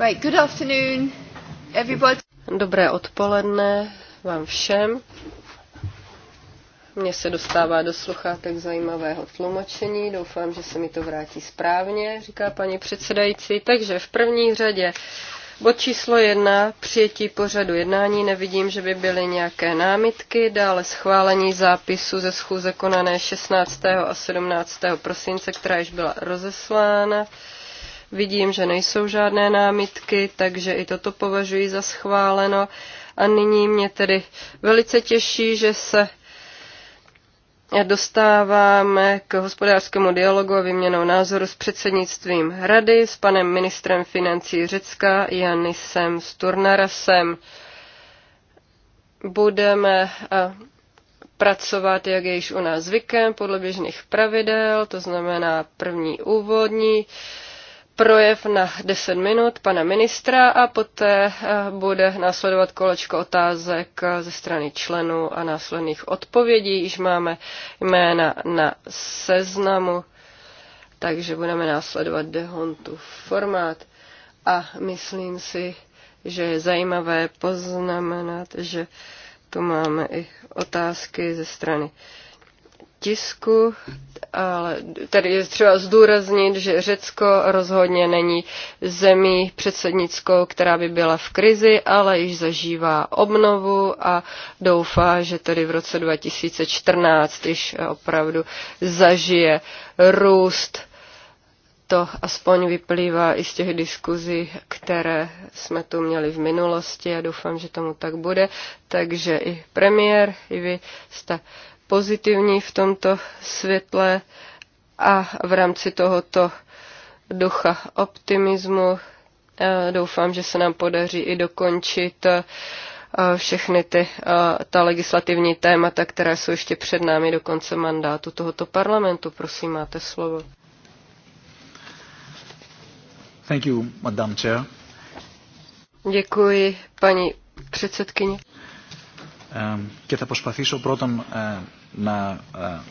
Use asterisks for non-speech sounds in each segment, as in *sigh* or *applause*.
Right, good afternoon, everybody. Dobré odpoledne vám všem. Mně se dostává do sluchátek zajímavého tlumočení. Doufám, že se mi to vrátí správně, říká paní předsedající. Takže v první řadě bod číslo jedna, přijetí pořadu jednání. Nevidím, že by byly nějaké námitky. Dále schválení zápisu ze schůze konané 16. a 17. prosince, která již byla rozeslána. Vidím, že nejsou žádné námitky, takže i toto považuji za schváleno. A nyní mě tedy velice těší, že se dostáváme k hospodářskému dialogu a vyměnou názoru s předsednictvím Rady, s panem ministrem financí Řecka Janisem Sturnarasem. Budeme eh, pracovat, jak je již u nás zvykem, podle běžných pravidel, to znamená první úvodní projev na 10 minut pana ministra a poté eh, bude následovat kolečko otázek eh, ze strany členů a následných odpovědí. Již máme jména na seznamu, takže budeme následovat dehontu formát. A myslím si, že je zajímavé poznamenat, že tu máme i otázky ze strany uh, tisku, ale tady je třeba zdůraznit, že Řecko rozhodně není zemí předsednickou, která by byla v krizi, ale již zažívá obnovu a doufá, že tedy v roce 2014 již opravdu zažije růst. To aspoň vyplývá i z těch diskuzí, které jsme tu měli v minulosti a doufám, že tomu tak bude. Takže i premiér, i vy jste pozitivní v tomto světle a v rámci tohoto ducha optimismu e, doufám, že se nám podaří i dokončit e, všechny ty, e, ta legislativní témata, která jsou ještě před námi do konce mandátu tohoto parlamentu. Prosím, máte slovo. Thank you, Madam Chair. Děkuji, paní předsedkyně. Um, και θα προσπαθήσω πρώτον uh, na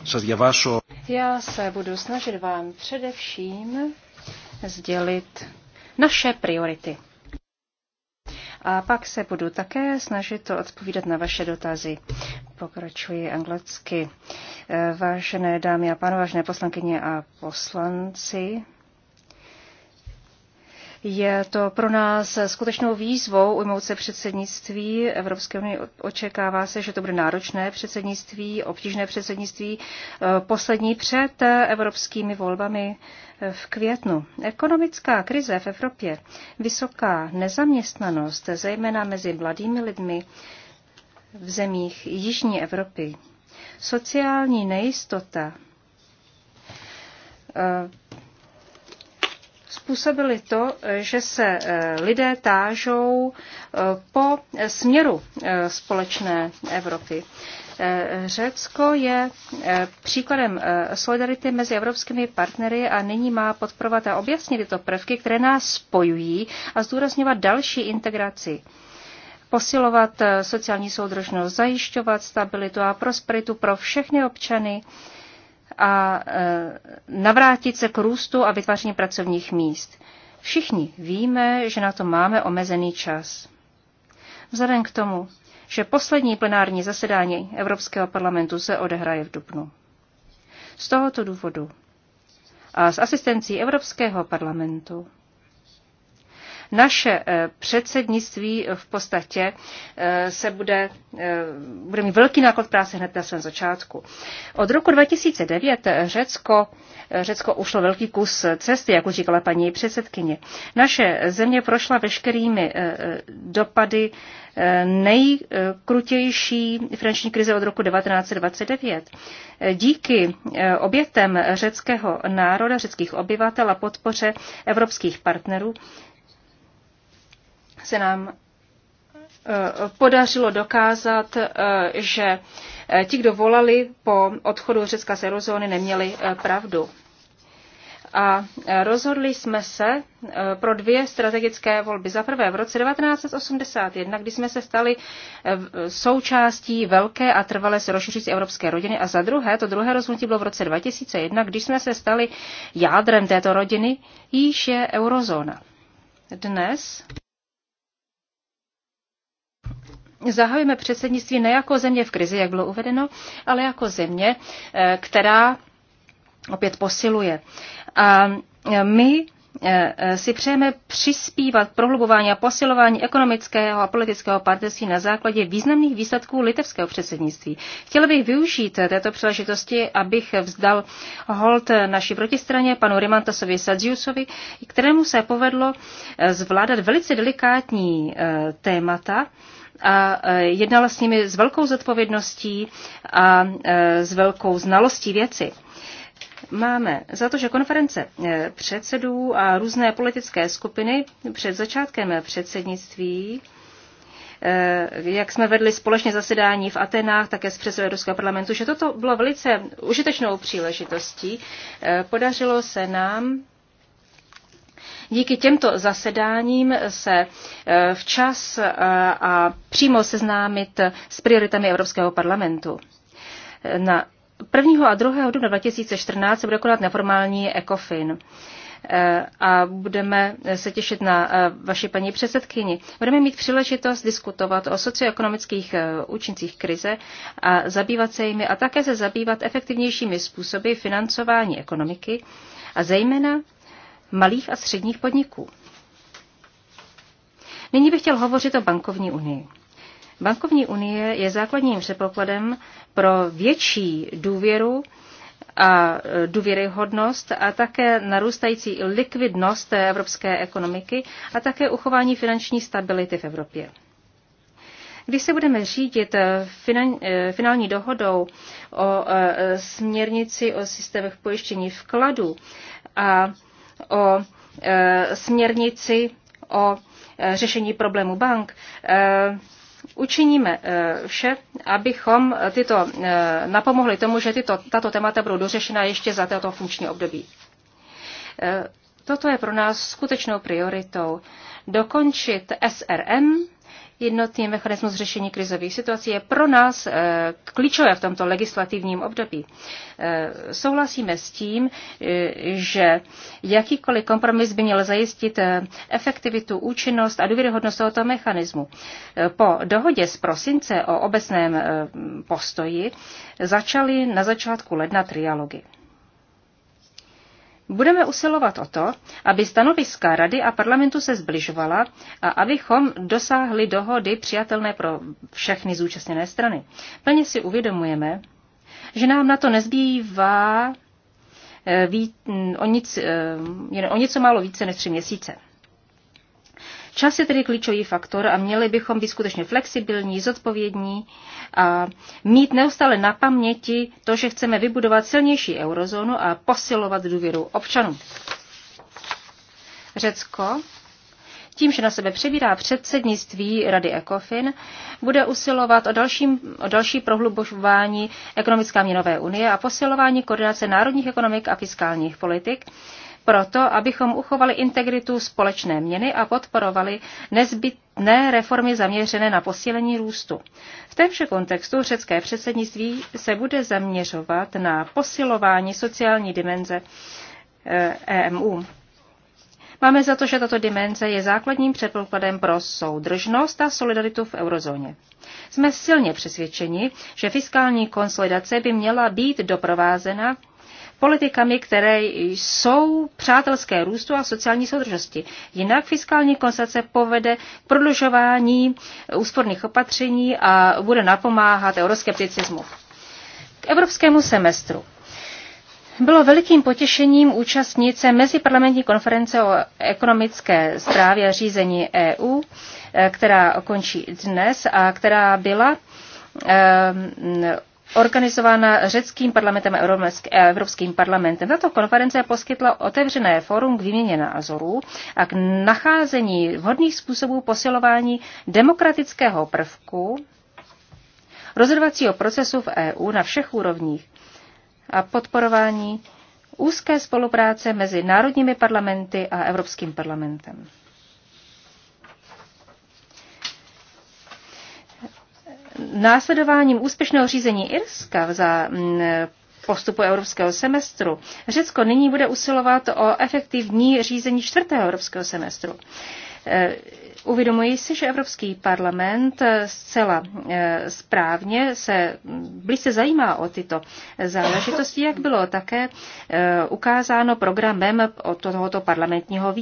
se eh, zjevášo. Já se budu snažit vám především sdělit naše priority. A pak se budu také snažit to odpovídat na vaše dotazy. Pokračuji anglicky. Eh, vážené dámy a pánové, vážené poslankyně a poslanci, je to pro nás skutečnou výzvou ujmout se předsednictví. Evropské unie očekává se, že to bude náročné předsednictví, obtížné předsednictví, eh, poslední před evropskými volbami eh, v květnu. Ekonomická krize v Evropě, vysoká nezaměstnanost, zejména mezi mladými lidmi v zemích Jižní Evropy, sociální nejistota, eh, způsobily to, že se eh, lidé tážou eh, po směru eh, společné Evropy. Řecko je příkladem solidarity mezi evropskými partnery a nyní má podporovat a objasnit tyto prvky, které nás spojují a zdůrazňovat další integraci posilovat sociální soudržnost, zajišťovat stabilitu a prosperitu pro všechny občany a e, navrátit se k růstu a vytváření pracovních míst. Všichni víme, že na to máme omezený čas. Vzhledem k tomu, že poslední plenární zasedání Evropského parlamentu se odehraje v Dubnu. Z tohoto důvodu a s asistencí Evropského parlamentu naše eh, předsednictví v podstatě eh, se bude, eh, bude mít velký náklad práce hned na svém začátku. Od roku 2009 Řecko, Řecko ušlo velký kus cesty, jak už říkala paní předsedkyně. Naše země prošla veškerými dopady nejkrutější finanční krize od roku 1929. Díky obětem řeckého národa, řeckých obyvatel a podpoře evropských partnerů se nám eh, podařilo dokázat, eh, že eh, ti, kdo volali po odchodu Řecka z eurozóny, neměli pravdu. A rozhodli jsme se pro dvě strategické volby. Za prvé v roce 1981, kdy jsme se stali součástí velké a trvalé se rozšiřující evropské rodiny. A za druhé, to druhé rozhodnutí bylo v roce 2001, když jsme se stali jádrem této rodiny, již je eurozóna. Dnes zahajujeme předsednictví ne jako země v krizi, jak bylo uvedeno, ale jako země, eh, která opět posiluje. A eh, my eh, si přejeme přispívat prohlubování a posilování ekonomického a politického partnerství na základě významných výsledků litevského předsednictví. Chtěl bych využít této příležitosti, abych vzdal hold naší protistraně panu Rimantasovi Sadziusovi, kterému se povedlo zvládat velice delikátní témata, a e, jednala s nimi s velkou zodpovědností a e, s velkou znalostí věci. Máme za to, že konference e, předsedů a různé politické skupiny před začátkem předsednictví jak jsme vedli společně zasedání v Atenách, také s předsedou Evropského parlamentu, že toto bylo velice užitečnou příležitostí. Podařilo se nám Díky těmto zasedáním se eh, včas eh, a přímo seznámit s prioritami Evropského parlamentu. Na 1. a 2. dubna 2014 se bude konat neformální ECOFIN eh, a budeme se těšit na vaši paní předsedkyni. Budeme mít příležitost diskutovat o socioekonomických účincích krize a zabývat se jimi a také se zabývat efektivnějšími způsoby financování ekonomiky a zejména malých a středních podniků. Nyní bych chtěl hovořit o bankovní unii. Bankovní unie je základním předpokladem pro větší důvěru a důvěryhodnost a také narůstající likvidnost evropské ekonomiky a také uchování finanční stability v Evropě. Když se budeme řídit finan, eh, finální dohodou o eh, směrnici o systémech pojištění vkladu a o e, směrnici o e, řešení problému bank, e, učiníme vše, abychom tyto, napomohli tomu, že tyto, tato témata budou dořešena ještě za této funkční období. Toto je pro nás skutečnou prioritou. Dokončit SRM Jednotný mechanismus řešení krizových situací je pro nás eh, klíčové v tomto legislativním období. Eh, souhlasíme s tím, eh, že jakýkoliv kompromis by měl zajistit efektivitu, účinnost a důvěryhodnost tohoto mechanismu. Po dohodě z prosince o obecném postoji začaly na začátku ledna trialogy. Budeme usilovat o to, aby stanoviska Rady a parlamentu se zbližovala a abychom dosáhli dohody přijatelné pro všechny zúčastněné strany. Plně si uvědomujeme, že nám na to nezbývá eh, o, nic, eh, o něco málo více než tři měsíce. Čas je tedy klíčový faktor a měli bychom být skutečně flexibilní, zodpovědní a mít neustále na paměti to, že chceme vybudovat silnější eurozónu a posilovat důvěru občanů. Řecko tím, že na sebe přebírá předsednictví Rady ECOFIN, bude usilovat o, dalším, o další prohlubování ekonomická měnové unie a posilování koordinace národních ekonomik a fiskálních politik proto, abychom uchovali integritu společné měny a podporovali nezbytné reformy zaměřené na posílení růstu. V témže kontextu řecké předsednictví se bude zaměřovat na posilování sociální dimenze EMU. Eh, e Máme za to, že tato dimenze je základním předpokladem pro soudržnost a solidaritu v eurozóně. Jsme silně přesvědčeni, že fiskální konsolidace by měla být doprovázena politikami, které jsou přátelské růstu a sociální soudržnosti. Jinak fiskální konstace povede k prodlužování úsporných opatření a bude napomáhat euroskepticismu. K evropskému semestru. Bylo velikým potěšením účastnit se Meziparlamentní konference o ekonomické zprávě a řízení EU, eh, která končí dnes a která byla eh, organizována řeckým parlamentem a Evropským parlamentem. Tato konference poskytla otevřené fórum k výměně názorů a k nacházení vhodných způsobů posilování demokratického prvku rozhodovacího procesu v EU na všech úrovních a podporování úzké spolupráce mezi národními parlamenty a Evropským parlamentem. následováním úspěšného řízení Irska za mm, postupu evropského semestru Řecko nyní bude usilovat o efektivní řízení čtvrtého evropského semestru. Uvědomuji si, že Evropský parlament eh, zcela eh, správně se hm, blízce zajímá o tyto záležitosti, jak bylo také eh, ukázáno programem od tohoto parlamentního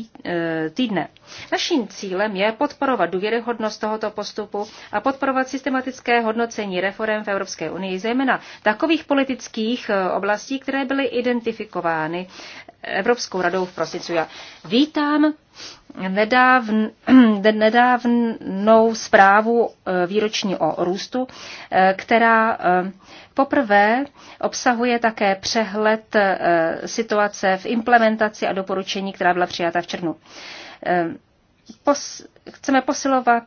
týdne. Naším cílem je podporovat důvěryhodnost tohoto postupu a podporovat systematické hodnocení reform v Evropské unii, zejména takových politických oblastí, které byly identifikovány Evropskou radou v prosinci. Já vítám nedávn, *clears throat* nedávnou zprávu eh, výroční o růstu, eh, která eh, poprvé obsahuje také přehled situace v implementaci a doporučení, která byla přijata v červnu. Pos, chceme posilovat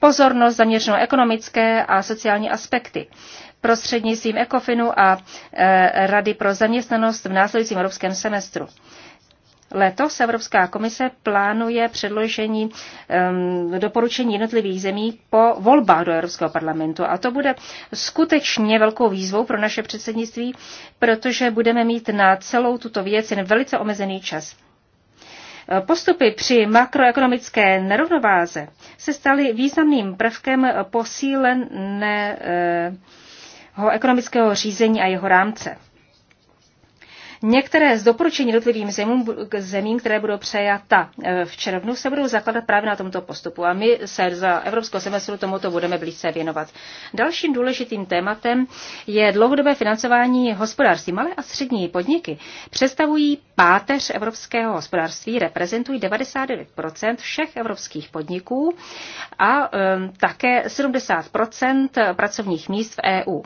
pozornost zaměřenou ekonomické a sociální aspekty prostřednictvím ECOFINu a Rady pro zaměstnanost v následujícím evropském semestru. Letos Evropská komise plánuje předložení um, doporučení jednotlivých zemí po volbách do Evropského parlamentu. A to bude skutečně velkou výzvou pro naše předsednictví, protože budeme mít na celou tuto věc jen velice omezený čas. Postupy při makroekonomické nerovnováze se staly významným prvkem posíleného ekonomického řízení a jeho rámce. Některé z doporučení jednotlivým zemím, zemím, které budou přejata e, v červnu, se budou zakládat právě na tomto postupu a my se za Evropského semestru tomuto budeme blíže věnovat. Dalším důležitým tématem je dlouhodobé financování hospodářství. Malé a střední podniky představují páteř evropského hospodářství, reprezentují 99 všech evropských podniků a um, také 70 pracovních míst v EU.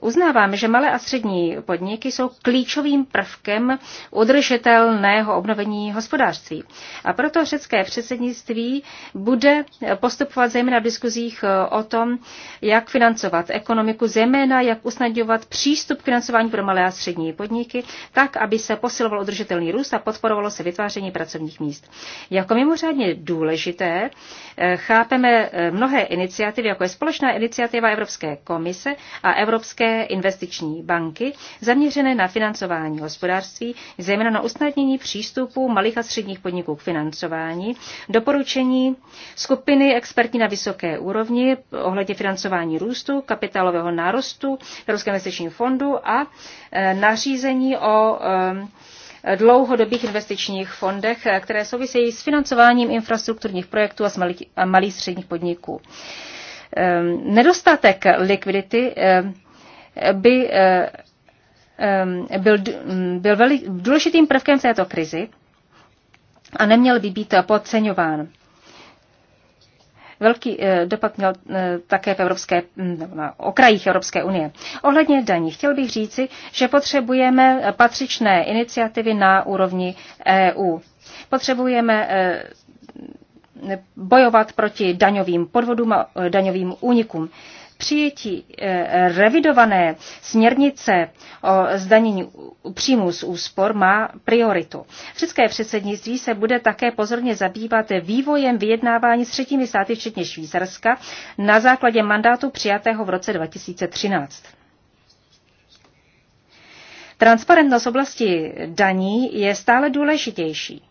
Uznávám, že malé a střední podniky jsou klíčovým prvkem udržitelného obnovení hospodářství. A proto řecké předsednictví bude postupovat zejména v diskuzích eh, o tom, jak financovat ekonomiku, zejména jak usnadňovat přístup k financování pro malé a střední podniky, tak, aby se posiloval udržitelný růst a podporovalo se vytváření pracovních míst. Jako mimořádně důležité eh, chápeme eh, mnohé iniciativy, jako je společná iniciativa Evropské komise a Evropské Evropské investiční banky zaměřené na financování hospodářství, zejména na usnadnění přístupu malých a středních podniků k financování, doporučení skupiny expertní na vysoké úrovni ohledně financování růstu, kapitálového nárostu Evropského investičního fondu a e, nařízení o e, dlouhodobých investičních fondech, e, které souvisejí s financováním infrastrukturních projektů a, malých, a malých středních podniků. Nedostatek likvidity by eh, byl, byl velik, důležitým prvkem v této krizi a neměl by být podceňován. Velký eh, dopad měl eh, také v evropské, na okrajích Evropské unie. Ohledně daní chtěl bych říci, že potřebujeme patřičné iniciativy na úrovni EU. Potřebujeme bojovat proti daňovým podvodům a daňovým únikům. Přijetí eh, revidované směrnice o zdanění příjmů z úspor má prioritu. Řecké předsednictví se bude také pozorně zabývat vývojem vyjednávání s třetími státy, včetně Švýcarska, na základě mandátu přijatého v roce 2013. Transparentnost oblasti daní je stále důležitější.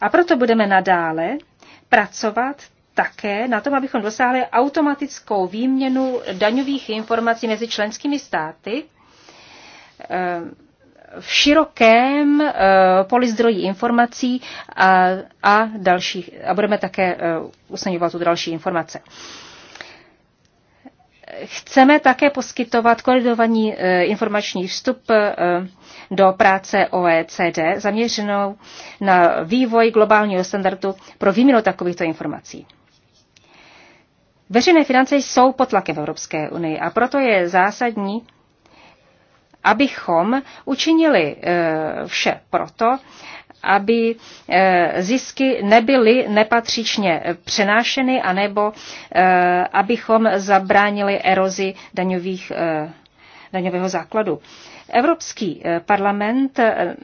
A proto budeme nadále pracovat také na tom, abychom dosáhli automatickou výměnu daňových informací mezi členskými státy eh, v širokém eh, poli zdrojí informací a, a, dalších, a budeme také eh, usnadňovat tu další informace. Chceme také poskytovat kolidovaný informační vstup do práce OECD zaměřenou na vývoj globálního standardu pro výměnu takovýchto informací. Veřejné finance jsou pod tlakem Evropské unii a proto je zásadní, abychom učinili e, vše proto, aby e, zisky nebyly nepatřičně přenášeny, anebo e, abychom zabránili erozi daňových daňového základu. Evropský eh, parlament eh,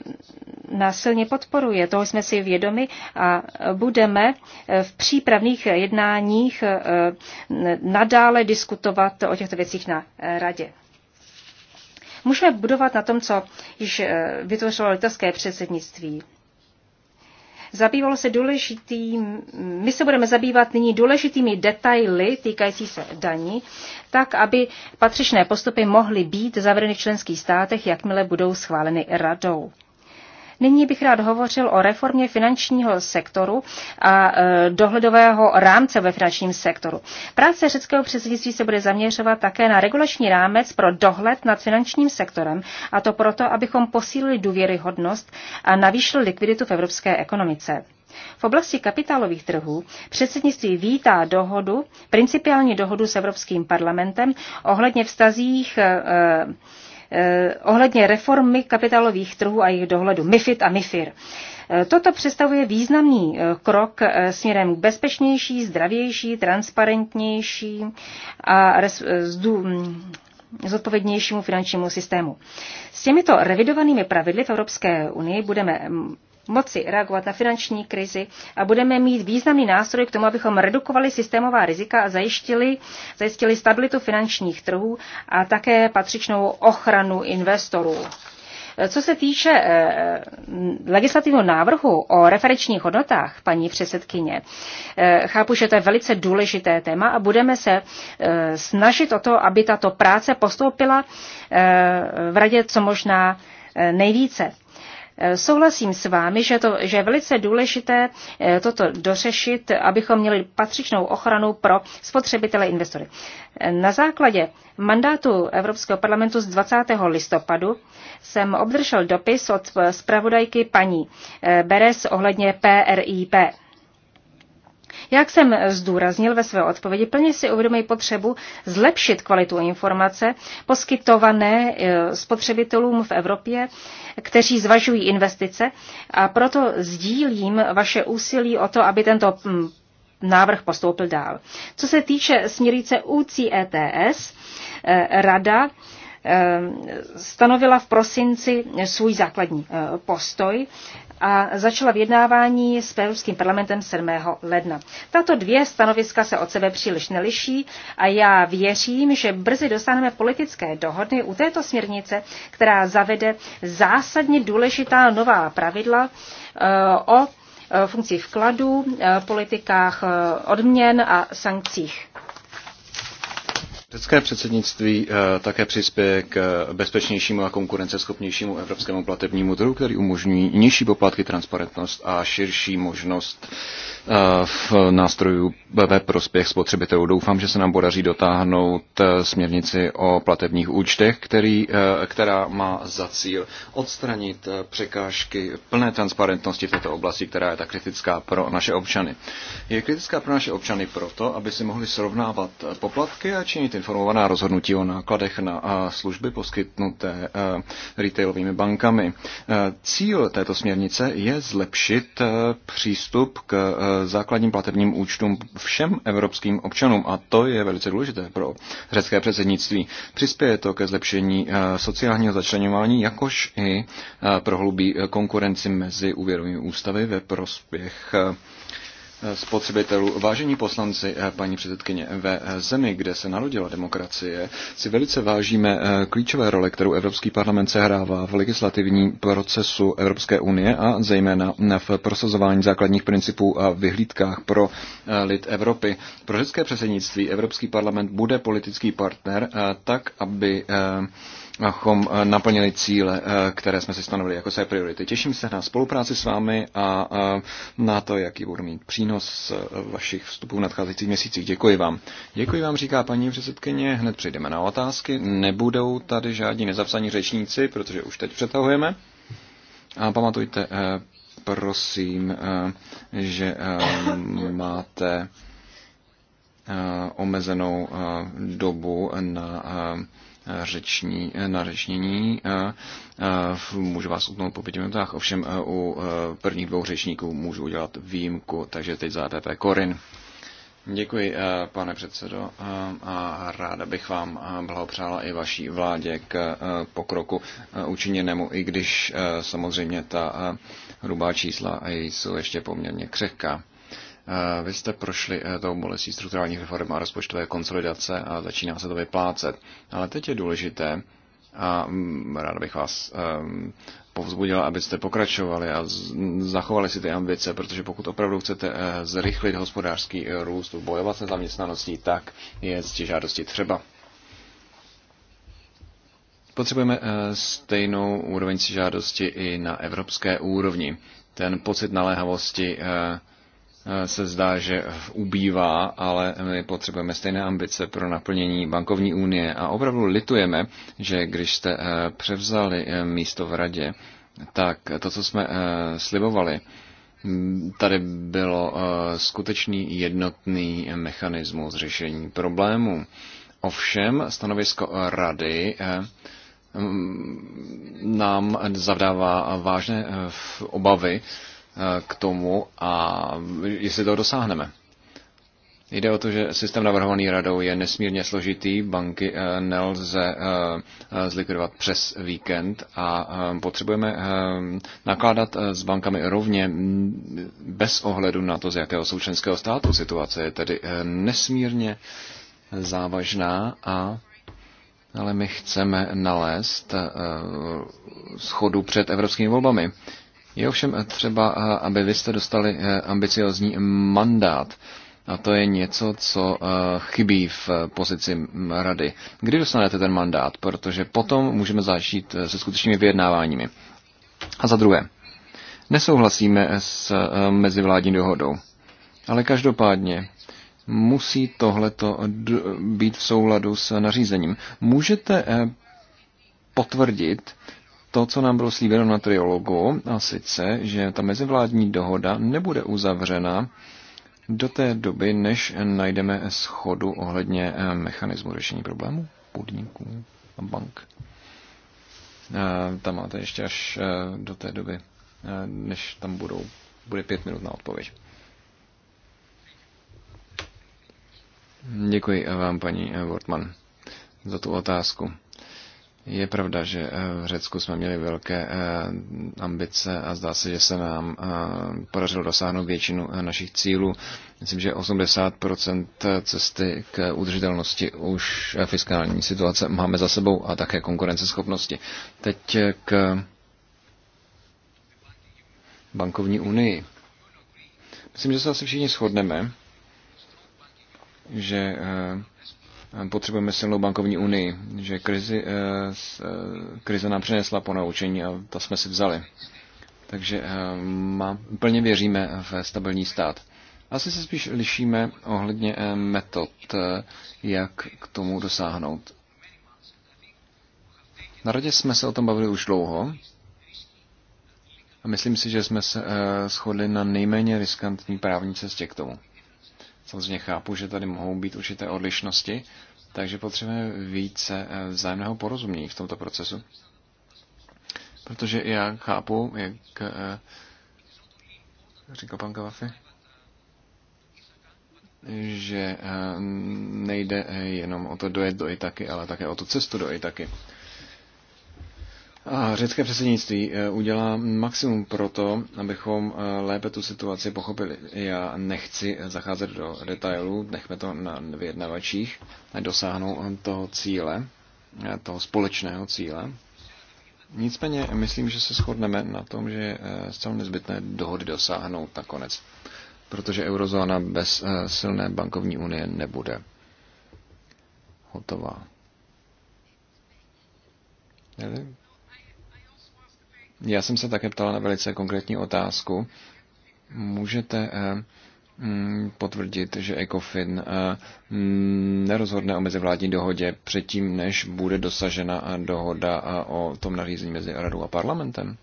násilně podporuje, toho jsme si vědomi a budeme eh, v přípravných jednáních nadále diskutovat o těchto věcích na radě. Můžeme budovat na tom, co již vytvořilo litovské předsednictví zabývalo se důležitým, my se budeme zabývat nyní důležitými detaily týkající se daní, tak aby patřičné postupy mohly být zavedeny v členských státech, jakmile budou schváleny radou. Nyní bych rád hovořil o reformě finančního sektoru a e, dohledového rámce ve finančním sektoru. Práce řeckého předsednictví se bude zaměřovat také na regulační rámec pro dohled nad finančním sektorem, a to proto, abychom posílili důvěryhodnost a navýšili likviditu v evropské ekonomice. V oblasti kapitálových trhů předsednictví vítá dohodu, principiální dohodu s Evropským parlamentem ohledně vztazích e, e, Eh, ohledně reformy kapitálových trhů a jejich dohledu MIFID a MIFIR. Eh, toto představuje významný eh, krok směrem k bezpečnější, zdravější, transparentnější a mm, zodpovědnějšímu finančnímu systému. S těmito revidovanými pravidly v Evropské unii budeme mm, moci reagovat na finanční krizi a budeme mít významný nástroj k tomu, abychom redukovali systémová rizika a zajištili, zajistili stabilitu finančních trhů a také patřičnou ochranu investorů. Co se týče eh, eh, legislativního návrhu o referenčních hodnotách, paní předsedkyně, eh, chápu, že to je velice důležité téma a budeme se snažit o to, aby tato práce postoupila v radě co možná nejvíce. Eh, souhlasím s vámi, že, to, že je velice důležité eh, toto dořešit, abychom měli patřičnou ochranu pro spotřebitele investory. Eh, na základě mandátu Evropského parlamentu z 20. listopadu jsem obdržel dopis od zpravodajky paní Beres ohledně PRIP. Jak jsem zdůraznil ve své odpovědi, plně si uvědomují potřebu zlepšit kvalitu informace poskytované e, spotřebitelům v Evropě, kteří zvažují investice a proto sdílím vaše úsilí o to, aby tento mm, návrh postoupil dál. Co se týče směrnice UCETS, e, Rada e, stanovila v prosinci svůj základní postoj a začala vyjednávání s Evropským parlamentem 7. ledna. Tato dvě stanoviska se od sebe příliš neliší a já věřím, že brzy dosáhneme politické dohody u této směrnice, která zavede zásadně důležitá nová pravidla eh, o eh, funkci vkladů, eh, politikách odměn a sankcích. Řecké předsednictví eh, také přispěje k bezpečnějšímu a konkurenceschopnějšímu evropskému platebnímu trhu, který umožní nižší poplatky, transparentnost a širší možnost eh, v nástrojů ve prospěch spotřebitelů. Doufám, že se nám podaří dotáhnout eh, směrnici o platebních účtech, který, která má za cíl odstranit překážky plné transparentnosti v této oblasti, která je tak kritická pro naše občany. Je kritická pro naše občany proto, aby si mohli srovnávat poplatky a činit informovaná rozhodnutí o nákladech na služby poskytnuté retailovými bankami. Cíl této směrnice je zlepšit přístup k základním platebním účtům všem evropským občanům a to je velice důležité pro řecké předsednictví. Přispěje to ke zlepšení sociálního začlenování, jakož i prohlubí konkurenci mezi úvěrovými ústavy ve prospěch Eh, spotřebitelů. Vážení poslanci, eh, paní předsedkyně, ve eh, zemi, kde se narodila demokracie, si velice vážíme klíčové role, kterou Evropský parlament sehrává v legislativním procesu Evropské unie a zejména v prosazování základních principů a vyhlídkách pro lid Evropy. Pro řecké předsednictví Evropský parlament bude politický partner tak, aby abychom eh, naplnili cíle, eh, které jsme si stanovili jako své priority. Těším se na spolupráci s vámi a eh, na to, jaký budu mít přínos vašich vstupů v nadcházejících měsících. Děkuji vám. Děkuji vám, říká paní předsedkyně. Hned přejdeme na otázky. Nebudou tady žádní nezapsaní řečníci, protože už teď přetahujeme. A pamatujte, prosím, že máte omezenou dobu na řeční, eh, na řečnění. Eh, eh, můžu vás utnout po pěti minutách, ovšem u prvních dvou řečníků můžu udělat výjimku, takže teď za EPP Korin. Děkuji, pane předsedo, a ráda bych vám blahopřála i vaší vládě k pokroku učiněnému, i když samozřejmě ta hrubá čísla jsou ještě poměrně křehká. Eh, vy jste prošli eh, tou bolestí strukturálních reform a rozpočtové konsolidace a začíná se to vyplácet. Ale teď je důležité, a mm, rád bych vás ehm, povzbudil, abyste pokračovali a zachovali si ty ambice, protože pokud opravdu chcete eh, zrychlit hospodářský růst, bojovat se zaměstnaností, tak je z žádostí třeba. Potřebujeme stejnou úroveň žádosti i na evropské úrovni. Ten pocit naléhavosti Eh, se zdá, že ubývá, ale my potřebujeme stejné ambice pro naplnění bankovní unie a opravdu litujeme, že když jste eh, převzali eh, místo v radě, tak to, co jsme slibovali, tady bylo skutečný jednotný mechanismus řešení problémů. Ovšem stanovisko rady nám zavdává vážné obavy, Eh, k tomu a jestli to dosáhneme. Jde o to, že systém navrhovaný radou je nesmírně složitý, banky eh, nelze eh, zlikvidovat přes víkend a potřebujeme nakládat s bankami rovně bez ohledu na to, z jakého součenského státu situace je tedy nesmírně závažná a ale my chceme nalézt schodu před evropskými volbami. Je ovšem třeba, eh, aby vy jste dostali eh, ambiciozní mandát. A to je něco, co eh, chybí v pozici rady. Kdy dostanete ten mandát? Protože potom můžeme začít se skutečnými vyjednáváními. A za druhé, nesouhlasíme s mezivládní dohodou. Ale každopádně musí tohleto být v souladu s nařízením. Můžete potvrdit, to, co nám bylo slíbeno na triologu, a sice, že ta mezivládní dohoda nebude uzavřena do té doby, než najdeme schodu ohledně eh, mechanismu řešení problémů podniků a bank. Eh, tam máte ještě až eh, do té doby, než tam budou, bude pět minut na odpověď. Děkuji vám, paní Wortman, za tu otázku. Je pravda, že eh, v Řecku jsme měli velké eh, ambice a zdá se, že se nám eh, podařilo dosáhnout většinu našich cílů. Myslím, že 80% cesty k udržitelnosti už fiskální situace máme za sebou a také konkurenceschopnosti. Teď k bankovní unii. Myslím, že se asi všichni shodneme, že potřebujeme silnou bankovní unii, že krizi, eh, eh, krize nám přinesla po naučení a to jsme si vzali. Takže eh, má, plně věříme v stabilní stát. Asi se spíš lišíme ohledně metod, jak k tomu dosáhnout. Na radě jsme se o tom bavili už dlouho a myslím si, že jsme se shodli na nejméně riskantní právní cestě k tomu. Samozřejmě chápu, že tady mohou být určité odlišnosti, takže potřebujeme více eh, vzájemného porozumění v tomto procesu. Protože já chápu, jak eh, říkal pan Kavafi, že eh, nejde jenom o to dojet do Itaky, ale také o tu cestu do Itaky. A řecké předsednictví eh, udělá maximum pro to, abychom eh, lépe tu situaci pochopili. Já nechci zacházet do detailů, nechme to na vyjednavačích, a dosáhnou toho cíle, eh, toho společného cíle. Nicméně myslím, že se shodneme na tom, že je zcela nezbytné dohody dosáhnout nakonec, protože eurozóna bez silné bankovní unie nebude hotová. Já jsem se také ptal na velice konkrétní otázku. Můžete eh, mm, potvrdit, že ECOFIN eh, nerozhodne o mezivládní dohodě předtím, než bude dosažena eh, dohoda o tom nařízení mezi radou a parlamentem?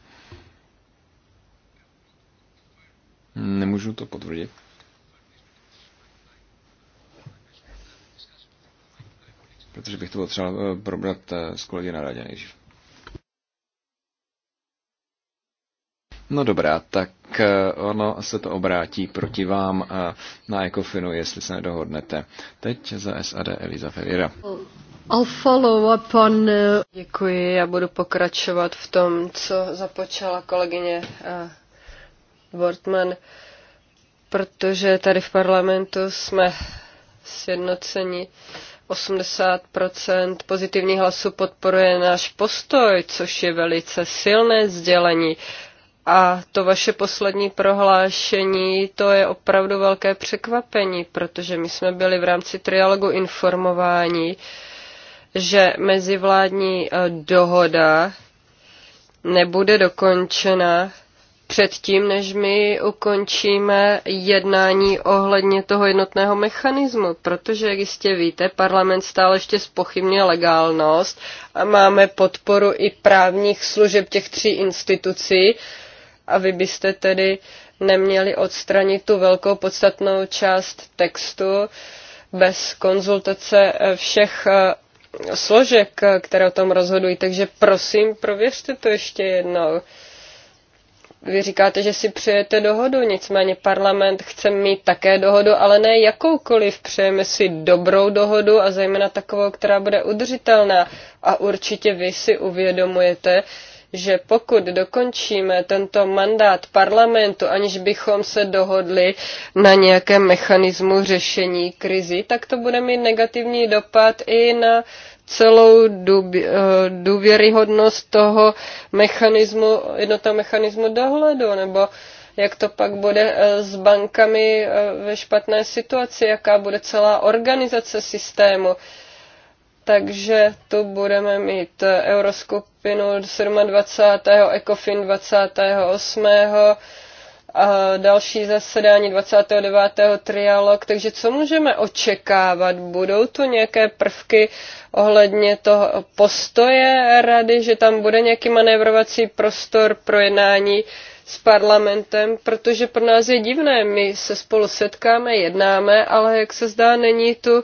Nemůžu to potvrdit. Protože bych to potřeboval probrat s kolegy na radě nejdřív. No dobrá, tak eh, ono se to obrátí proti vám eh, na Ecofinu, jestli se nedohodnete. Teď za SAD Eliza Ferreira. I'll follow up on... Eh, Děkuji, já budu pokračovat v tom, co započala kolegyně Wortman, protože tady v parlamentu jsme sjednoceni. 80 pozitivních hlasů podporuje náš postoj, což je velice silné sdělení. A to vaše poslední prohlášení, to je opravdu velké překvapení, protože my jsme byli v rámci trialogu informováni, že mezivládní eh, dohoda nebude dokončena předtím, než my ukončíme jednání ohledně toho jednotného mechanismu, protože, jak jistě víte, parlament stále ještě spochybně legálnost a máme podporu i právních služeb těch tří institucí, a vy byste tedy neměli odstranit tu velkou podstatnou část textu bez konzultace eh, všech eh, složek, eh, které o tom rozhodují. Takže prosím, prověřte to ještě jednou. Vy říkáte, že si přejete dohodu, nicméně parlament chce mít také dohodu, ale ne jakoukoliv. Přejeme si dobrou dohodu a zejména takovou, která bude udržitelná. A určitě vy si uvědomujete, že pokud dokončíme tento mandát parlamentu, aniž bychom se dohodli na nějakém mechanismu řešení krizi, tak to bude mít negativní dopad i na celou eh, důvěryhodnost toho mechanismu, jednotného mechanismu dohledu, nebo jak to pak bude eh, s bankami eh, ve špatné situaci, jaká bude celá organizace systému takže tu budeme mít Euroskupinu 27. ECOFIN 28. A další zasedání 29. trialog, takže co můžeme očekávat? Budou tu nějaké prvky ohledně toho postoje rady, že tam bude nějaký manévrovací prostor pro jednání s parlamentem, protože pro nás je divné, my se spolu setkáme, jednáme, ale jak se zdá, není tu uh,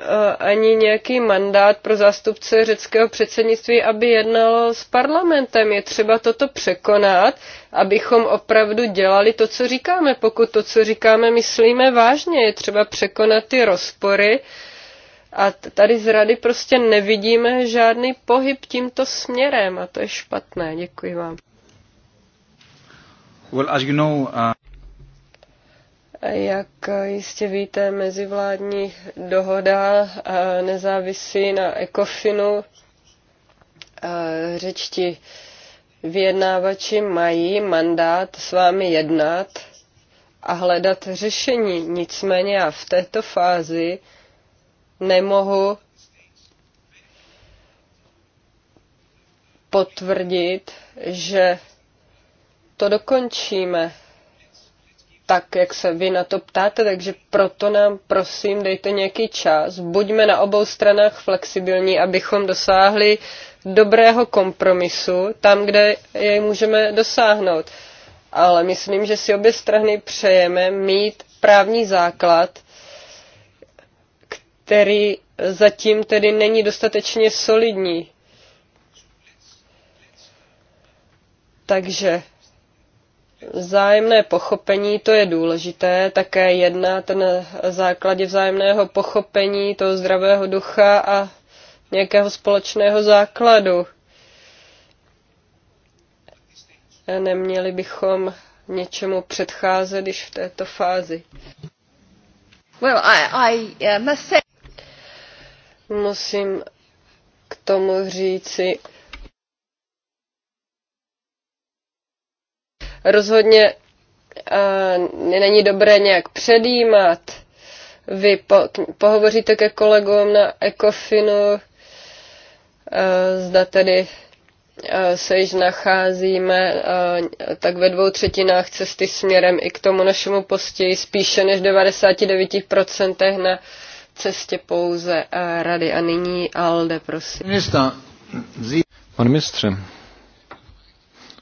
Eh, ani nějaký mandát pro zástupce řeckého předsednictví, aby jednalo s parlamentem. Je třeba toto překonat, abychom opravdu dělali to, co říkáme. Pokud to, co říkáme, myslíme vážně, je třeba překonat ty rozpory. A tady z rady prostě nevidíme žádný pohyb tímto směrem a to je špatné. Děkuji vám. Well, as you know, uh... Jak jistě víte, mezivládní dohoda eh, nezávisí na ECOFINu. Eh, Řečti vyjednávači mají mandát s vámi jednat a hledat řešení. Nicméně já v této fázi nemohu potvrdit, že to dokončíme tak, jak se vy na to ptáte, takže proto nám prosím dejte nějaký čas. Buďme na obou stranách flexibilní, abychom dosáhli dobrého kompromisu tam, kde jej můžeme dosáhnout. Ale myslím, že si obě strany přejeme mít právní základ, který zatím tedy není dostatečně solidní. Takže Vzájemné pochopení, to je důležité, také jednat na základě vzájemného pochopení toho zdravého ducha a nějakého společného základu. Neměli bychom něčemu předcházet již v této fázi. Well, I, I, uh, must say... Musím k tomu říci, Rozhodně eh, není dobré nějak předjímat. Vy po, pohovoříte ke kolegům na Ecofinu, eh, zda tedy eh, se již nacházíme tak ve dvou třetinách cesty směrem i k tomu našemu postěji, spíše než 99% na cestě pouze rady. A nyní Alde, prosím. Pane mistře,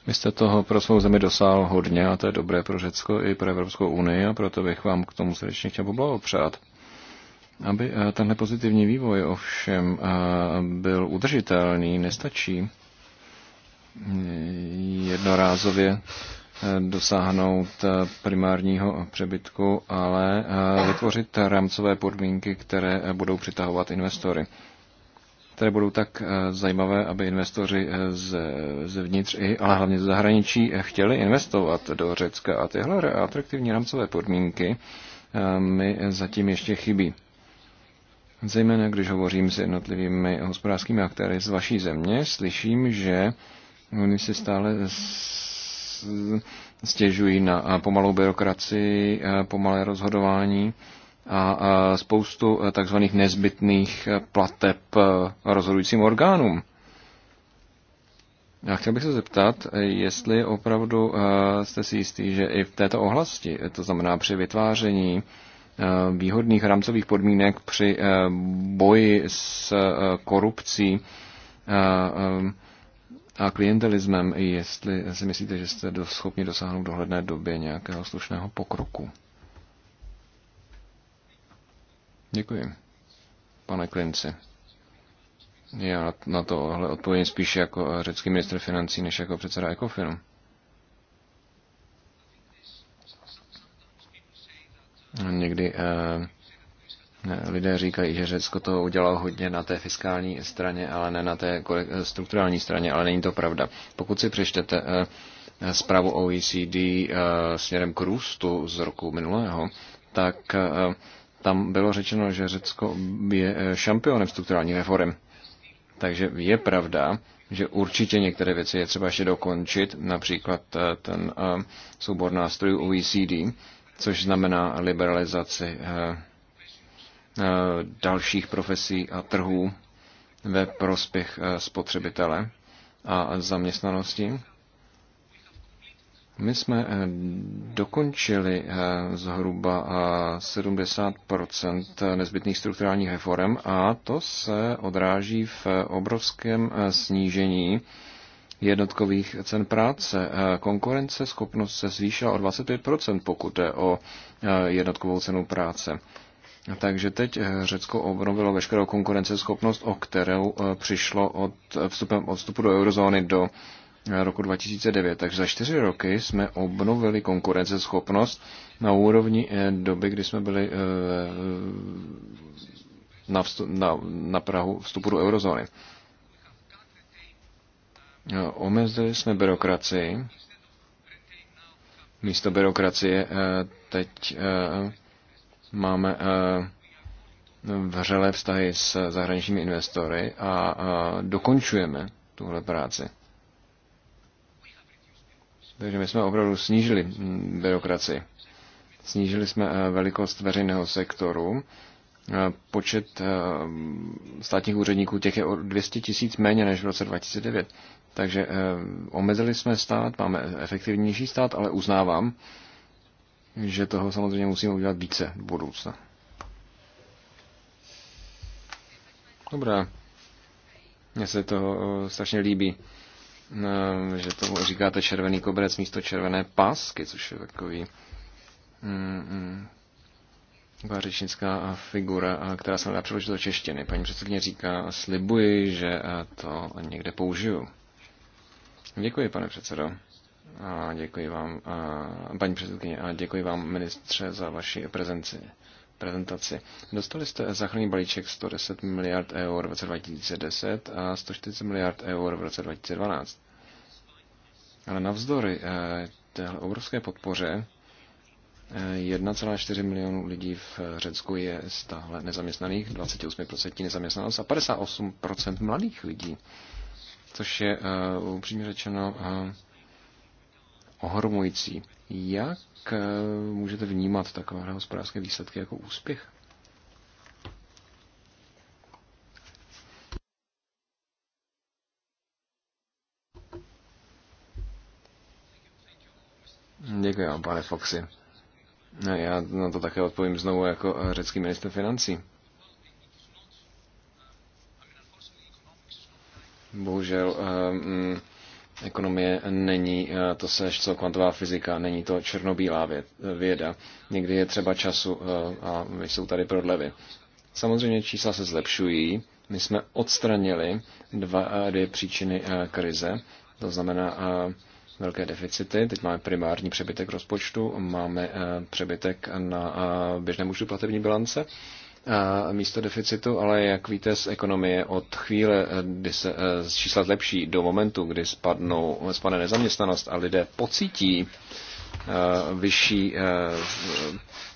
vy jste toho pro svou zemi dosáhl hodně a to je dobré pro Řecko i pro Evropskou unii a proto bych vám k tomu srdečně chtěl poblahopřát. Aby eh, tenhle pozitivní vývoj ovšem eh, byl udržitelný, nestačí eh, jednorázově dosáhnout primárního přebytku, ale vytvořit rámcové podmínky, které budou přitahovat investory které budou tak eh, zajímavé, aby investoři z, eh, zevnitř, i, ale hlavně z zahraničí eh, chtěli investovat do Řecka. A tyhle atraktivní rámcové podmínky mi zatím ještě chybí. Zejména když hovořím s jednotlivými hospodářskými aktéry z vaší země, slyším, že oni si stále stěžují na pomalou byrokracii, pomalé rozhodování a spoustu eh, takzvaných nezbytných eh, plateb eh, rozhodujícím orgánům. Já chtěl bych se zeptat, jestli opravdu jste si jistý, že i v této oblasti, to znamená při vytváření výhodných rámcových podmínek při boji s korupcí a klientelismem, jestli si myslíte, že jste schopni dosáhnout dohledné době nějakého slušného pokroku. Děkuji. Pane Klince. Já na tohle odpovím spíše jako řecký ministr financí, než jako předseda Ecofinu. Někdy eh, lidé říkají, že Řecko to udělalo hodně na té fiskální straně, ale ne na té strukturální straně, ale není to pravda. Pokud si přečtete eh, zprávu OECD eh, směrem k růstu z roku minulého, tak eh, tam bylo řečeno, že Řecko je e, šampionem strukturální reform. Takže je pravda, že určitě některé věci je třeba ještě dokončit, například e, ten e, soubor nástrojů OECD, což znamená liberalizaci dalších profesí a trhů ve prospěch spotřebitele a zaměstnanosti. My jsme eh, dokončili eh, zhruba 70 eh, nezbytných strukturálních reform a to se odráží v obrovském snížení jednotkových cen práce. Konkurence schopnost se zvýšila o 25 pokud jde o jednotkovou cenu práce. Takže teď Řecko obnovilo veškerou konkurenceschopnost, o kterou přišlo od, vstupem, od vstupu do eurozóny do roku 2009. Takže za čtyři roky jsme obnovili konkurenceschopnost na úrovni eh, doby, kdy jsme byli eh, na, vstup, na, na Prahu vstupu do eurozóny. Eh, omezili jsme byrokracii. Místo byrokracie teď máme vřelé vztahy s zahraničními investory a dokončujeme tuhle práci. Takže my jsme opravdu snížili mm, byrokracii. Snížili jsme eh, velikost veřejného sektoru. Eh, počet eh, státních úředníků těch je o 200 tisíc méně než v roce 2009. Takže omezili jsme stát, máme efektivnější stát, ale uznávám, že toho samozřejmě musíme udělat více v budoucna. Dobrá. Mně se to strašně líbí. Ehm, že tomu říkáte červený koberec místo červené pásky, což je takový mm, řečnická mm, figura, eh, která se nedá přeložit do češtiny. Paní předsedkyně říká, slibuji, že eh, to někde použiju. Děkuji, pane předsedo. A děkuji vám, a, eh, paní předsedkyně, a děkuji vám, ministře, za vaši prezenci prezentaci. Dostali jste záchranný balíček 110 miliard eur v roce 2010 a 140 miliard eur v roce 2012. Ale navzdory eh, téhle obrovské podpoře 1,4 eh, milionů lidí v eh, Řecku je stále nezaměstnaných, 28% nezaměstnanost a 58% mladých lidí, což je upřímně řečeno ohromující. Jak eh, můžete vnímat takové hospodářské výsledky jako úspěch? Děkuji vám, pane Foxy. No, já na to také odpovím znovu jako eh, řecký minister financí. Bohužel, um, ekonomie není eh, to sež, co kvantová fyzika, není to černobílá věda. Někdy je třeba času eh, a my jsou tady prodlevy. Samozřejmě čísla se zlepšují. My jsme odstranili dva, eh, dvě příčiny krize, to znamená velké deficity. Teď máme primární přebytek rozpočtu, máme přebytek na běžném účtu platební bilance místo deficitu, ale jak víte z ekonomie, od chvíle, kdy se čísla zlepší do momentu, kdy spadnou, spadne nezaměstnanost a lidé pocítí vyšší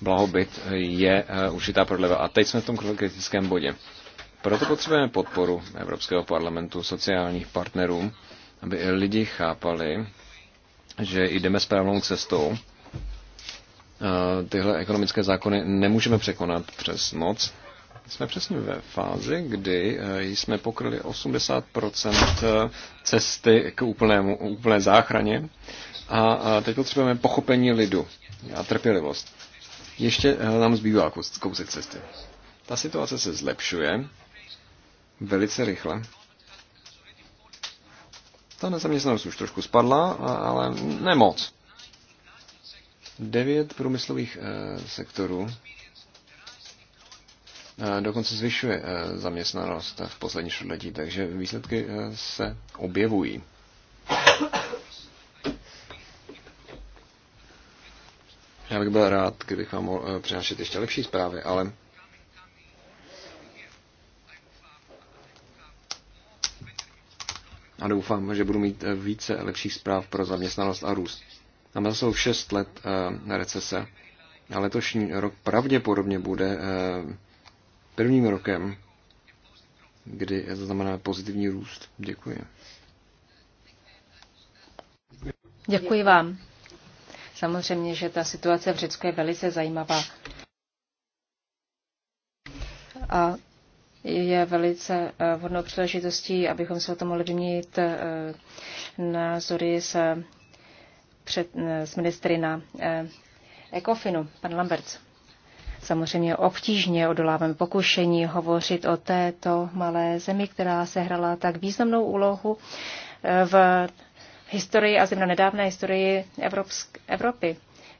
blahobyt, je určitá prodleva. A teď jsme v tom kritickém bodě. Proto potřebujeme podporu Evropského parlamentu, sociálních partnerů, aby lidi chápali, že jdeme správnou cestou tyhle ekonomické zákony nemůžeme překonat přes noc. Jsme přesně ve fázi, kdy eh, jsme pokryli 80% eh, cesty k úplnému, úplné záchraně a teď potřebujeme pochopení lidu a trpělivost. Ještě eh, nám zbývá kousek cesty. Ta situace se zlepšuje velice rychle. Ta nezaměstnanost už trošku spadla, ale nemoc. Devět průmyslových eh, sektorů eh, dokonce zvyšuje eh, zaměstnanost v poslední čtvrtletí, takže výsledky se objevují. Já bych byl rád, kdybych vám mohl přinášet ještě lepší zprávy, ale a doufám, že budu mít více lepších zpráv pro zaměstnanost a růst. Tam jsou 6 let eh, recese. A letošní rok pravděpodobně bude eh, prvním rokem, kdy zaznamenáme pozitivní růst. Děkuji. Děkuji vám. Samozřejmě, že ta situace v Řecku je velice zajímavá. A je velice eh, vhodnou příležitostí, abychom se o tom mohli vyměnit názory s před, eh, s ministry na eh, ECOFINu, pan Lamberts. Samozřejmě obtížně odoláváme pokušení hovořit o této malé zemi, která sehrala tak významnou úlohu eh, v historii a zejména nedávné historii Evropsk- Evropy.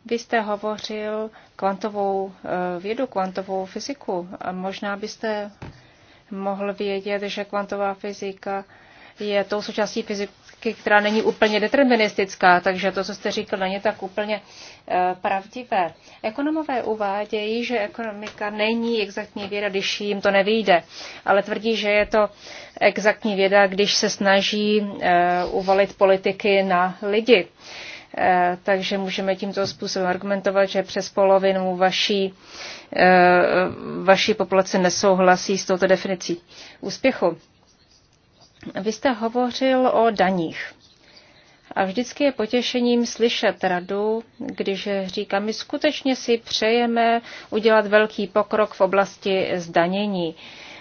Vy jste hovořil kvantovou vědu, kvantovou fyziku. A možná byste mohl vědět, že kvantová fyzika je tou součástí fyziky, která není úplně deterministická, takže to, co jste říkal, není tak úplně eh, pravdivé. Ekonomové uvádějí, že ekonomika není exaktní věda, když jim to nevyjde, ale tvrdí, že je to exaktní věda, když se snaží eh, uvalit politiky na lidi. Eh, takže můžeme tímto způsobem argumentovat, že přes polovinu vaší, vaší populace nesouhlasí s touto definicí úspěchu. Vy jste hovořil o daních. A vždycky je potěšením slyšet radu, když říká, my skutečně si přejeme udělat velký pokrok v oblasti zdanění.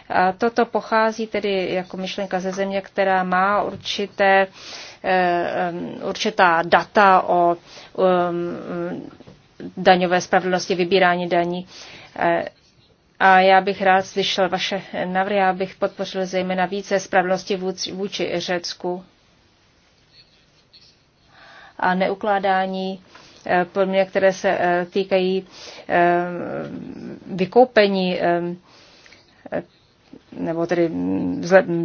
A toto pochází tedy jako myšlenka ze země, která má určité, eh, určitá data o daňové spravedlnosti, vybírání daní. Eh, a já bych rád slyšel vaše návrhy, já bych podpořil zejména více spravedlnosti vůči, vůči Řecku a neukládání eh, podmínek, které se eh, týkají eh, vykoupení nebo tedy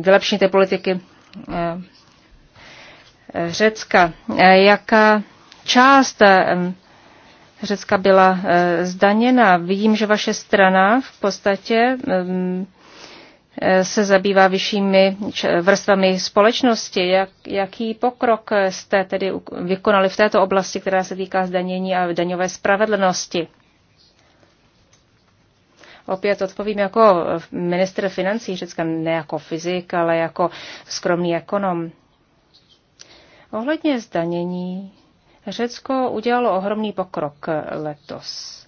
vylepšení té politiky Řecka. Jaká část Řecka byla e, zdaněna. Vidím, že vaše strana v podstatě e, e, se zabývá vyššími vrstvami společnosti. Jak, jaký pokrok jste tedy vykonali v této oblasti, která se týká zdanění a daňové spravedlnosti? Opět odpovím jako minister financí Řecka, ne jako fyzik, ale jako skromný ekonom. Ohledně zdanění Řecko udělalo ohromný pokrok letos,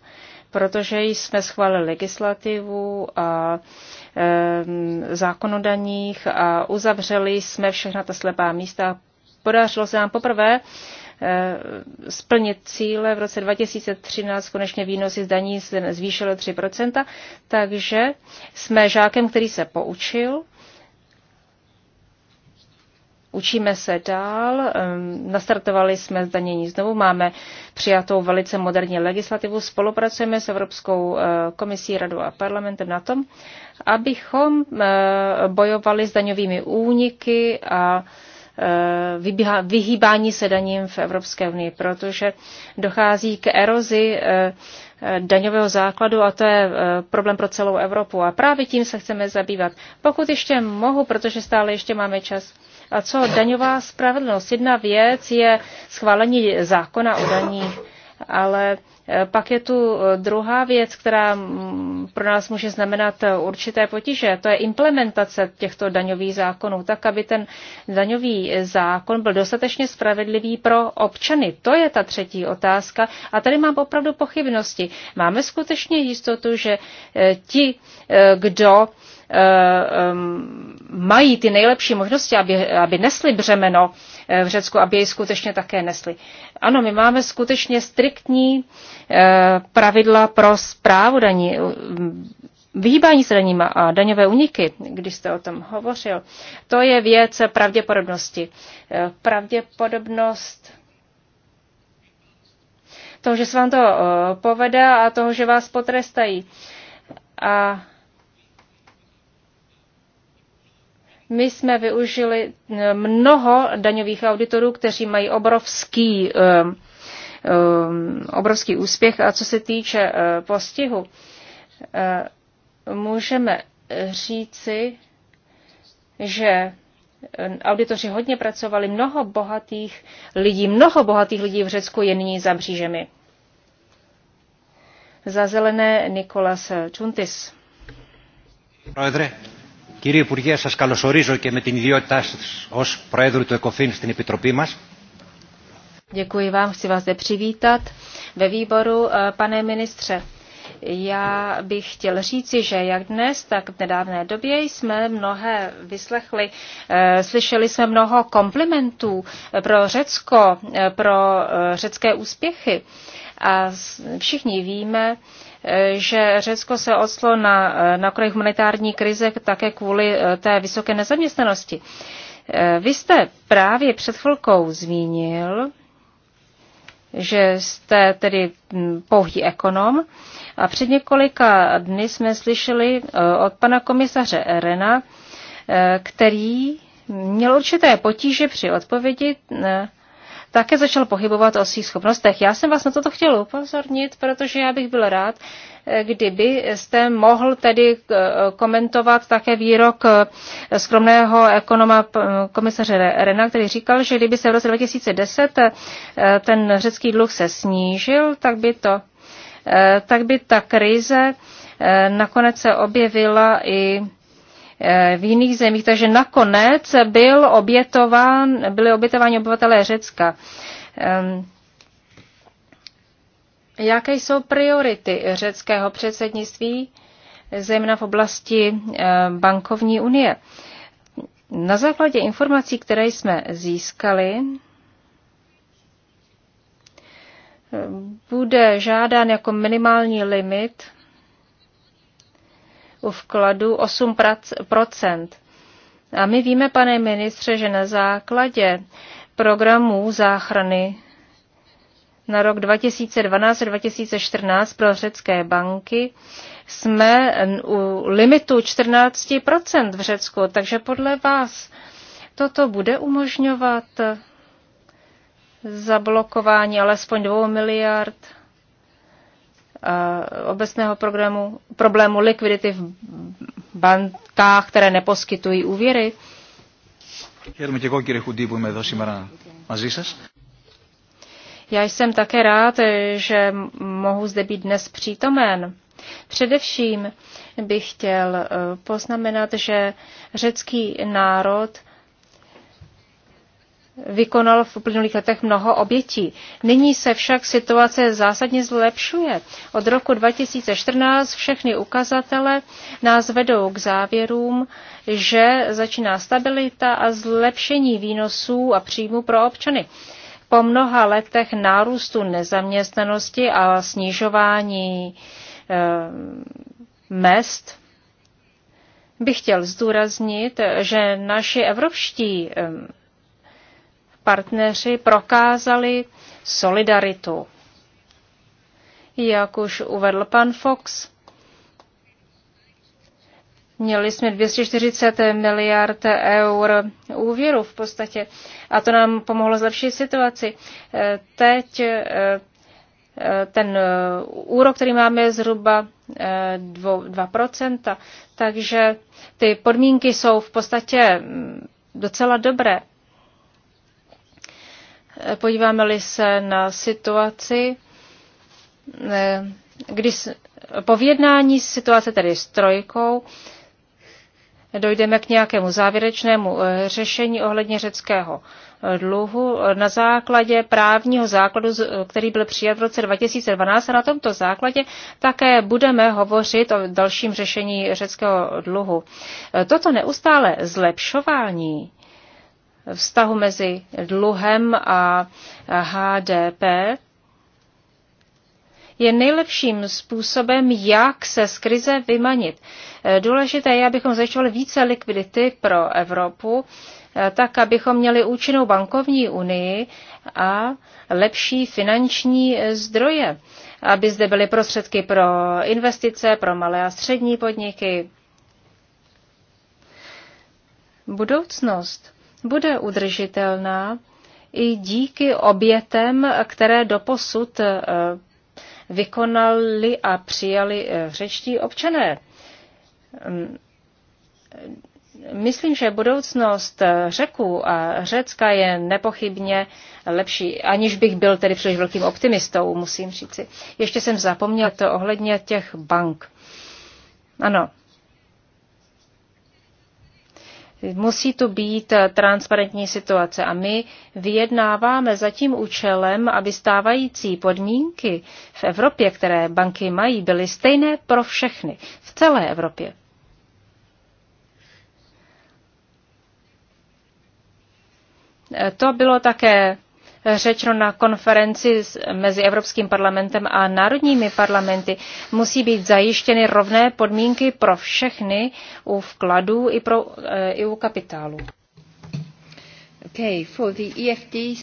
protože jsme schválili legislativu a e, zákon o daních a uzavřeli jsme všechna ta slepá místa. Podařilo se nám poprvé splnit cíle. V roce 2013 konečně výnosy z daní se zvýšily 3%, takže jsme žákem, který se poučil Učíme se dál, nastartovali jsme zdanění znovu, máme přijatou velice moderní legislativu, spolupracujeme s Evropskou eh, komisí, radou a parlamentem na tom, abychom eh, bojovali s daňovými úniky a eh, vyhýbání se daním v Evropské unii, protože dochází k erozi daňového základu a to je problém pro celou Evropu. A právě tím se chceme zabývat. Pokud ještě mohu, protože stále ještě máme čas, a co daňová spravedlnost? Jedna věc je schválení zákona o daních, ale eh, pak je tu eh, druhá věc, která mm, pro nás může znamenat eh, určité potíže. To je implementace těchto daňových zákonů, tak aby ten daňový zákon byl dostatečně spravedlivý pro občany. To je ta třetí otázka. A tady mám opravdu pochybnosti. Máme skutečně jistotu, že ti, kdo Eh, mají ty nejlepší možnosti, aby, aby nesli břemeno eh, v Řecku, aby jej skutečně také nesli. Ano, my máme skutečně striktní eh, pravidla pro zprávu daní, vyhýbání se daníma a daňové uniky, když jste o tom hovořil, to je věc pravděpodobnosti. Pravděpodobnost toho, že se vám to povede a toho, že vás potrestají. A My jsme využili eh, mnoho daňových auditorů, kteří mají obrovský, eh, eh, obrovský úspěch. A co se týče postihu, můžeme říci, že auditoři hodně pracovali, mnoho bohatých lidí, mnoho bohatých lidí v Řecku je nyní za břížemi. Za zelené Nikolas Čuntis. Prodre. Κύριε Υπουργέ, σας καλωσορίζω και με την ιδιότητά σας ως Προέδρου του ΕΚΟΦΗΝ στην Επιτροπή μας. Děkuji vám, chci vás zde přivítat ve výboru, eh, pane ministře. Já bych chtěl říci, že jak dnes, tak v nedávné době jsme mnohé vyslechli, eh, slyšeli jsme mnoho komplimentů eh, pro Řecko, pro řecké úspěchy. A všichni víme, že Řecko se odslo na, na kraj humanitární krize také kvůli eh, té vysoké nezaměstnanosti. Eh, vy jste právě před chvilkou zmínil, že jste tedy hm, pouhý ekonom. A před několika dny jsme slyšeli eh, od pana komisaře Rena, který měl určité potíže při odpovědi také začal pohybovat o svých schopnostech. Já jsem vás na toto chtěl upozornit, protože já bych byl rád, eh, kdyby jste mohl tedy eh, komentovat také výrok eh, skromného ekonoma komisaře Rena, který říkal, že kdyby se v roce 2010 ten řecký dluh se snížil, tak by to tak by ta krize nakonec se objevila i E, v jiných zemích. Takže nakonec byl obětován, byli obětováni obyvatelé Řecka. Ehm, jaké jsou priority řeckého předsednictví, zejména v oblasti e, bankovní unie? Na základě informací, které jsme získali, bude žádán jako minimální limit vkladu 8 A my víme, pane ministře, že na základě programů záchrany na rok 2012-2014 pro řecké banky jsme u limitu 14 v Řecku. Takže podle vás toto bude umožňovat zablokování alespoň 2 miliard uh, obecného programu, problému likvidity v bankách, které neposkytují úvěry. Χαίρομαι και εγώ κύριε Χουντή που είμαι εδώ σήμερα Já jsem také rád, že mohu zde být dnes přítomen. Především bych chtěl eh, poznamenat, že řecký národ vykonal v uplynulých letech mnoho obětí. Nyní se však situace zásadně zlepšuje. Od roku 2014 všechny ukazatele nás vedou k závěrům, že začíná stabilita a zlepšení výnosů a příjmů pro občany. Po mnoha letech nárůstu nezaměstnanosti a snižování eh, mest bych chtěl zdůraznit, že naši evropští eh, partneři prokázali solidaritu. Jak už uvedl pan Fox, Měli jsme 240 miliard eur úvěru v podstatě a to nám pomohlo zlepšit situaci. Eh, teď eh, eh, ten úrok, který máme, je zhruba 2%, takže ty podmínky jsou v podstatě mm, docela dobré podíváme-li se na situaci, eh, když po vyjednání situace tedy s trojkou dojdeme k nějakému závěrečnému eh, řešení ohledně řeckého eh, dluhu na základě právního základu, který byl přijat v roce 2012 a na tomto základě také budeme hovořit o dalším řešení řeckého dluhu. Toto neustále zlepšování vztahu mezi dluhem a HDP je nejlepším způsobem, jak se z krize vymanit. Důležité je, abychom zajišťovali více likvidity pro Evropu, tak abychom měli účinnou bankovní unii a lepší finanční zdroje, aby zde byly prostředky pro investice, pro malé a střední podniky. Budoucnost bude udržitelná i díky obětem, které doposud eh, vykonali a přijali eh, řečtí občané. Mm, myslím, že budoucnost eh, Řeků a Řecka je nepochybně lepší, aniž bych byl tedy příliš velkým optimistou, musím říci. Ještě jsem zapomněl to ohledně těch bank. Ano, Musí to být eh, transparentní situace a my vyjednáváme za tím účelem, aby stávající podmínky v Evropě, které banky mají, byly stejné pro všechny v celé Evropě. Eh, to bylo také řečeno na konferenci mezi Evropským parlamentem a národními parlamenty, musí být zajištěny rovné podmínky pro všechny u vkladů i, pro, eh, i u kapitálu. Okay, for the EFD.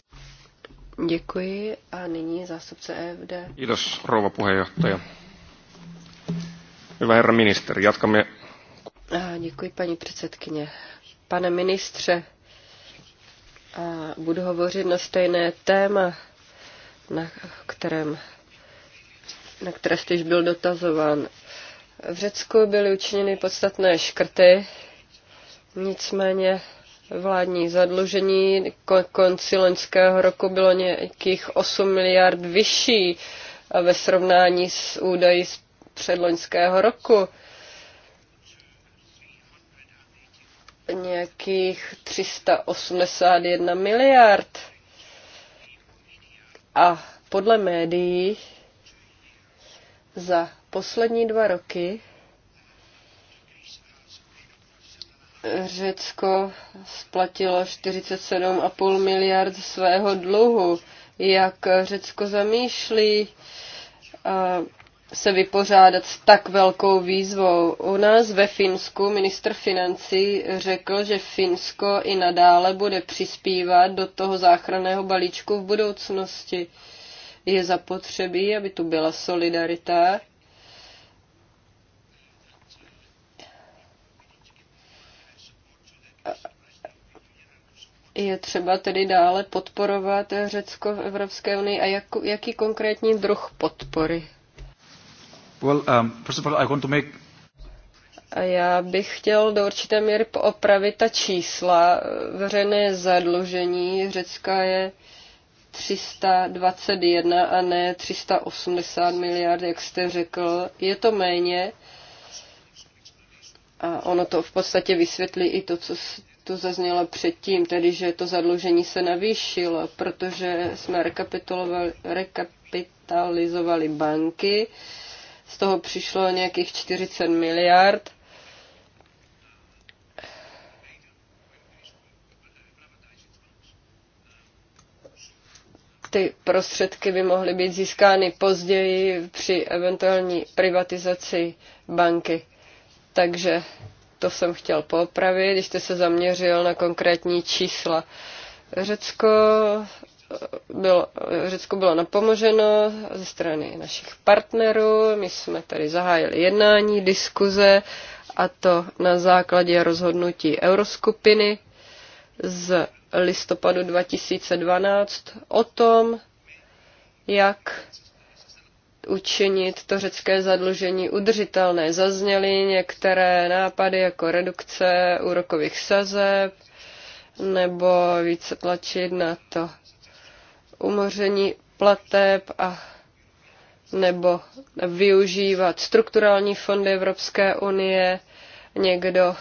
Děkuji a nyní zástupce EFD. Kiitos, rouva puheenjohtaja. Hyvä herra ministeri, jatkamme. Eh, děkuji, paní předsedkyně. Pane ministře, a budu hovořit na stejné téma, na kterém na které jste již byl dotazován. V Řecku byly učiněny podstatné škrty, nicméně vládní zadlužení konci loňského roku bylo nějakých 8 miliard vyšší ve srovnání s údaji z předloňského roku. nějakých 381 miliard. A podle médií za poslední dva roky Řecko splatilo 47,5 miliard svého dluhu. Jak Řecko zamýšlí se vypořádat s tak velkou výzvou. U nás ve Finsku ministr financí řekl, že Finsko i nadále bude přispívat do toho záchranného balíčku v budoucnosti. Je zapotřebí, aby tu byla solidarita. Je třeba tedy dále podporovat Řecko v Evropské unii a jak, jaký konkrétní druh podpory Well, um, first of all, I want to make a já bych chtěl do určité míry opravit ta čísla. Veřejné zadlužení Řecka je 321 a ne 380 miliard, jak jste řekl. Je to méně a ono to v podstatě vysvětlí i to, co tu zaznělo předtím, tedy že to zadlužení se navýšilo, protože jsme rekapitalizovali banky z toho přišlo nějakých 40 miliard. Ty prostředky by mohly být získány později při eventuální privatizaci banky. Takže to jsem chtěl poopravit, když jste se zaměřil na konkrétní čísla. Řecko bylo, Řecko bylo napomoženo ze strany našich partnerů. My jsme tady zahájili jednání, diskuze a to na základě rozhodnutí Euroskupiny z listopadu 2012 o tom, jak učinit to řecké zadlužení udržitelné. Zazněly některé nápady jako redukce úrokových sazeb nebo více tlačit na to umoření plateb a nebo využívat strukturální fondy Evropské unie. Někdo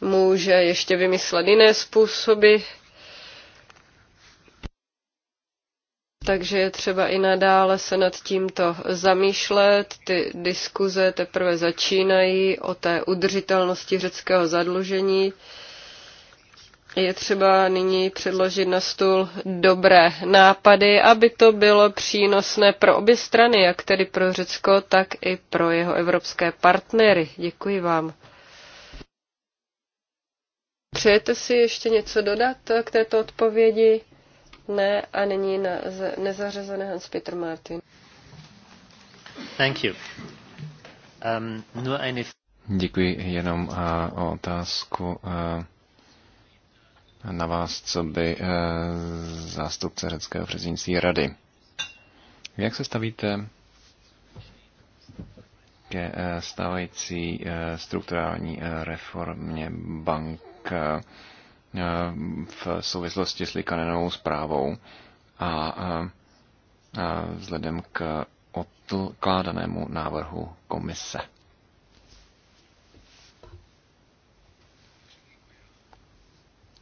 může ještě vymyslet jiné způsoby. Takže je třeba i nadále se nad tímto zamýšlet. Ty diskuze teprve začínají o té udržitelnosti řeckého zadlužení je třeba nyní předložit na stůl dobré nápady, aby to bylo přínosné pro obě strany, jak tedy pro Řecko, tak i pro jeho evropské partnery. Děkuji vám. Přejete si ještě něco dodat k této odpovědi? Ne, a nyní na nezařazené Hans-Peter Martin. Thank you. Um, nur eine... Děkuji jenom uh, o otázku. Uh na vás, co by eh, zástupce řeckého předsednictví rady. Jak se stavíte ke eh, stávající eh, strukturální reformě bank v souvislosti s Likanenovou zprávou a vzhledem k odkládanému návrhu komise?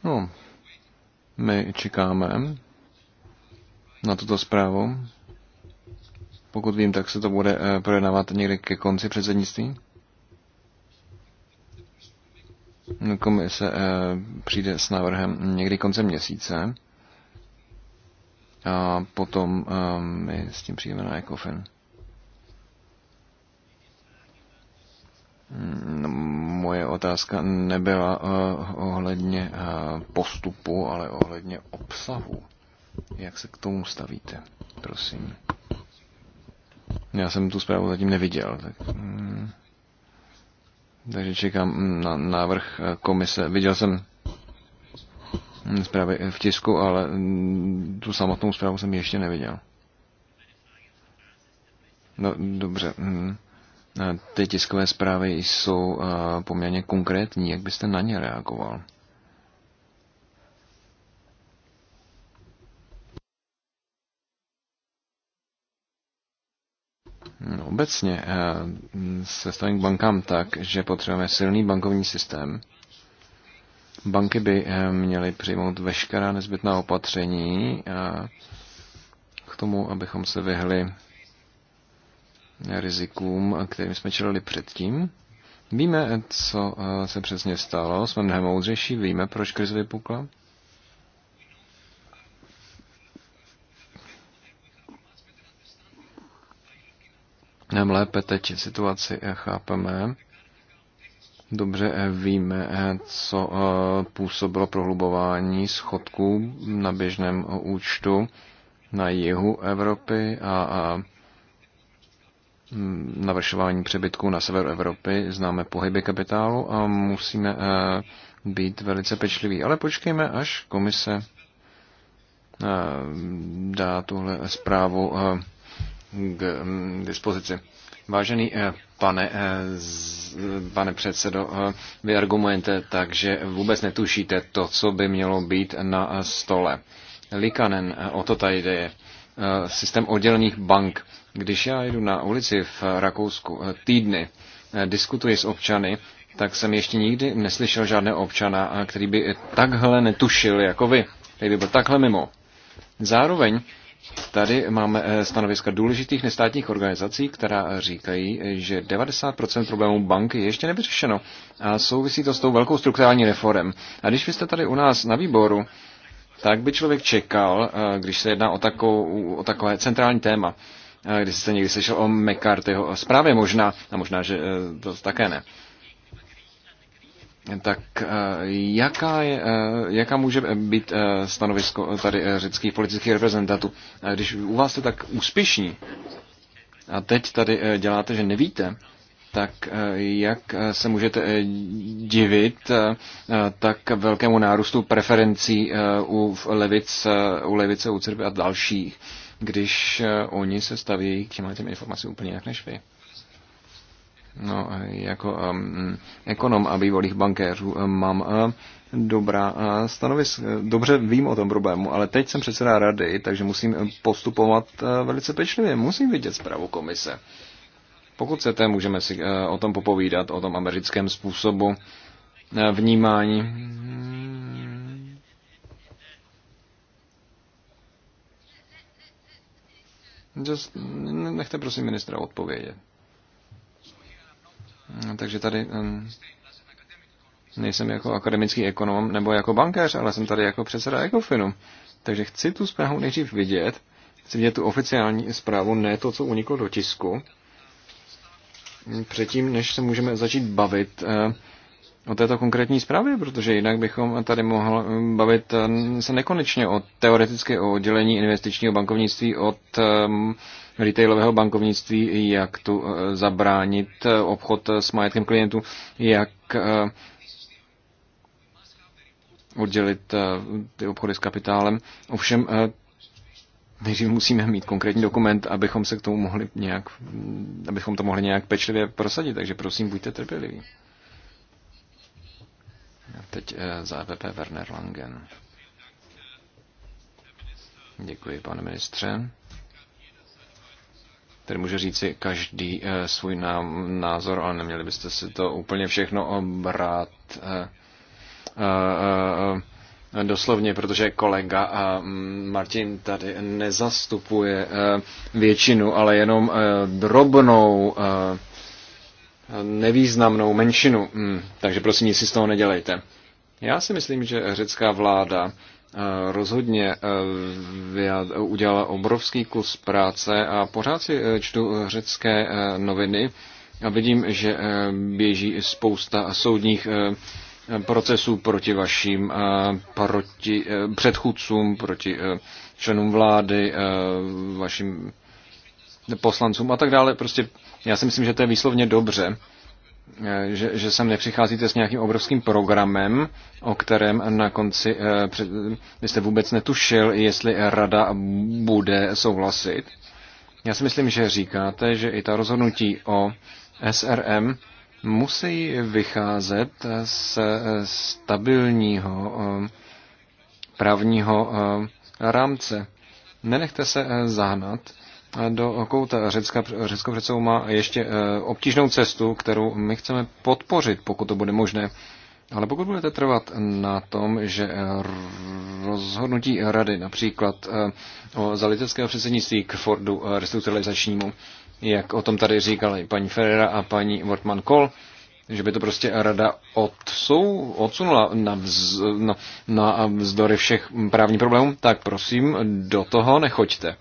No, my čekáme na tuto zprávu. Pokud vím, tak se to bude eh, projednávat někdy ke konci předsednictví. Komise eh, přijde s návrhem někdy konce měsíce a potom eh, my s tím přijdeme na ECOFIN. Mm, moje otázka nebyla eh, ohledně eh, postupu, ale ohledně obsahu. Jak se k tomu stavíte? Prosím. Já jsem tu zprávu zatím neviděl, tak... Mm. takže čekám mm, na návrh eh, komise. Viděl jsem zprávy v tisku, ale tu samotnou zprávu jsem ještě neviděl. No, dobře. Ty tiskové zprávy jsou poměrně konkrétní. Jak byste na ně reagoval? No, obecně se stavím k bankám tak, že potřebujeme silný bankovní systém. Banky by měly přijmout veškerá nezbytná opatření k tomu, abychom se vyhli rizikům, kterým jsme čelili předtím. Víme, co eh, se přesně stalo, jsme mnohem moudřejší, víme, proč krize vypukla. Nem lépe teď situaci eh, chápeme. Dobře eh, víme, co působilo prohlubování schodků na běžném účtu na jihu Evropy a, a navršování přebytků na severu Evropy, známe pohyby kapitálu a musíme eh, být velice pečliví. Ale počkejme, až komise eh, dá tuhle zprávu eh, k mm, dispozici. Vážený pane, pane předsedo, vy argumente tak, že vůbec netušíte to, co by mělo být na stole. Likanen, o to tady jde. Eh, systém oddělených bank. Když já jdu na ulici v Rakousku eh, týdny, eh, diskutuji s občany, tak jsem ještě nikdy neslyšel žádného občana, který by takhle netušil jako vy, který by byl takhle mimo. Zároveň tady máme stanoviska důležitých nestátních organizací, která říkají, že 90% problémů banky je ještě nevyřešeno a souvisí to s tou velkou strukturální reform. A když vy jste tady u nás na výboru, tak by člověk čekal, eh, když se jedná o, takovou, o takové centrální téma, eh, když jste někdy slyšel o McCarthyho zprávě možná, a možná, že eh, to také ne. Tak jaká, je, jaká může být stanovisko tady řeckých politických reprezentantů? Když u vás jste tak úspěšní a teď tady děláte, že nevíte, tak eh, jak eh, se můžete eh, divit tak velkému nárůstu preferencí u levic, u levice, u církve a dalších, když oni se staví k těmhle těm informacím úplně jinak než vy? No, jako um, ekonom a bývalých bankéřů mám uh, dobrá stanoviska. Dobře vím o tom problému, ale teď jsem předseda rady, takže musím postupovat velice pečlivě. Musím vidět zprávu komise. Uh, pokud chcete, můžeme si eh, o tom popovídat, o tom americkém způsobu eh, vnímání. Just, nechte prosím ministra odpovědět. No, takže tady nejsem jako akademický ekonom nebo jako bankéř, ale jsem tady jako předseda Ecofinu. Takže chci tu zprávu nejdřív vidět, chci vidět tu oficiální zprávu, ne to, co uniklo do tisku předtím, než se můžeme začít bavit eh, o této konkrétní zprávě, protože jinak bychom tady mohli eh, bavit eh, se nekonečně o teoretické oddělení investičního bankovnictví od retailového bankovnictví, jak tu zabránit obchod s majetkem klientů, jak oddělit ty obchody s kapitálem. Ovšem nejdřív musíme mít konkrétní dokument, abychom se k tomu mohli nějak, abychom to mohli nějak pečlivě prosadit, takže prosím, buďte trpěliví. Teď eh, za EPP Werner Langen. Děkuji, pane ministře. Tady může říct si každý eh, svůj nám, názor, ale neměli byste si to úplně všechno obrát. Eh, Doslovně, protože kolega mm, Martin tady nezastupuje e, většinu, ale jenom e, drobnou, e, nevýznamnou menšinu. Mm, takže prosím, nic si z toho nedělejte. Já si myslím, že řecká vláda rozhodně udělala obrovský kus práce a pořád si čtu řecké noviny a vidím, že běží spousta soudních procesů proti vašim eh, proti eh, předchůdcům, proti eh, členům vlády, vašim poslancům a tak dále. Prostě já si myslím, že to je výslovně dobře, že, že sem nepřicházíte s nějakým obrovským programem, o kterém na konci jste vůbec netušil, jestli rada bude souhlasit. Já si myslím, že říkáte, že i ta rozhodnutí o SRM musí vycházet z stabilního eh, právního eh, rámce. Nenechte se eh, zahnat do kouta. Řecka, Řecko přece má ještě obtížnou cestu, kterou my chceme podpořit, pokud to bude možné. Ale pokud budete trvat na tom, že rozhodnutí rady, například o litevského předsednictví k Fordu restrukturalizačnímu, jak o tom tady říkali paní Ferreira a paní Wortmann Kohl, že by to prostě rada odsou, odsunula na, vz, na, no, na vzdory všech právních problémů, tak prosím, do toho nechoďte.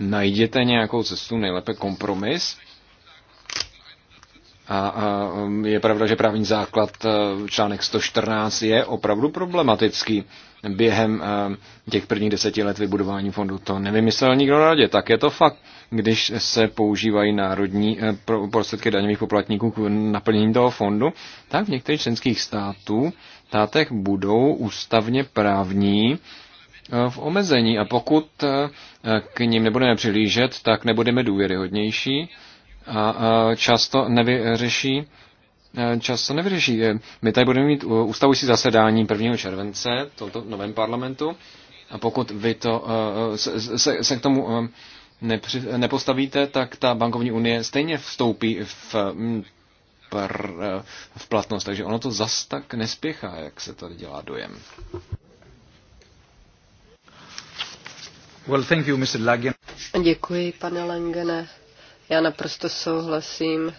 Najděte nějakou cestu, nejlépe kompromis. A, a um, je pravda, že právní základ uh, článek 114 je opravdu problematický. Během um, těch prvních deseti let vybudování fondu to nevymyslel nikdo na radě, tak je to fakt když se používají národní eh, prostředky daňových poplatníků k naplnění toho fondu, tak v některých členských států státech budou ústavně právní eh, v omezení a pokud eh, k ním nebudeme přilížet, tak nebudeme důvěryhodnější a často nevyřeší často nevyřeší. My tady budeme mít ustavující zasedání 1. července tohoto novém parlamentu a pokud vy to, se, se, se k tomu nepři, nepostavíte, tak ta bankovní unie stejně vstoupí v, mm, pr, v platnost. Takže ono to zas tak nespěchá, jak se tady dělá dojem. Well, thank you, Mr. Langen. Děkuji, pane Langene. Já naprosto souhlasím.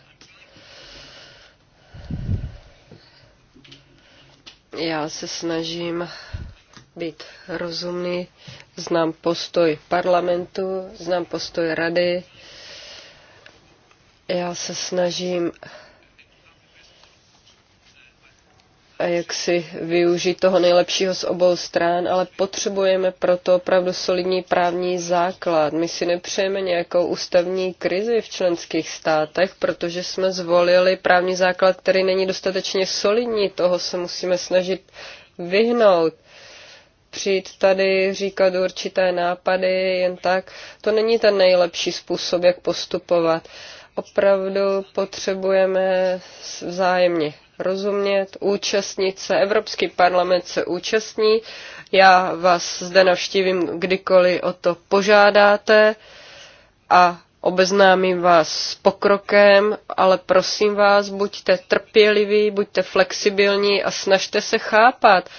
Já se snažím být rozumný, znám postoj parlamentu, znám postoj rady. Já se snažím jak si využít toho nejlepšího z obou stran, ale potřebujeme proto opravdu solidní právní základ. My si nepřejeme nějakou ústavní krizi v členských státech, protože jsme zvolili právní základ, který není dostatečně solidní. Toho se musíme snažit vyhnout přijít tady, říkat určité nápady jen tak, to není ten nejlepší způsob, jak postupovat. Opravdu potřebujeme vzájemně rozumět, účastnit se. Evropský parlament se účastní. Já vás zde navštívím kdykoliv o to požádáte a obeznámím vás s pokrokem, ale prosím vás, buďte trpěliví, buďte flexibilní a snažte se chápat.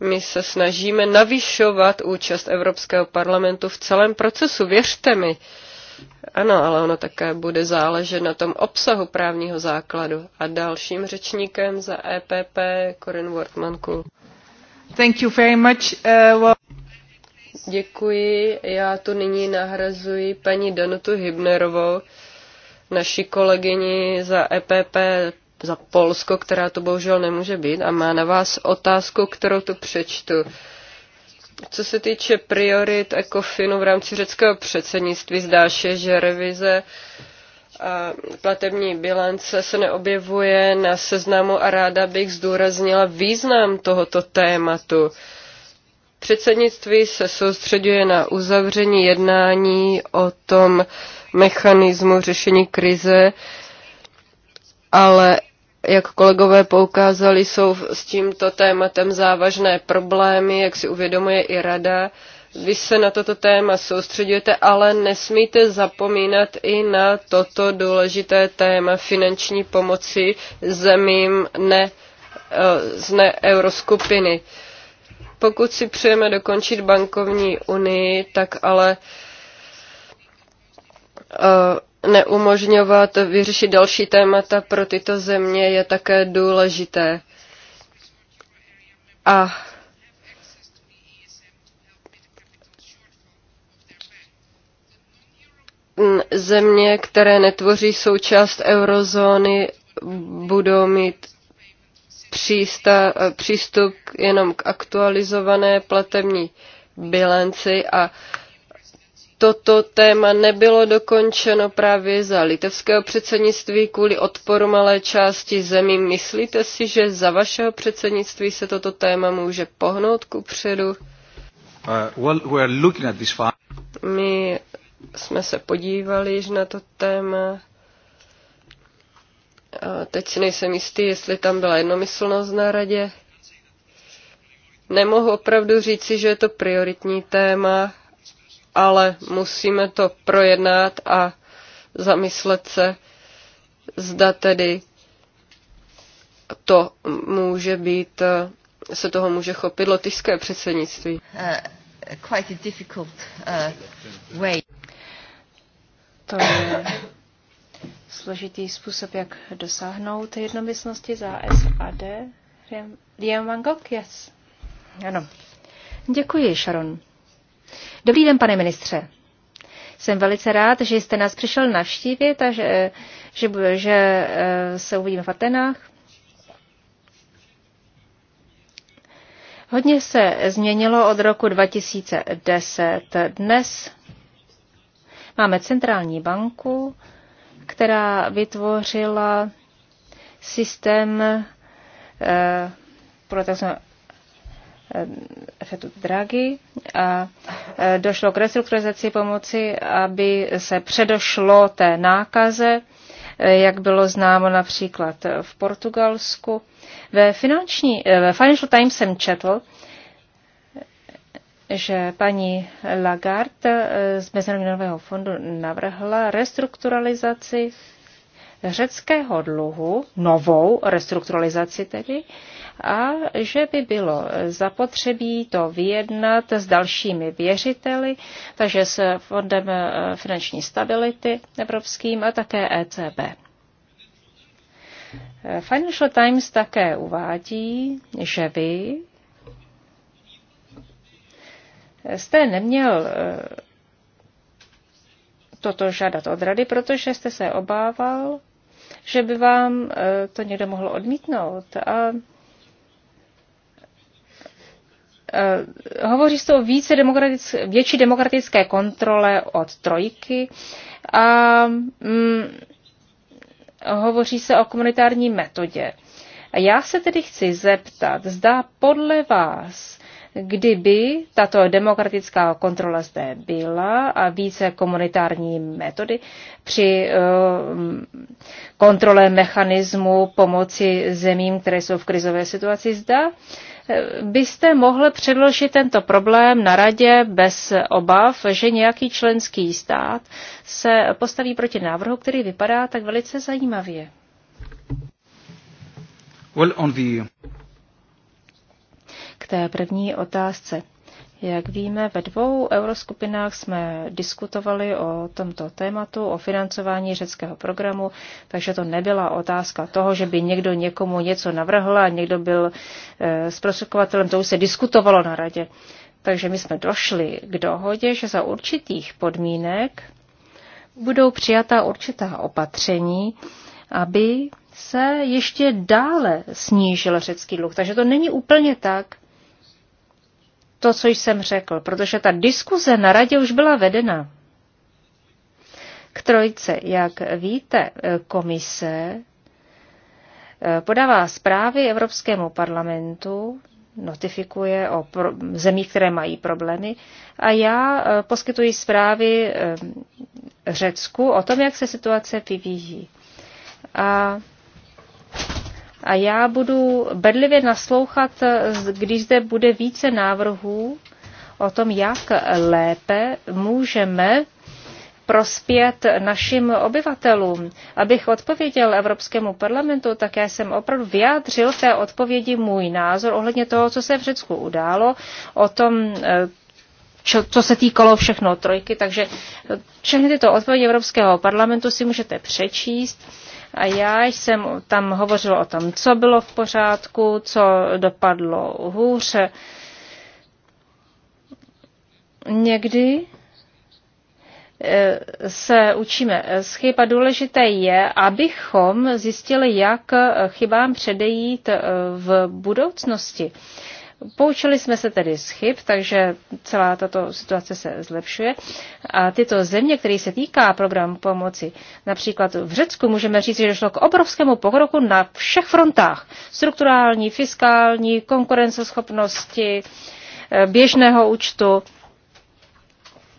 My se snažíme navyšovat účast Evropského parlamentu v celém procesu, věřte mi. Ano, ale ono také bude záležet na tom obsahu právního základu. A dalším řečníkem za EPP Corinne Wortmanku. Thank you very much. Uh, well... Děkuji. Já tu nyní nahrazuji paní Danutu Hybnerovou, naši kolegyni za EPP za Polsko, která to bohužel nemůže být a má na vás otázku, kterou tu přečtu. Co se týče priorit ECOFINu v rámci řeckého předsednictví, zdá se, že revize platební bilance se neobjevuje na seznamu a ráda bych zdůraznila význam tohoto tématu. Předsednictví se soustředuje na uzavření jednání o tom mechanismu řešení krize, ale jak kolegové poukázali, jsou s tímto tématem závažné problémy, jak si uvědomuje i rada. Vy se na toto téma soustředujete, ale nesmíte zapomínat i na toto důležité téma finanční pomoci zemím ne, eh, z neeuroskupiny. Pokud si přejeme dokončit bankovní unii, tak ale eh, neumožňovat vyřešit další témata pro tyto země je také důležité. A země, které netvoří součást eurozóny, budou mít přísta, přístup jenom k aktualizované platební bilanci a toto téma nebylo dokončeno právě za litevského předsednictví kvůli odporu malé části zemí. Myslíte si, že za vašeho předsednictví se toto téma může pohnout ku předu? Uh, My jsme se podívali již na to téma. A teď si nejsem jistý, jestli tam byla jednomyslnost na radě. Nemohu opravdu říci, že je to prioritní téma, ale musíme to projednat a zamyslet se, zda tedy to může být, se toho může chopit lotyšské předsednictví. Uh, uh, to je složitý způsob, jak dosáhnout jednomyslnosti za SAD. Liam Van Gogh, yes. Ano. Děkuji, Sharon. Dobrý den, pane ministře. Jsem velice rád, že jste nás přišel navštívit a že, že, že eh, se uvidíme v Atenách. Hodně se změnilo od roku 2010. Dnes máme centrální banku, která vytvořila systém eh, pro takzvané efektu ehm, Draghi a e, došlo k restrukturalizaci pomoci, aby se předošlo té nákaze, e, jak bylo známo například v Portugalsku. Ve, finanční, e, ve Financial Times jsem četl, že paní Lagarde z Mezinárodního fondu navrhla restrukturalizaci řeckého dluhu, novou restrukturalizaci tedy, a že by bylo zapotřebí to vyjednat s dalšími věřiteli, takže s Fondem eh, finanční stability evropským a také ECB. Financial Times také uvádí, že vy jste neměl eh, toto žádat od rady, protože jste se obával, že by vám eh, to někdo mohl odmítnout. A Eh, hovoří se o více demokratic, větší demokratické kontrole od trojky a mm, hovoří se o komunitární metodě. A já se tedy chci zeptat, zda podle vás, kdyby tato demokratická kontrola zde byla a více komunitární metody při uh, kontrole mechanismu pomoci zemím, které jsou v krizové situaci, zda byste mohl předložit tento problém na radě bez obav, že nějaký členský stát se postaví proti návrhu, který vypadá tak velice zajímavě? Well, on the... K té první otázce. Jak víme, ve dvou euroskupinách jsme diskutovali o tomto tématu, o financování řeckého programu, takže to nebyla otázka toho, že by někdo někomu něco navrhl a někdo byl e, eh, zprostředkovatelem, to už se diskutovalo na radě. Takže my jsme došli k dohodě, že za určitých podmínek budou přijata určitá opatření, aby se ještě dále snížil řecký dluh. Takže to není úplně tak, to, co jsem řekl, protože ta diskuze na radě už byla vedena. K trojce, jak víte, komise eh, podává zprávy Evropskému parlamentu, notifikuje o pro- zemích, které mají problémy a já eh, poskytuji zprávy eh, Řecku o tom, jak se situace vyvíjí. A a já budu bedlivě naslouchat, když zde bude více návrhů o tom, jak lépe můžeme prospět našim obyvatelům. Abych odpověděl Evropskému parlamentu, tak já jsem opravdu vyjádřil té odpovědi můj názor ohledně toho, co se v Řecku událo, o tom, eh, čo, co se týkalo všechno trojky, takže všechny tyto odpovědi Evropského parlamentu si můžete přečíst a já jsem tam hovořila o tom, co bylo v pořádku, co dopadlo hůře. Někdy eh, se učíme z chyb a důležité je, abychom zjistili, jak chybám předejít eh, v budoucnosti. Poučili jsme se tedy z chyb, takže celá tato situace se zlepšuje. A tyto země, které se týká program pomoci, například v Řecku, můžeme říct, že došlo k obrovskému pokroku na všech frontách. Strukturální, fiskální, konkurenceschopnosti, eh, běžného účtu.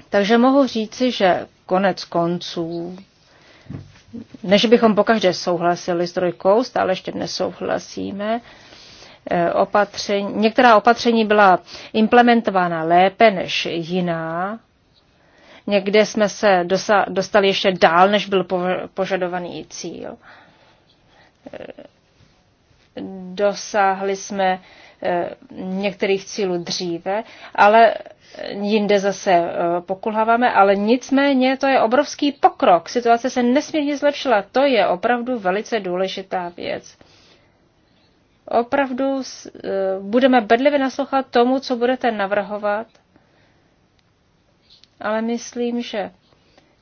Takže mohu říci, že konec konců, než bychom pokaždé souhlasili s trojkou, stále ještě nesouhlasíme, Eh, opatření, některá opatření byla implementována lépe než jiná. Někde jsme se dosa, dostali ještě dál, než byl požadovaný cíl. Eh, dosáhli jsme eh, některých cílů dříve, ale jinde zase pokulháváme, ale nicméně to je obrovský pokrok. Situace se nesmírně zlepšila. To je opravdu velice důležitá věc opravdu eh, budeme bedlivě naslouchat tomu, co budete navrhovat, ale myslím, že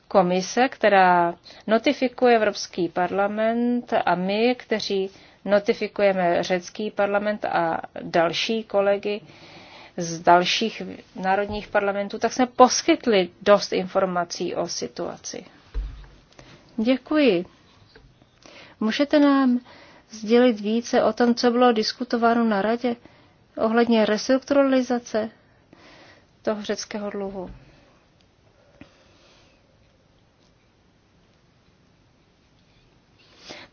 komise, která notifikuje Evropský parlament a my, kteří notifikujeme řecký parlament a další kolegy z dalších národních parlamentů, tak jsme poskytli dost informací o situaci. Děkuji. Můžete nám sdělit více o tom, co bylo diskutováno na radě ohledně restrukturalizace toho řeckého dluhu?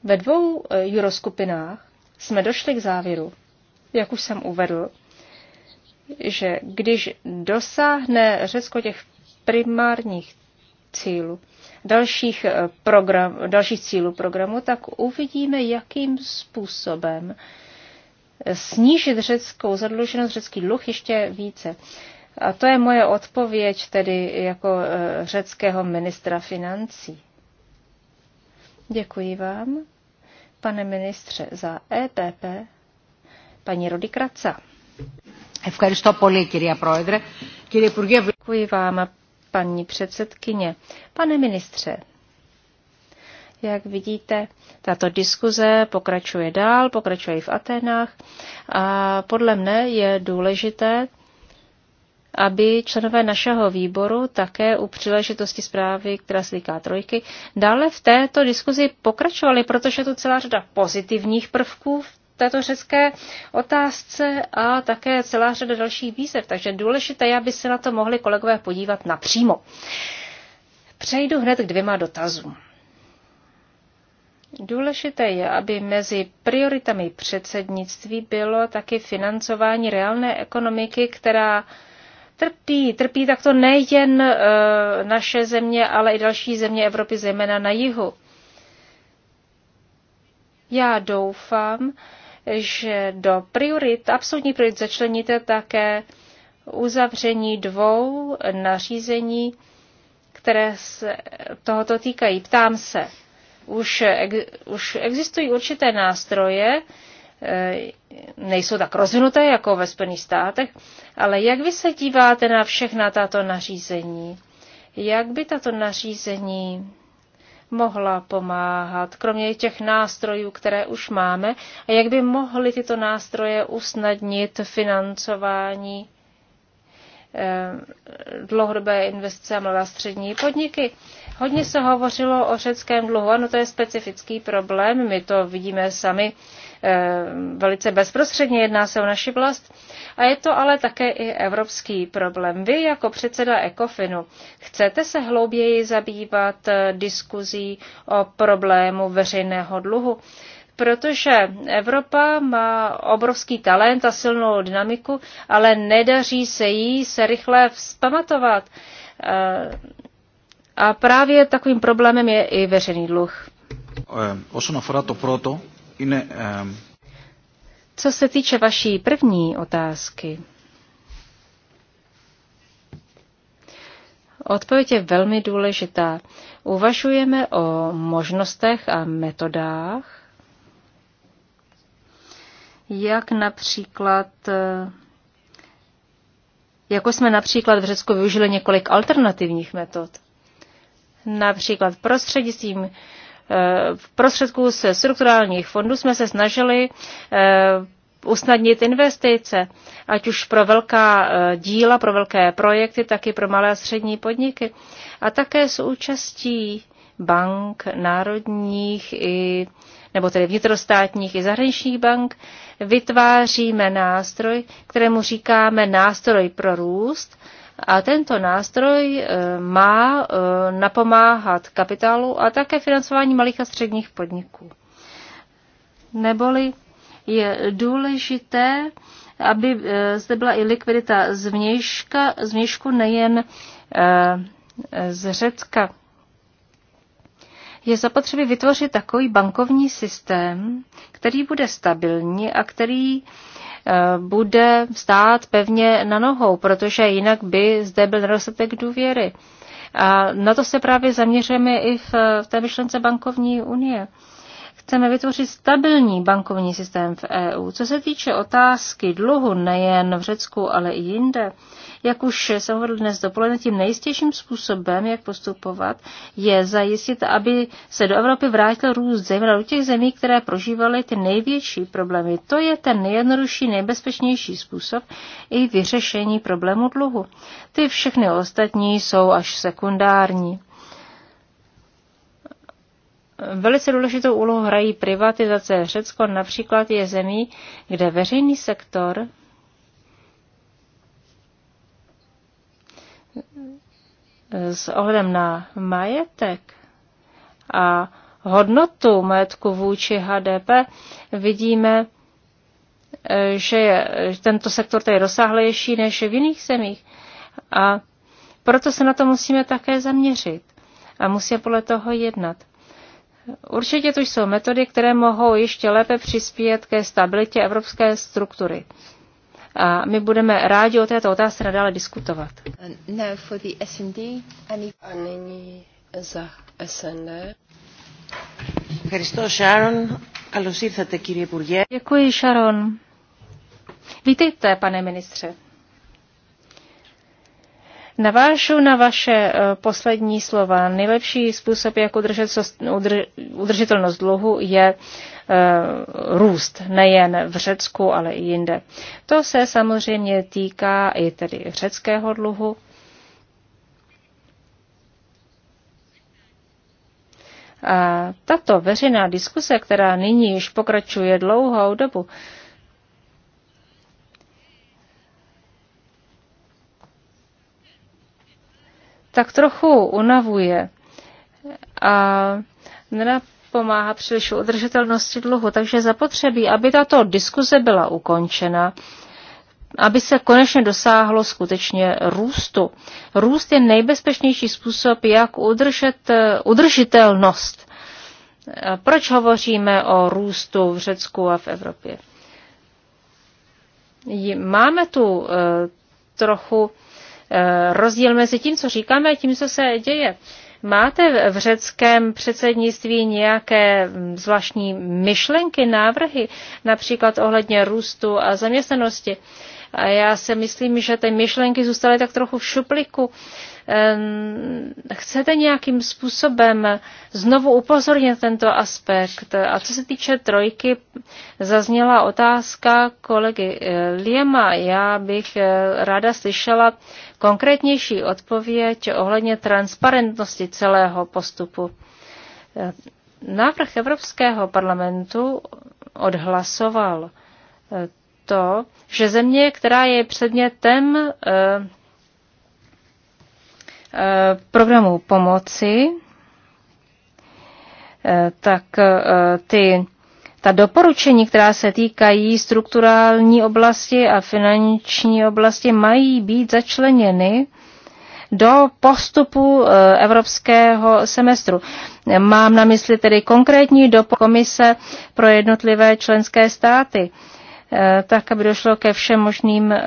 Ve dvou euroskupinách eh, jsme došli k závěru, jak už jsem uvedl, že když dosáhne Řecko těch primárních cílů, dalších, eh, program, dalších cílů programu, tak uvidíme, jakým způsobem snížit řeckou zadluženost, řecký dluh ještě více. A to je moje odpověď tedy jako eh, řeckého ministra financí. Děkuji vám, pane ministře, za EPP, paní Rody Kraca. Děkuji vám, paní předsedkyně. Pane ministře, jak vidíte, tato diskuze pokračuje dál, pokračuje i v Atenách a podle mne je důležité, aby členové našeho výboru také u příležitosti zprávy, která se týká trojky, dále v této diskuzi pokračovali, protože je tu celá řada pozitivních prvků v této řecké otázce a také celá řada dalších výzev. Takže důležité je, aby se na to mohli kolegové podívat napřímo. Přejdu hned k dvěma dotazům. Důležité je, aby mezi prioritami předsednictví bylo taky financování reálné ekonomiky, která trpí. Trpí takto nejen e, naše země, ale i další země Evropy, zejména na jihu. Já doufám, že do priorit, absolutní priorit začleníte také uzavření dvou nařízení, které se tohoto týkají. Ptám se, už, už existují určité nástroje, eh, nejsou tak rozvinuté jako ve Spojených státech, ale jak vy se díváte na všechna tato nařízení? Jak by tato nařízení mohla pomáhat, kromě těch nástrojů, které už máme, a jak by mohly tyto nástroje usnadnit financování eh, dlouhodobé investice a mladá střední podniky. Hodně se hovořilo o řeckém dluhu, ano to je specifický problém, my to vidíme sami Eh, velice bezprostředně, jedná se o naši vlast. A je to ale také i evropský problém. Vy jako předseda ECOFINu chcete se hlouběji zabývat eh, diskuzí o problému veřejného dluhu? protože Evropa má obrovský talent a silnou dynamiku, ale nedaří se jí se rychle vzpamatovat. Eh, a právě takovým problémem je i veřejný dluh. Όσον αφορά to proto. Co se týče vaší první otázky, odpověď je velmi důležitá. Uvažujeme o možnostech a metodách, jak například, e, jako jsme například v Řecku využili několik alternativních metod, například prostřednictvím Eh, v prostředku se strukturálních fondů jsme se snažili eh, usnadnit investice, ať už pro velká eh, díla, pro velké projekty, tak i pro malé a střední podniky. A také s účastí bank národních i nebo tedy vnitrostátních i zahraničních bank, vytváříme nástroj, kterému říkáme nástroj pro růst, a tento nástroj eh, má eh, napomáhat kapitálu a také financování malých a středních podniků. Neboli je důležité, aby eh, zde byla i likvidita z vnějšku nejen z Řecka. Je zapotřebí vytvořit takový bankovní systém, který bude stabilní a který Eh, bude stát pevně na nohou, protože jinak by zde byl nedostatek důvěry. A na to se právě zaměřujeme i v, v té myšlence bankovní unie. Chceme vytvořit stabilní bankovní systém v EU. Co se týče otázky dluhu nejen v Řecku, ale i jinde, jak už jsem hovoril dnes dopoledne, tím nejistějším způsobem, jak postupovat, je zajistit, aby se do Evropy vrátil růst, zejména do těch zemí, které prožívaly ty největší problémy. To je ten nejjednodušší, nejbezpečnější způsob i vyřešení problému dluhu. Ty všechny ostatní jsou až sekundární. Velice důležitou úlohu hrají privatizace. Řecko například je zemí, kde veřejný sektor s ohledem na majetek a hodnotu majetku vůči HDP vidíme, že je tento sektor tady rozsáhlejší než v jiných zemích. A proto se na to musíme také zaměřit a musíme podle toho jednat. Určitě tu jsou metody, které mohou ještě lépe přispět ke stabilitě evropské struktury. A my budeme rádi o této otázce nadále diskutovat. Uh, no, for the SND, Ani... A nyní za SND. Ευχαριστώ, Sharon. Καλώς ήρθατε, κύριε Υπουργέ. Děkuji, Sharon. Vítejte, pane ministře. Navážu na vaše eh, poslední slova. Nejlepší způsob, jak udržet udržitelnost dluhu, je eh, růst nejen v Řecku, ale i jinde. To se samozřejmě týká i tedy řeckého dluhu. A tato veřejná diskuse, která nyní již pokračuje dlouhou dobu, tak trochu unavuje a nenapomáhá příliš udržitelnosti dluhu. Takže zapotřebí, aby tato diskuze byla ukončena, aby se konečně dosáhlo skutečně růstu. Růst je nejbezpečnější způsob, jak udržet udržitelnost. Proč hovoříme o růstu v Řecku a v Evropě? Máme tu eh, trochu Eh, rozdíl mezi tím, co říkáme a tím, co se děje. Máte v řeckém předsednictví nějaké mm, zvláštní myšlenky, návrhy, například ohledně růstu a zaměstnanosti? A já si myslím, že ty myšlenky zůstaly tak trochu v šupliku. Ehm, chcete nějakým způsobem znovu upozornit tento aspekt? A co se týče trojky, zazněla otázka kolegy eh, Liema. Já bych eh, ráda slyšela konkrétnější odpověď ohledně transparentnosti celého postupu. Návrh Evropského parlamentu odhlasoval eh, to, že země, která je předmětem eh, eh, programu pomoci, tak ty ta doporučení, která se týkají strukturální oblasti a finanční oblasti, mají být začleněny do postupu eh, evropského semestru. Mám na mysli tedy konkrétní do komise pro jednotlivé členské státy, eh, tak aby došlo ke všem možným eh,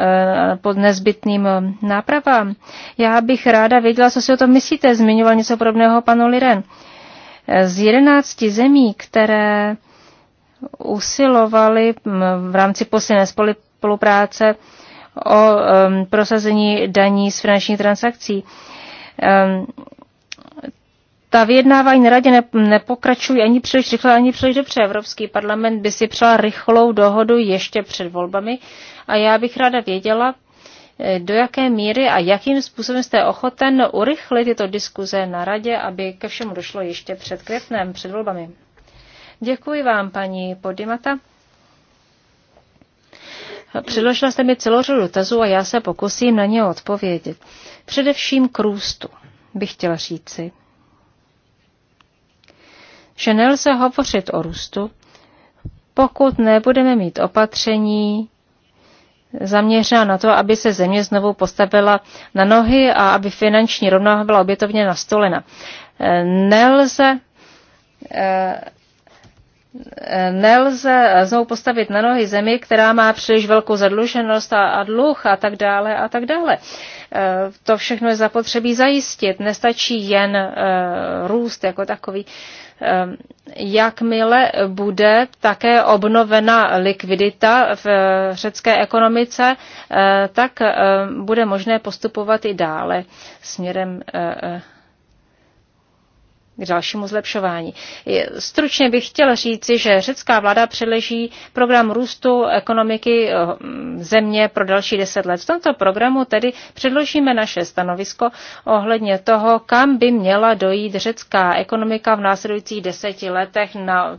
nezbytným nápravám. Já bych ráda věděla, co si o tom myslíte. Zmiňoval něco podobného panu Liren. Z jedenácti zemí, které usilovali v rámci posilné spolupráce o prosazení daní z finančních transakcí. Ta vyjednávání na radě nepokračují ani příliš rychle, ani příliš dobře. Evropský parlament by si přál rychlou dohodu ještě před volbami a já bych ráda věděla, e, do jaké míry a jakým způsobem jste ochoten urychlit tyto diskuze na radě, aby ke všemu došlo ještě před květnem, před volbami. Děkuji vám, paní Podimata. Přiložila jste mi celou řadu dotazů a já se pokusím na ně odpovědět. Především k růstu bych chtěla říci, že nelze hovořit o růstu, pokud nebudeme mít opatření zaměřená na to, aby se země znovu postavila na nohy a aby finanční rovnováha byla obětovně nastolena. Nelze eh, nelze znovu postavit na nohy zemi, která má příliš velkou zadluženost a, a dluh a tak dále a tak dále. E, to všechno je zapotřebí zajistit. Nestačí jen e, růst jako takový. E, jakmile bude také obnovena likvidita v řecké ekonomice, tak bude možné postupovat i dále směrem k dalšímu zlepšování. Stručně bych chtěla říci, že řecká vláda předleží program růstu ekonomiky eh, země pro další deset let. V tomto programu tedy předložíme naše stanovisko ohledně toho, kam by měla dojít řecká ekonomika v následujících deseti letech na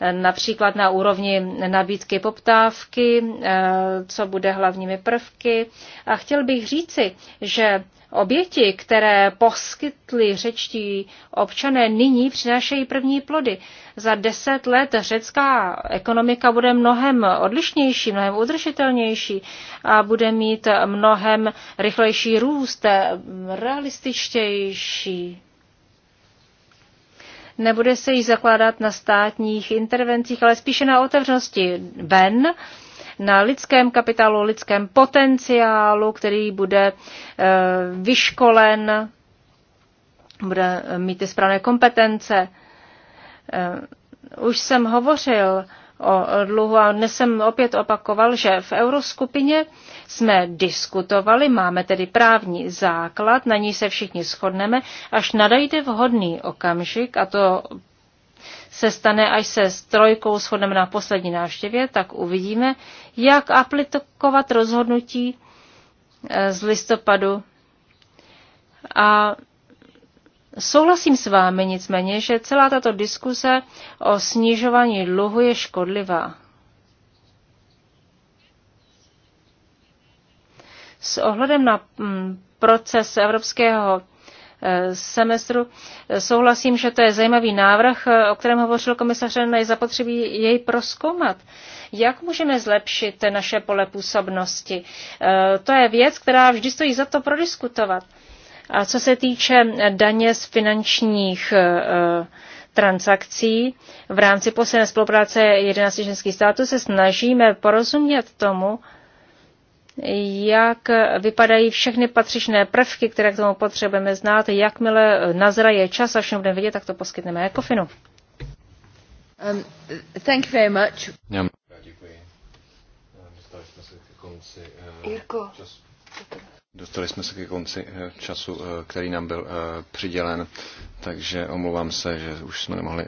eh, například na úrovni nabídky poptávky, eh, co bude hlavními prvky. A chtěl bych říci, že Oběti, které poskytli řečtí občané, nyní přinášejí první plody. Za deset let řecká ekonomika bude mnohem odlišnější, mnohem udržitelnější a bude mít mnohem rychlejší růst, realističtější. Nebude se již zakládat na státních intervencích, ale spíše na otevřenosti ven na lidském kapitálu, lidském potenciálu, který bude eh, vyškolen, bude mít ty správné kompetence. Eh, už jsem hovořil o dluhu a dnes jsem opět opakoval, že v euroskupině jsme diskutovali, máme tedy právní základ, na ní se všichni shodneme, až nadejde vhodný okamžik, a to se stane, až se s trojkou shodneme na poslední návštěvě, tak uvidíme, jak aplikovat rozhodnutí eh, z listopadu. A souhlasím s vámi nicméně, že celá tato diskuse o snižování dluhu je škodlivá. S ohledem na mm, proces evropského semestru. Souhlasím, že to je zajímavý návrh, o kterém hovořil komisař Ren, je zapotřebí jej proskoumat. Jak můžeme zlepšit naše pole působnosti? Eh, to je věc, která vždy stojí za to prodiskutovat. A co se týče daně z finančních eh, transakcí v rámci posledné spolupráce 11 ženských států se snažíme porozumět tomu, jak vypadají všechny patřičné prvky, které k tomu potřebujeme znát. Jakmile nazraje čas a všem budeme vidět, tak to poskytneme Ekofinu. Um, thank you very much. Já, děkuji. No, dostali jsme se ke konci uh, eh, času. Dostali jsme se ke konci eh, času, eh, který nám byl přidělen, takže omlouvám se, že už jsme nemohli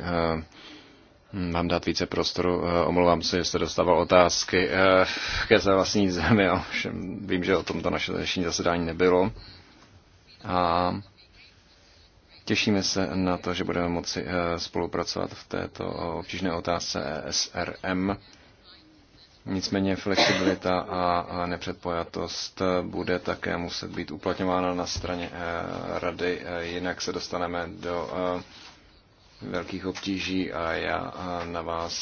Hm, mám dát více prostoru, eh, omlouvám se, že jste dostával otázky eh, ke své vlastní zemi, ovšem vím, že o tomto naše dnešní zasedání nebylo. A těšíme se na to, že budeme moci eh, spolupracovat v této obtížné otázce SRM. Nicméně flexibilita a nepředpojatost bude také muset být uplatňována na straně rady, jinak se dostaneme do velkých obtíží a já na vás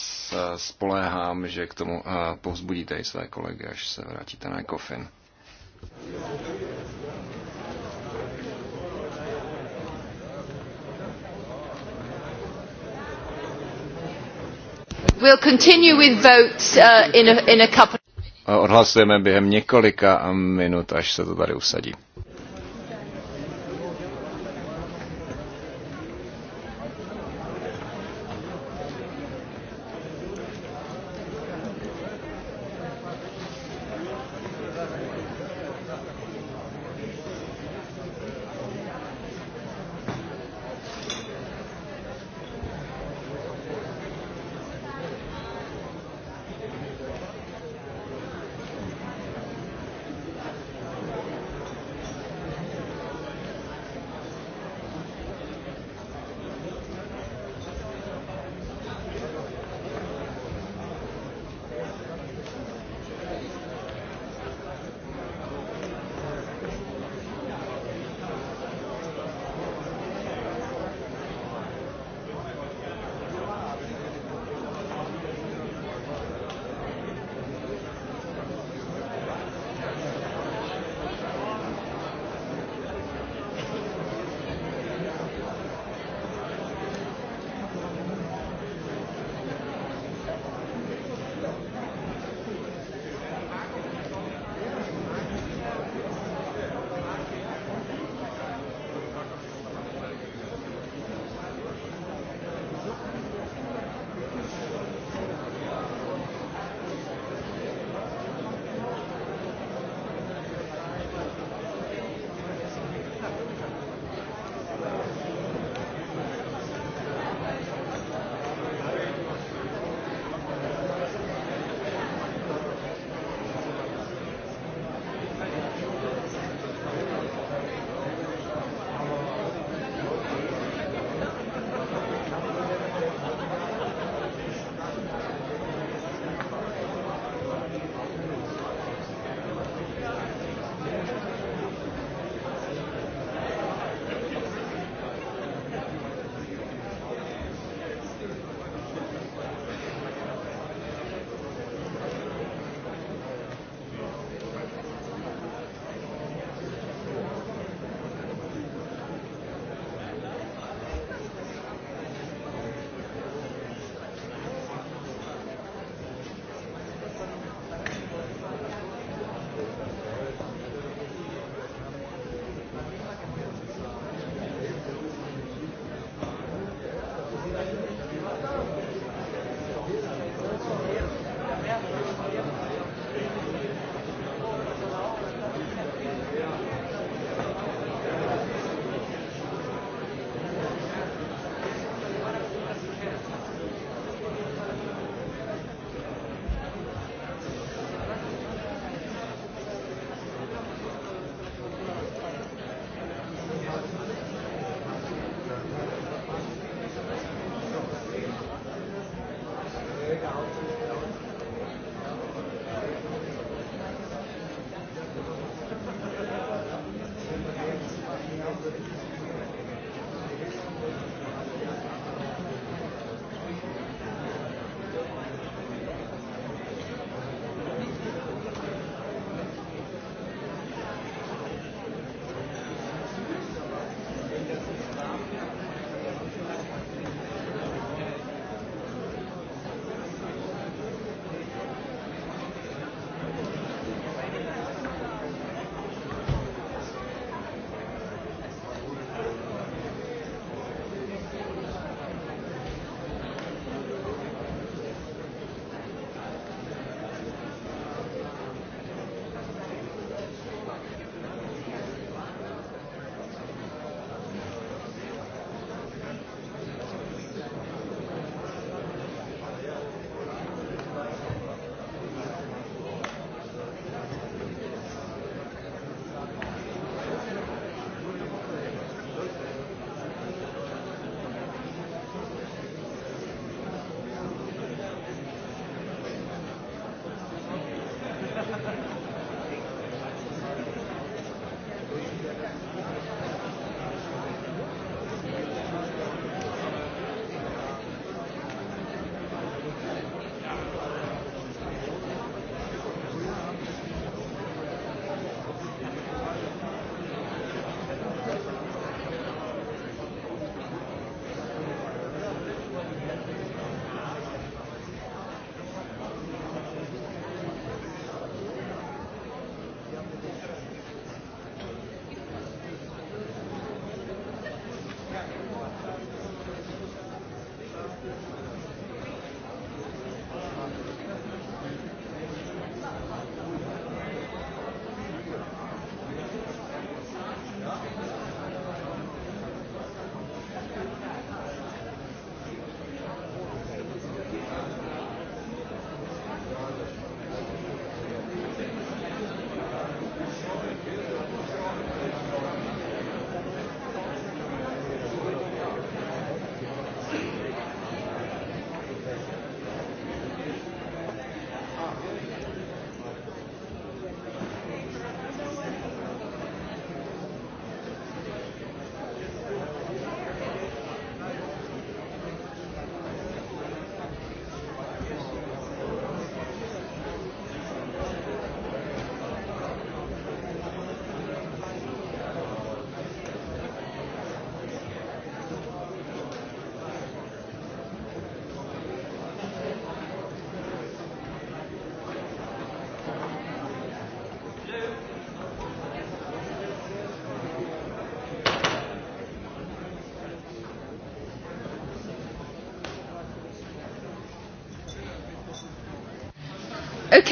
spoléhám, že k tomu povzbudíte i své kolegy, až se vrátíte na kofin. We'll continue with votes uh, in a, in a couple. Odhlasujeme během několika minut, až se to tady usadí.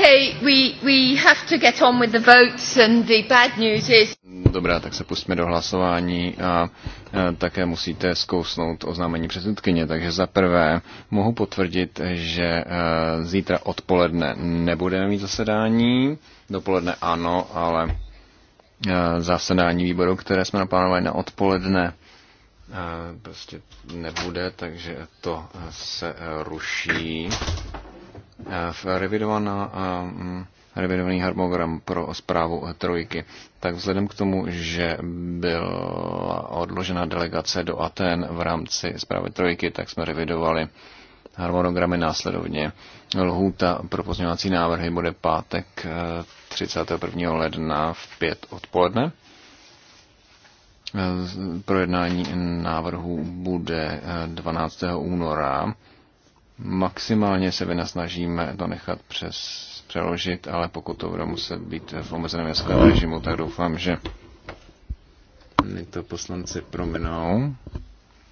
Okay, we, we have to get on with the votes and the bad news is... Dobrá, tak se pustíme do hlasování a, a také musíte zkousnout oznámení předsedkyně. Takže za prvé mohu potvrdit, že a, e, zítra odpoledne nebudeme mít zasedání. Dopoledne ano, ale a, e, zasedání výboru, které jsme naplánovali na odpoledne, a, e, prostě nebude, takže to se ruší. Eh, revidovaná eh, mm, revidovaný harmonogram pro zprávu trojky. Tak vzhledem k tomu, že byla odložena delegace do Aten v rámci zprávy trojky, tak jsme revidovali harmonogramy následovně. Lhůta pro pozměňovací návrhy bude pátek 31. Eh, ledna v 5 odpoledne. Projednání návrhu bude 12. února maximálně se vynasnažíme to nechat přes přeložit, ale pokud to bude muset být v omezeném jazykovém režimu, tak doufám, že mi to poslanci prominou.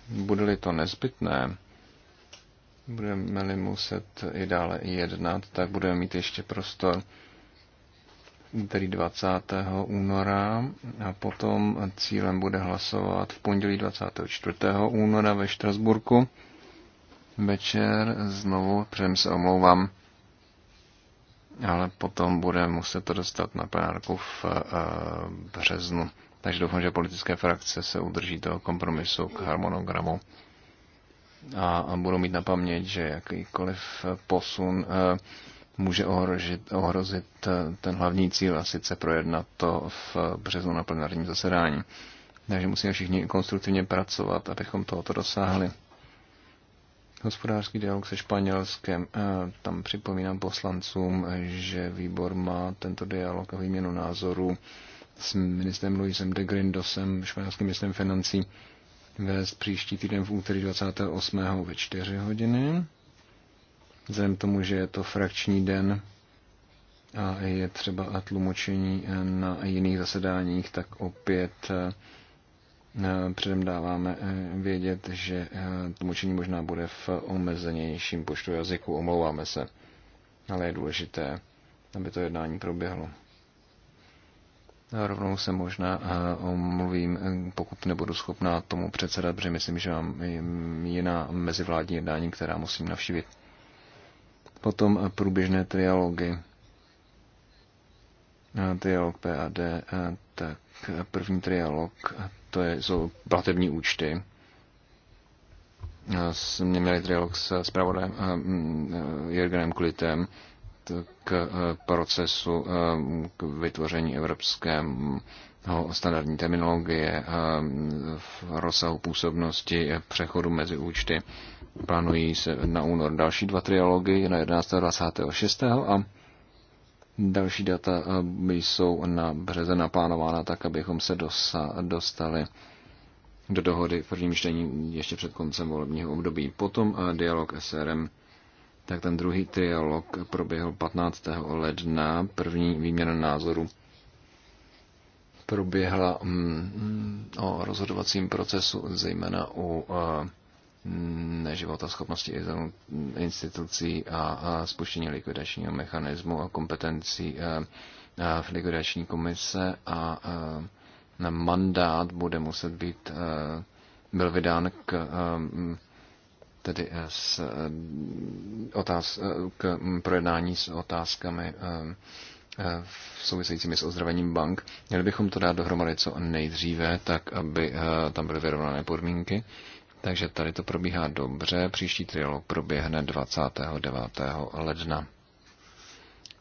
Bude-li to nezbytné, budeme-li muset i dále jednat, tak budeme mít ještě prostor úterý 20. února a potom cílem bude hlasovat v pondělí 24. února ve Štrasburku večer. Znovu předem se omlouvám, ale potom bude muset to dostat na plenárku v eh, březnu. Takže doufám, že politické frakce se udrží toho kompromisu k harmonogramu a, a budou mít na paměť, že jakýkoliv posun eh, může ohrožit, ohrozit eh, ten hlavní cíl a sice projednat to v březnu na plenárním zasedání. Takže musíme všichni konstruktivně pracovat, abychom tohoto dosáhli hospodářský dialog se Španělskem. Eh, tam připomínám poslancům, že výbor má tento dialog a výměnu názoru s ministrem Luisem de Grindosem, španělským ministrem financí, vést příští týden v úterý 28. ve 4 hodiny. Vzhledem tomu, že je to frakční den a je třeba tlumočení na jiných zasedáních, tak opět eh, Eh, předem dáváme eh, vědět, že eh, tlumočení možná bude v omezenějším počtu jazyků, omlouváme se, ale je důležité, aby to jednání proběhlo. A rovnou se možná omluvím, pokud nebudu schopná tomu předsedat, protože myslím, že mám jiná mezivládní jednání, která musím navštívit. Potom průběžné trialogy. Trialog PAD, tak první trialog to jsou platební účty. Jsme měli dialog s zpravodajem e, Jürgenem Klitem k e, procesu e, k vytvoření evropského standardní terminologie, v rozsahu působnosti, přechodu mezi účty. Plánují se na únor další dva trialogy na 11. a 26. a Další data eh, jsou na březe naplánována tak, abychom se dosa dostali do dohody v prvním čtení ještě před koncem volebního období. Potom eh, dialog SRM, tak ten druhý trialog proběhl 15. ledna, první výměna názoru proběhla mm, o rozhodovacím procesu, zejména u eh, neživotoschopnosti institucí a spuštění likvidačního mechanismu a kompetencí eh, eh, v likvidační komise a eh, mandát bude muset být byl vydán k tedy s otáz, k projednání s otázkami souvisejícími s ozdravením bank. Měli bychom to dát dohromady co nejdříve, tak aby tam byly vyrovnané podmínky takže tady to probíhá dobře. Příští trialog proběhne 29. ledna.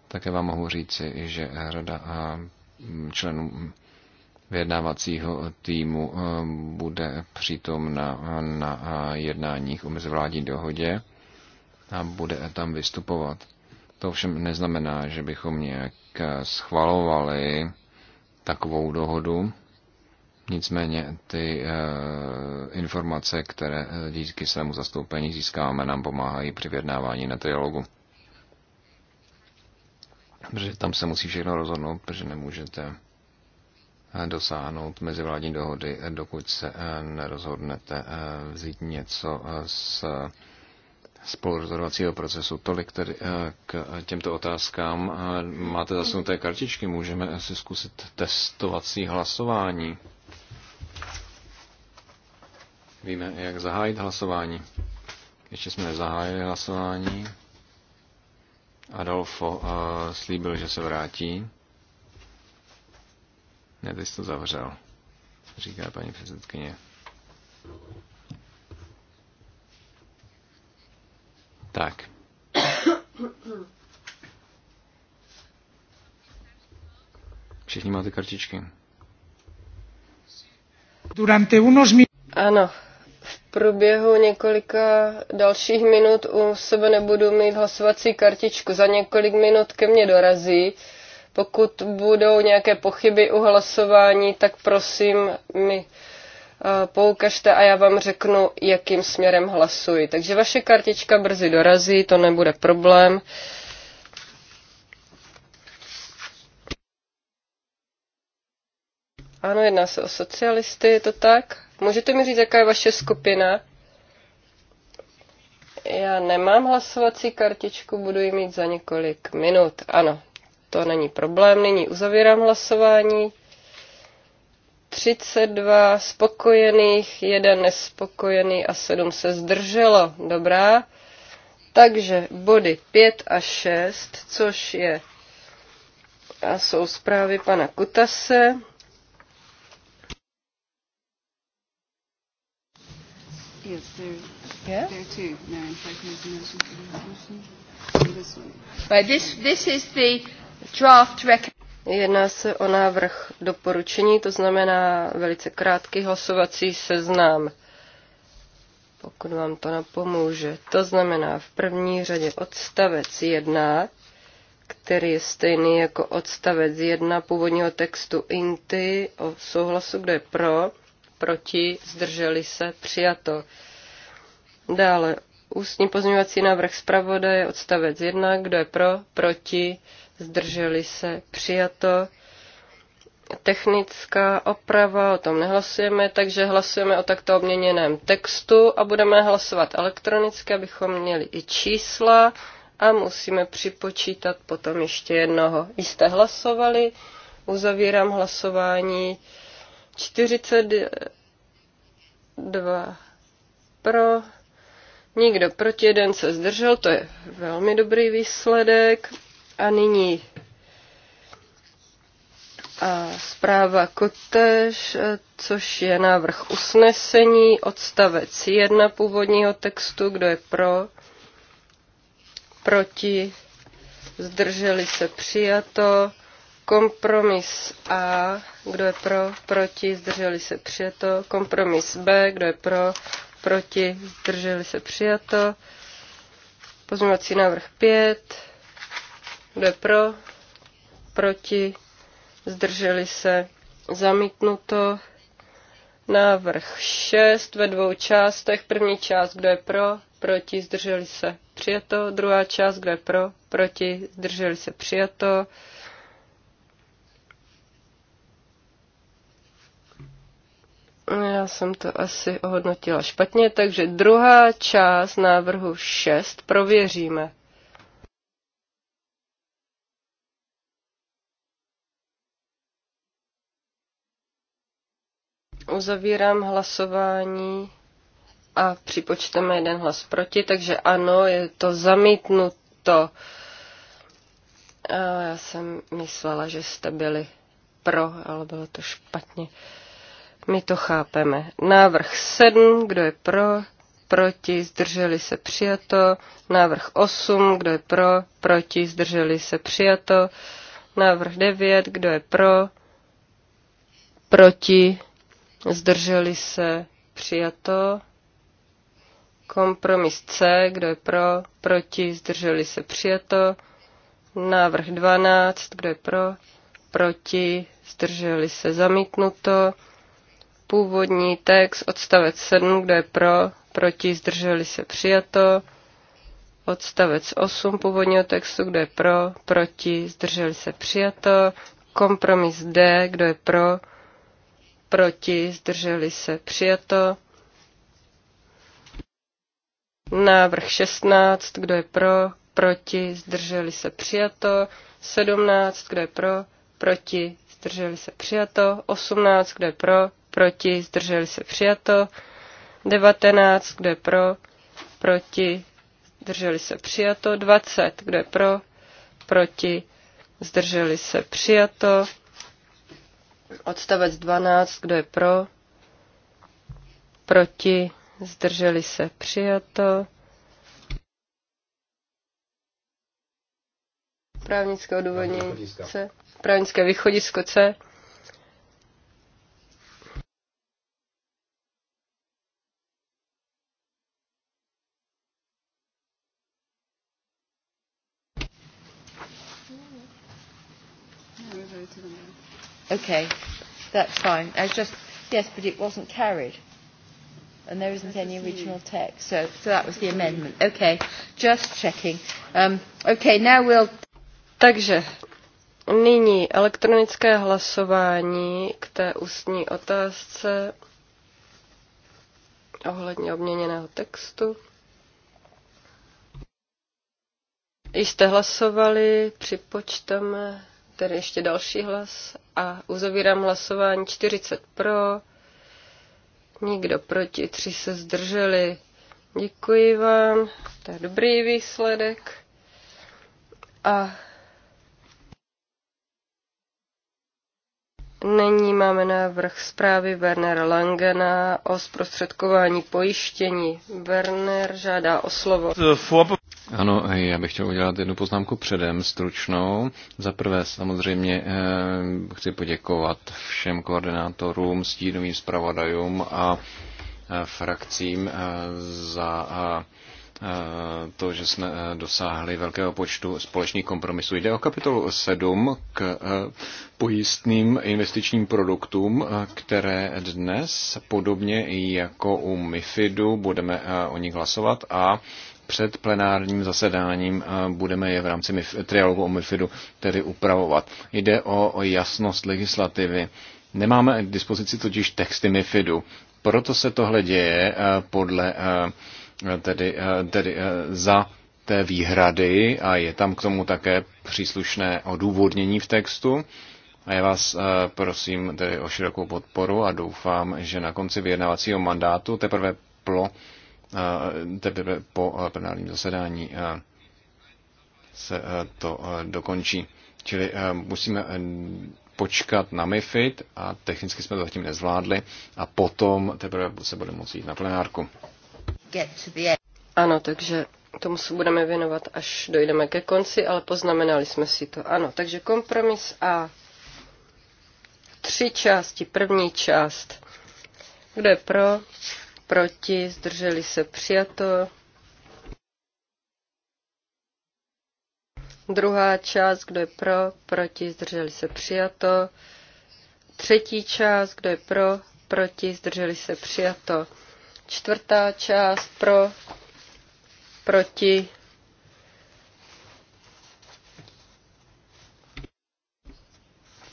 Také vám mohu říci, že řada členů vyjednávacího týmu bude přítomna na jednáních o mezivládní dohodě a bude tam vystupovat. To ovšem neznamená, že bychom nějak schvalovali takovou dohodu. Nicméně ty eh, informace, které eh, díky svému zastoupení získáváme, nám pomáhají při vyjednávání na trialogu. Protože tam se musí všechno rozhodnout, protože nemůžete eh, dosáhnout mezivládní dohody, dokud se nerozhodnete vzít něco z spolurozhodovacího procesu. Tolik tedy k těmto otázkám. Máte zasunuté kartičky, můžeme si zkusit testovací hlasování. Víme, jak zahájit hlasování. Ještě jsme nezahájili hlasování. Adolfo uh, slíbil, že se vrátí. Ne, ty jsi to zavřel, říká paní předsedkyně. Tak. Všichni máte kartičky. Durante unos mi. Ano, průběhu několika dalších minut u sebe nebudu mít hlasovací kartičku. Za několik minut ke mně dorazí. Pokud budou nějaké pochyby u hlasování, tak prosím mi poukažte a já vám řeknu, jakým směrem hlasuji. Takže vaše kartička brzy dorazí, to nebude problém. Ano, jedná se o socialisty, je to tak? Můžete mi říct, jaká je vaše skupina? Já nemám hlasovací kartičku, budu ji mít za několik minut. Ano, to není problém. Nyní uzavírám hlasování. 32 spokojených, jeden nespokojený a 7 se zdrželo. Dobrá. Takže body 5 a 6, což je a jsou zprávy pana Kutase. Yes, there, yeah? there are No, in fact, there's no a motion for the this one. But this, this is the draft record. Jedná se o návrh doporučení, to znamená velice krátký hlasovací seznam, pokud vám to napomůže. To znamená v první řadě odstavec 1, který je stejný jako odstavec 1 původního textu INTY o souhlasu, kde je pro, proti, zdrželi se, přijato. Dále ústní pozměňovací návrh zpravodaje odstavec 1, kdo je pro, proti, zdrželi se, přijato. Technická oprava, o tom nehlasujeme, takže hlasujeme o takto obměněném textu a budeme hlasovat elektronicky, abychom měli i čísla a musíme připočítat potom ještě jednoho. Jste hlasovali, uzavírám hlasování. 42 pro, nikdo proti, jeden se zdržel, to je velmi dobrý výsledek. A nyní a zpráva Kotež, což je návrh usnesení, odstavec 1 původního textu, kdo je pro, proti, zdrželi se přijato. Kompromis A, kdo je pro, proti, zdrželi se přijato. Kompromis B, kdo je pro, proti, zdrželi se přijato. Pozměňovací návrh 5, kdo je pro, proti, zdrželi se zamítnuto. Návrh 6 ve dvou částech. První část, kdo je pro, proti, zdrželi se přijato. Druhá část, kdo je pro, proti, zdrželi se přijato. Já jsem to asi ohodnotila špatně, takže druhá část návrhu 6 prověříme. Uzavírám hlasování a připočteme jeden hlas proti, takže ano, je to zamítnuto. Já jsem myslela, že jste byli pro, ale bylo to špatně. My to chápeme. Návrh 7, kdo je pro, proti, zdrželi se přijato. Návrh 8, kdo je pro, proti, zdrželi se přijato. Návrh 9, kdo je pro, proti, zdrželi se přijato. Kompromis C, kdo je pro, proti, zdrželi se přijato. Návrh 12, kdo je pro, proti, zdrželi se zamítnuto. Původní text, odstavec 7, kde je pro, proti, zdrželi se přijato. Odstavec 8 původního textu, kde je pro, proti, zdrželi se přijato. Kompromis D, kdo je pro, proti, zdrželi se přijato. Návrh 16, kdo je pro, proti, zdrželi se přijato. 17, kdo je pro, proti, zdrželi se přijato. 18, kdo je pro, proti, zdrželi se přijato. 19, kdo je pro, proti, zdrželi se přijato. 20, kdo je pro, proti, zdrželi se přijato. Odstavec 12, kdo je pro, proti, zdrželi se přijato. Právnické odůvodnění C. Právnické východisko C. Okay, that's fine. I was just, yes, but it wasn't carried. And there isn't any original text, so, so that was the amendment. Okay, just checking. Um, okay, now we'll... Takže nyní elektronické hlasování k té ústní otázce ohledně obměněného textu. Jste hlasovali, připočteme tedy ještě další hlas a uzavírám hlasování 40 pro, nikdo proti, tři se zdrželi. Děkuji vám, to je dobrý výsledek. A Nyní máme návrh zprávy Werner Langena o zprostředkování pojištění. Werner žádá o slovo. Ano, já bych chtěl udělat jednu poznámku předem, stručnou. Za prvé samozřejmě eh, chci poděkovat všem koordinátorům, stínovým zpravodajům a eh, frakcím eh, za to, že jsme dosáhli velkého počtu společných kompromisů. Jde o kapitolu 7 k pojistným investičním produktům, které dnes, podobně jako u MIFIDu, budeme o nich hlasovat a před plenárním zasedáním eh, budeme je v rámci MIF, trialogu o MIFIDu tedy upravovat. Jde o, o jasnost legislativy. Nemáme k dispozici totiž texty MIFIDu, proto se tohle děje eh, podle eh, tedy, tedy za té výhrady a je tam k tomu také příslušné odůvodnění v textu. A já vás prosím tedy o širokou podporu a doufám, že na konci vyjednávacího mandátu teprve plo, teprve po plenárním zasedání se to dokončí. Čili musíme e, počkat na MIFID a technicky jsme to zatím nezvládli a potom teprve se budeme moci jít na plenárku. Ano, takže tomu se budeme věnovat, až dojdeme ke konci, ale poznamenali jsme si to. Ano, takže kompromis A. Tři části. První část. Kdo je pro? proti, zdrželi se přijato. Druhá část, kdo je pro, proti, zdrželi se přijato. Třetí část, kdo je pro, proti, zdrželi se přijato. Čtvrtá část, pro, proti.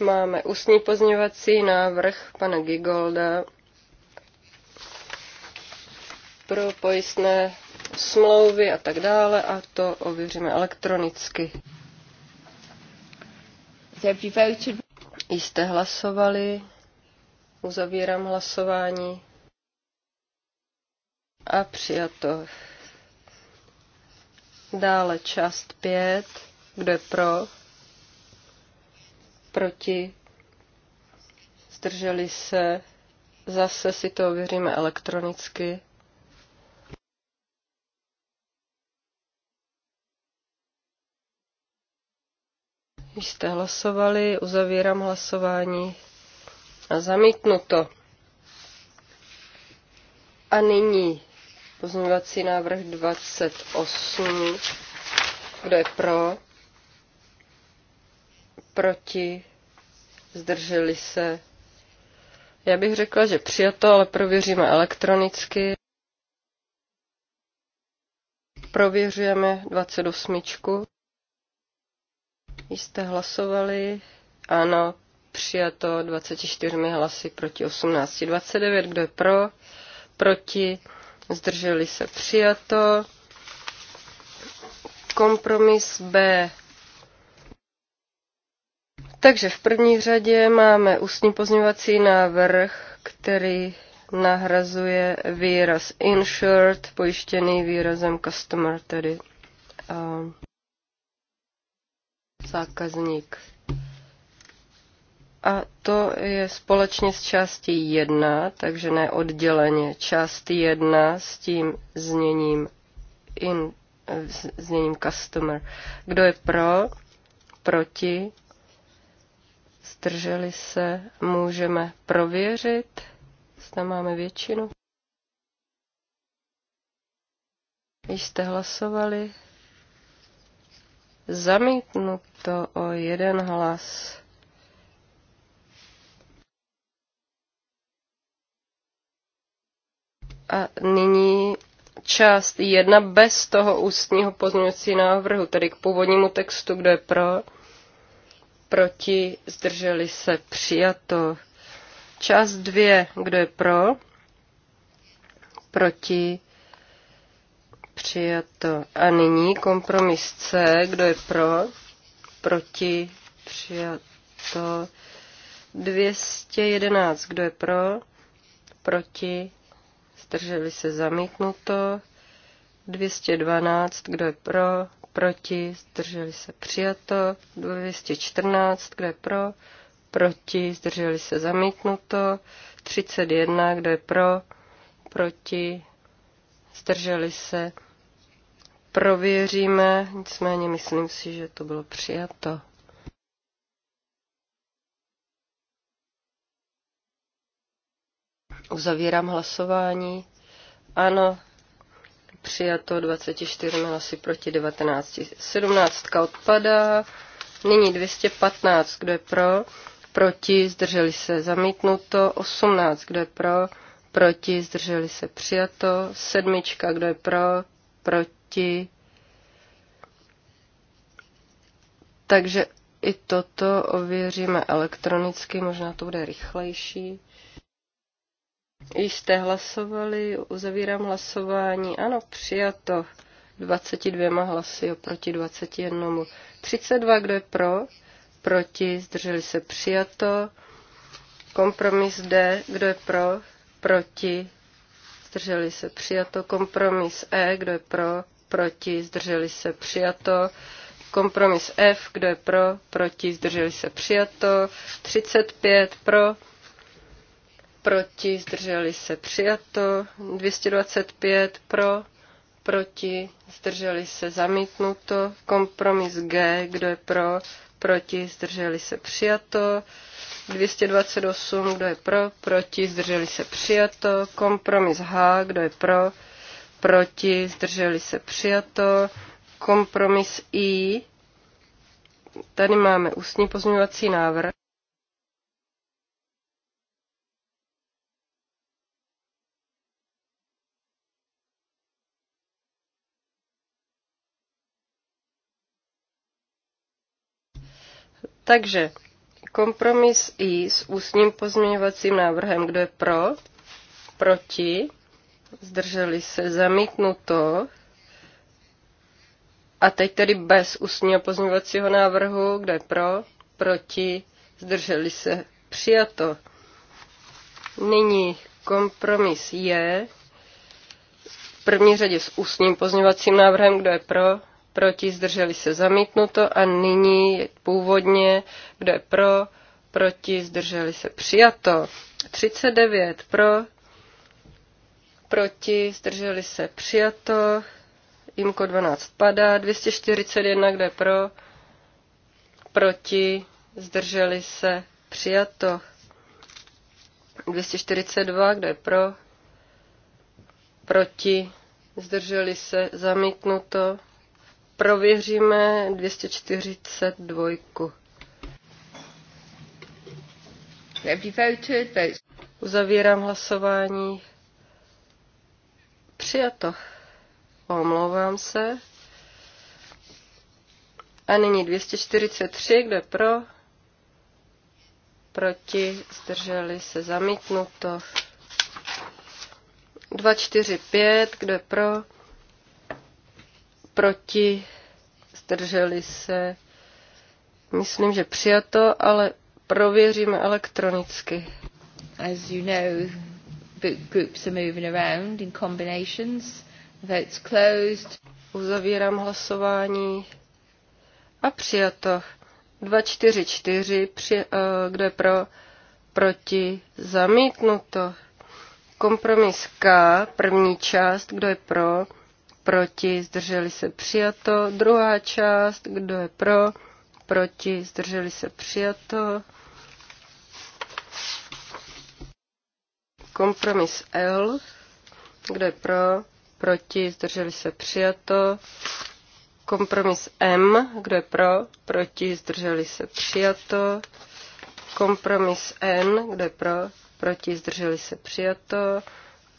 Máme ústní pozměňovací návrh pana Gigolda pro pojistné smlouvy a tak dále a to ověříme elektronicky. Jste hlasovali, uzavírám hlasování a přijato. Dále část 5, kdo je pro, proti, zdrželi se, zase si to ověříme elektronicky. Když jste hlasovali, uzavírám hlasování a zamítnuto. A nyní pozměňovací návrh 28. Kdo je pro? Proti? Zdrželi se? Já bych řekla, že přijato, ale prověříme elektronicky. Prověřujeme 28. Jste hlasovali? Ano, přijato 24 hlasy proti 18. 29, kdo je pro? Proti? Zdrželi se přijato. Kompromis B. Takže v první řadě máme ústní pozměvací návrh, který nahrazuje výraz insured, pojištěný výrazem customer, tedy eh, zákazník. A to je společně s částí 1, takže ne odděleně. Část 1 s tím zněním, in, zněním customer. Kdo je pro, proti, zdrželi se, můžeme prověřit, zda máme většinu. Již jste hlasovali, Zamítnuto o jeden hlas. A nyní část jedna bez toho ústního pozměňovacího návrhu, tedy k původnímu textu, kde je pro, proti, zdrželi se, přijato. Část dvě, kdo je pro, proti, Přijato. A nyní kompromis C. Kdo je pro? Proti? Přijato. 211. Kdo je pro? Proti? Zdrželi se zamítnuto. 212. Kdo je pro? Proti? Zdrželi se přijato. 214. Kdo je pro? Proti? Zdrželi se zamítnuto. 31. Kdo je pro? Proti? zdrželi se, prověříme, nicméně myslím si, že to bylo přijato. Uzavírám hlasování. Ano, přijato 24 hlasy proti 19. 17 odpadá. Nyní 215, kdo je pro? Proti, zdrželi se, zamítnuto. 18, kdo je pro? proti, zdrželi se přijato. Sedmička, kdo je pro, proti. Takže i toto ověříme elektronicky, možná to bude rychlejší. Již jste hlasovali, uzavírám hlasování. Ano, přijato 22 hlasy oproti 21. 32, kdo je pro, proti, zdrželi se přijato. Kompromis D, kdo je pro, proti, zdrželi se přijato. Kompromis E, kdo je pro, proti, zdrželi se přijato. Kompromis F, kdo je pro, proti, zdrželi se přijato. 35 pro, proti, zdrželi se přijato. 225 pro, proti, zdrželi se zamítnuto. Kompromis G, kdo je pro, proti, zdrželi se přijato. 228, kdo je pro, proti, zdrželi se přijato. Kompromis H, kdo je pro, proti, zdrželi se přijato. Kompromis I, tady máme ústní pozměňovací návrh. Takže kompromis I s ústním pozměňovacím návrhem, kdo je pro, proti, zdrželi se, zamítnuto. A teď tedy bez ústního pozměňovacího návrhu, kdo je pro, proti, zdrželi se, přijato. Nyní kompromis je v první řadě s ústním pozměňovacím návrhem, kdo je pro, proti, zdrželi se zamítnuto a nyní původně, kdo je pro, proti, zdrželi se přijato. 39 pro, proti, zdrželi se přijato. Imko 12 padá, 241, kdo je pro, proti, zdrželi se přijato. 242, kdo je pro, proti, zdrželi se zamítnuto. Prověříme 242. Uzavírám hlasování. Přijato. Omlouvám se. A nyní 243, kdo je pro? Proti, zdrželi se, zamítnuto. 245, kdo je pro? proti, zdrželi se, myslím, že přijato, ale prověříme elektronicky. As you know, groups are moving around in combinations. Votes closed. Uzavírám hlasování. A přijato. 244, při, uh, kdo je pro, proti, zamítnuto. Kompromis K, první část, kdo je pro, proti, zdrželi se přijato. Druhá část, kdo je pro, proti, zdrželi se přijato. Kompromis L, kdo je pro, proti, zdrželi se přijato. Kompromis M, kdo je pro, proti, zdrželi se přijato. Kompromis N, kdo je pro, proti, zdrželi se přijato.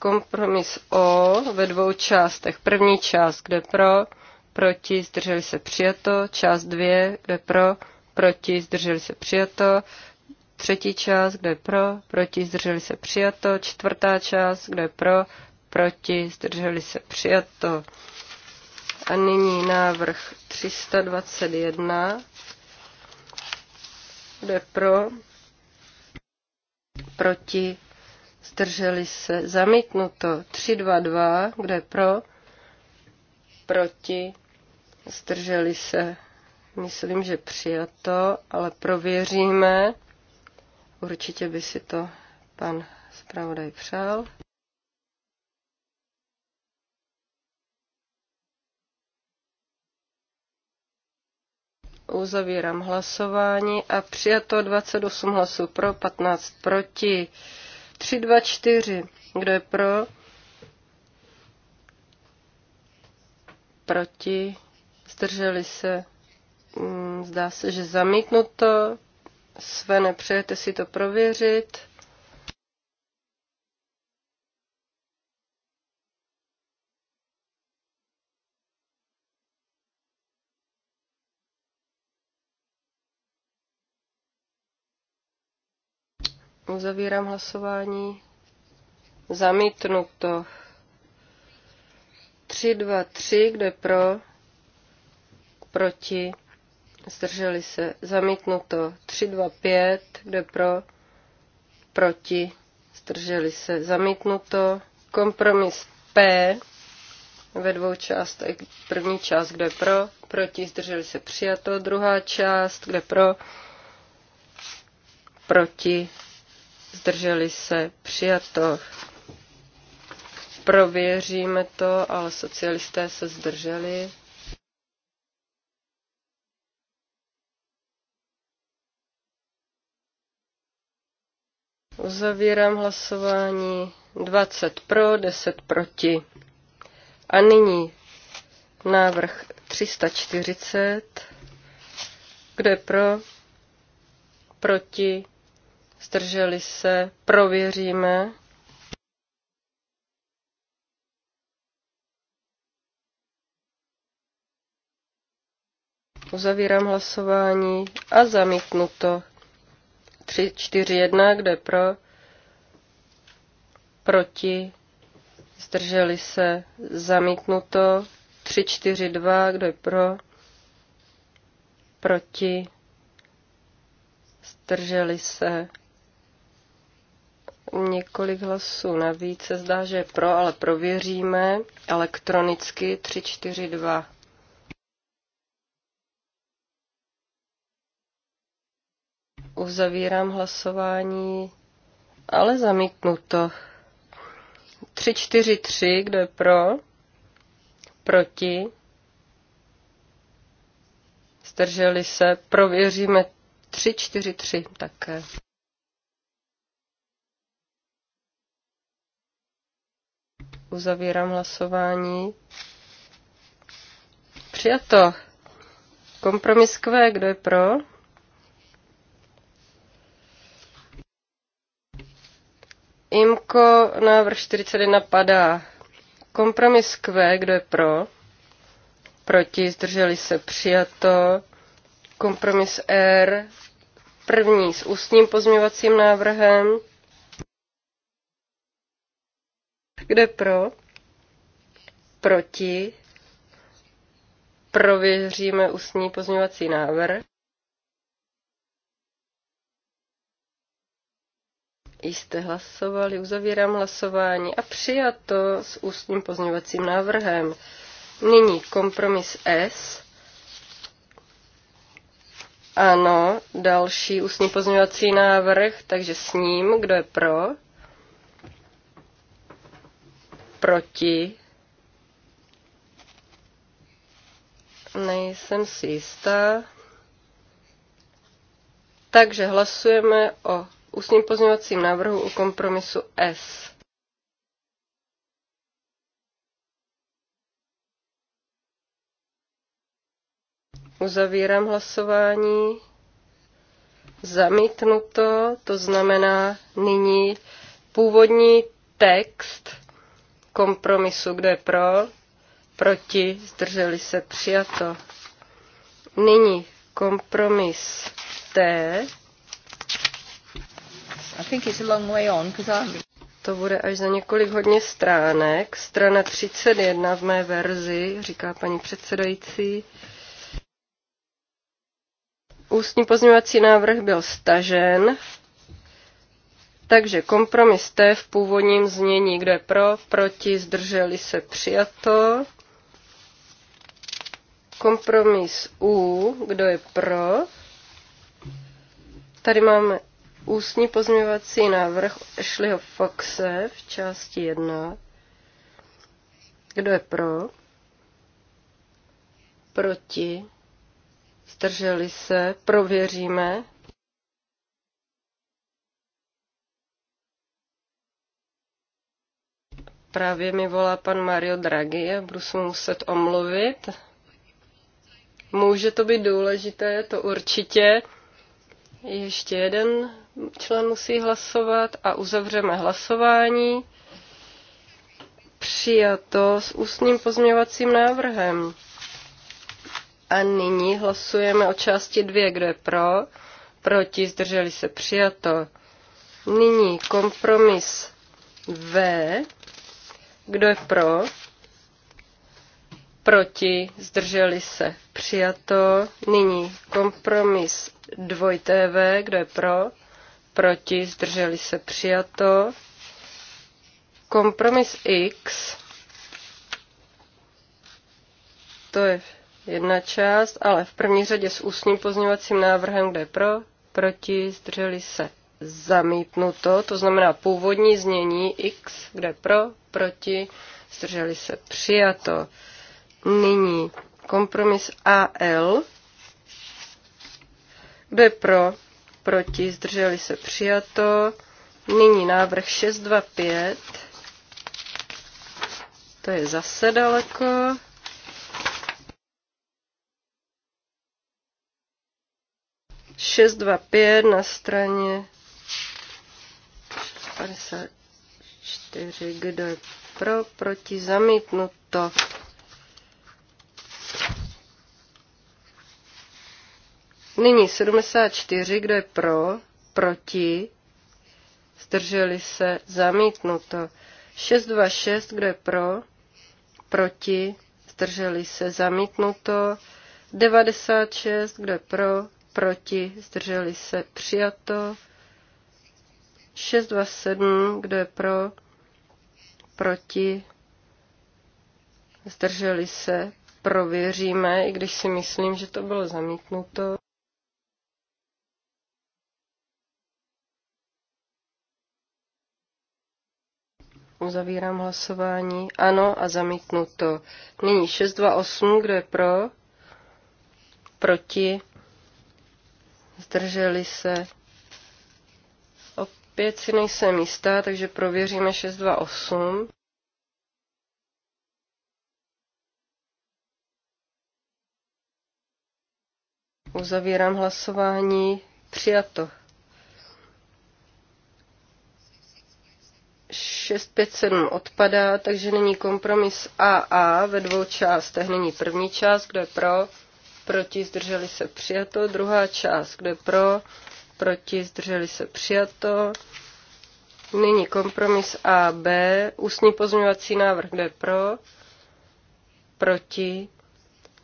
Kompromis O ve dvou částech. První část, kde pro, proti, zdrželi se přijato. Část dvě, kde pro, proti, zdrželi se přijato. Třetí část, kde pro, proti, zdrželi se přijato. Čtvrtá část, kde pro, proti, zdrželi se přijato. A nyní návrh 321, kde pro, proti, zdrželi se, zamítnuto 3 2 kdo je pro, proti, zdrželi se, myslím, že přijato, ale prověříme, určitě by si to pan zpravodaj přál. Uzavírám hlasování a přijato 28 hlasů pro, 15 proti. 3, 2, 4. Kdo je pro? Proti? Zdrželi se? Mm, zdá se, že zamítnuto. Sve, nepřejete si to prověřit? Uzavírám hlasování. Zamítnuto. 3, 2, 3, kdo je pro, proti, zdrželi se. Zamítnuto. 3, 2, 5, kdo je pro, proti, zdrželi se. Zamítnuto. Kompromis P ve dvou částech. První část, kde pro, proti, zdrželi se přijato. Druhá část, kde pro, proti, zdrželi se, přijato. Prověříme to, ale socialisté se zdrželi. Uzavírám hlasování 20 pro, 10 proti. A nyní návrh 340. Kdo je pro? Proti? zdrželi se, prověříme. Uzavírám hlasování a zamítnu to. 3, 4, 1, kde pro, proti, zdrželi se, zamítnuto. 3, 4, 2, kdo je pro, proti, zdrželi se, několik hlasů navíc. Se zdá, že je pro, ale prověříme elektronicky 342. Uzavírám hlasování, ale zamítnuto. 343, kdo je pro? Proti? Zdrželi se? Prověříme 343 také. Uzavírám hlasování. Přijato. Kompromis kvé, kdo je pro? Imko návrh 41 padá. Kompromis Q, kdo je pro? Proti, zdrželi se, přijato. Kompromis R, první s ústním pozměvacím návrhem. Kde pro? Proti? Prověříme ústní pozměňovací návrh. Jste hlasovali, uzavírám hlasování a přijato s ústním pozměňovacím návrhem. Nyní kompromis S. Ano, další ústní pozměňovací návrh, takže s ním, kdo je pro, proti. Nejsem si jistá. Takže hlasujeme o ústním pozměvacím návrhu u kompromisu S. Uzavírám hlasování. Zamítnuto, to znamená nyní původní text kompromisu. Kdo je pro? Proti? Zdrželi se? Přijato. Nyní kompromis T. I think it's a long way on, To bude až za několik hodně stránek. Strana 31 v mé verzi, říká paní předsedající. Ústní pozměňovací návrh byl stažen. Takže kompromis T v původním znění, je pro, proti, zdrželi se přijato. Kompromis U, kdo je pro. Tady máme ústní pozměvací návrh Ashleyho Foxe v části 1. Kdo je pro? Proti? Zdrželi se? Prověříme. Právě mi volá pan Mario Draghi a budu se muset omluvit. Může to být důležité, to určitě. Ještě jeden člen musí hlasovat a uzavřeme hlasování. Přijato s ústním pozměvacím návrhem. A nyní hlasujeme o části dvě, kdo je pro, proti, zdrželi se přijato. Nyní kompromis V, kdo je pro? Proti? Zdrželi se? Přijato. Nyní kompromis 2TV. Kdo je pro? Proti? Zdrželi se? Přijato. Kompromis X. To je jedna část, ale v první řadě s ústním pozněvacím návrhem, kde je pro, proti, zdrželi se zamítnuto, to znamená původní znění x, kde pro, proti, zdrželi se přijato. Nyní kompromis AL. Kdo je pro, proti, zdrželi se přijato. Nyní návrh 625. To je zase daleko. Šest, dva, pět na straně 50 čtyři. kdo je pro, proti, zamítnuto. Nyní 74, kdo je pro, proti, zdrželi se, zamítnuto. 626, kdo je pro, proti, zdrželi se, zamítnuto. 96, kdo je pro, proti, zdrželi se, přijato. 627, kdo je pro, proti, zdrželi se, prověříme, i když si myslím, že to bylo zamítnuto. Uzavírám hlasování. Ano a zamítnuto. Nyní 628, kdo je pro? Proti? Zdrželi se? Pět si nejsem jistá, takže prověříme 628. Uzavírám hlasování. Přijato. 657 odpadá, takže není kompromis AA ve dvou částech. Není první část, kde pro, proti, zdrželi se přijato. Druhá část, kde pro, proti, zdrželi se přijato. Nyní kompromis AB, ústní pozměňovací návrh, kde pro, proti,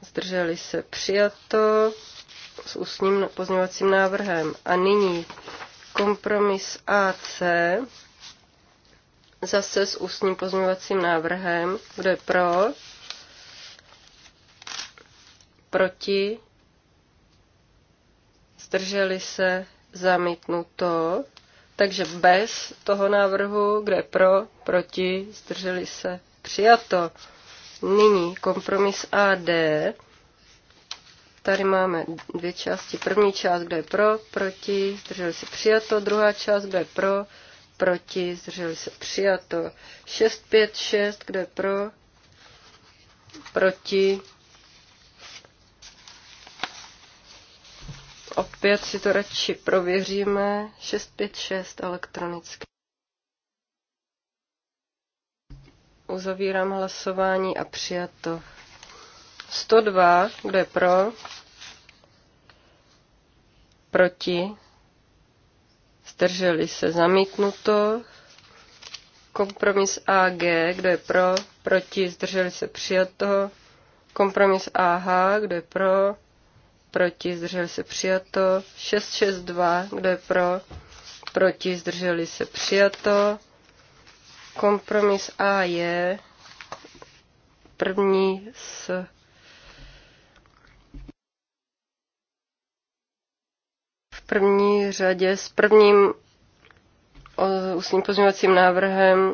zdrželi se přijato s ústním pozměňovacím návrhem. A nyní kompromis AC, zase s ústním pozměňovacím návrhem, kde pro, proti, zdrželi se zamítnuto. Takže bez toho návrhu, kde pro, proti, zdrželi se, přijato. Nyní kompromis AD. Tady máme dvě části. První část, kde je pro, proti, zdrželi se, přijato. Druhá část, kde je pro, proti, zdrželi se, přijato. 6, 5, 6, kde je pro, proti, Opět si to radši prověříme. 656 elektronicky. Uzavírám hlasování a přijato. 102, kdo je pro? Proti? Zdrželi se zamítnuto. Kompromis AG, kdo je pro? Proti? Zdrželi se přijato. Kompromis AH, kdo je pro? proti, zdrželi se přijato. 662, kdo je pro, proti, zdrželi se přijato. Kompromis A je první s v první řadě s prvním ústním pozměňovacím návrhem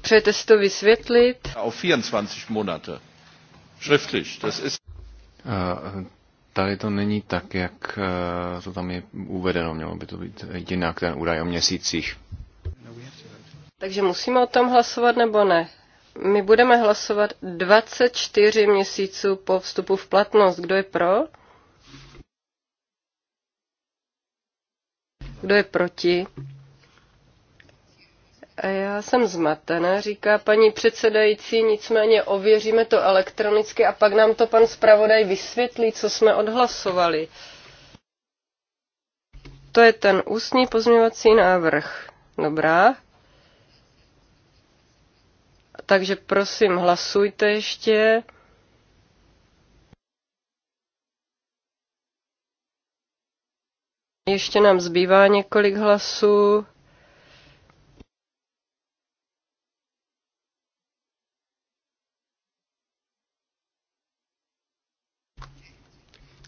Přejete si to vysvětlit? Auf 24 Monate schriftlich. Das ist Tady to není tak, jak to tam je uvedeno. Mělo by to být jinak, ten údaj o měsících. Takže musíme o tom hlasovat nebo ne? My budeme hlasovat 24 měsíců po vstupu v platnost. Kdo je pro? Kdo je proti? Já jsem zmatená, říká paní předsedající, nicméně ověříme to elektronicky a pak nám to pan zpravodaj vysvětlí, co jsme odhlasovali. To je ten ústní pozměňovací návrh. Dobrá. Takže prosím, hlasujte ještě. Ještě nám zbývá několik hlasů.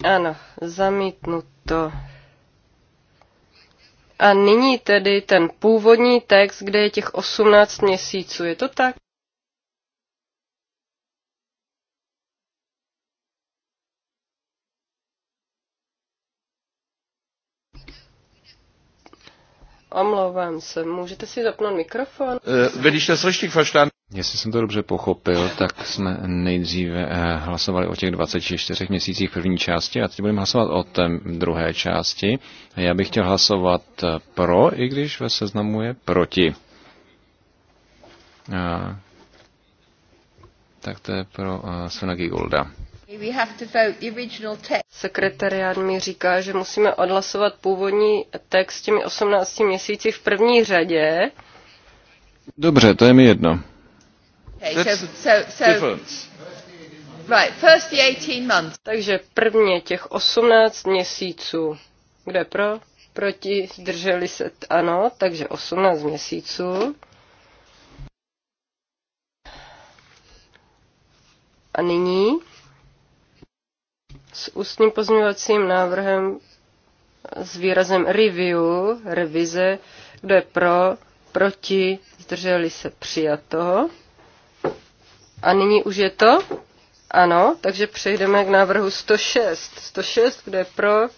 Ano, zamítnuto. A nyní tedy ten původní text, kde je těch 18 měsíců. Je to tak? Omlouvám se, můžete si zapnout mikrofon? Eh, wenn ich das richtig verstanden Jestli jsem to dobře pochopil, tak jsme nejdříve eh, hlasovali o těch 24 měsících první části a teď budeme hlasovat o té druhé části. Já bych chtěl hlasovat eh, pro, i když ve seznamu je proti. A, tak to je pro uh, eh, Svena Gigolda. Sekretariát mi říká, že musíme odhlasovat původní text těmi 18 měsíci v první řadě. Dobře, to je mi jedno. Takže prvně těch 18 měsíců. Kde pro? Proti, zdrželi se, ano, takže 18 měsíců. A nyní s ústním pozměňovacím návrhem s výrazem review, revize, kdo je pro, proti, zdrželi se přijato. A nyní už je to? Ano, takže přejdeme k návrhu 106. 106, kde je pro,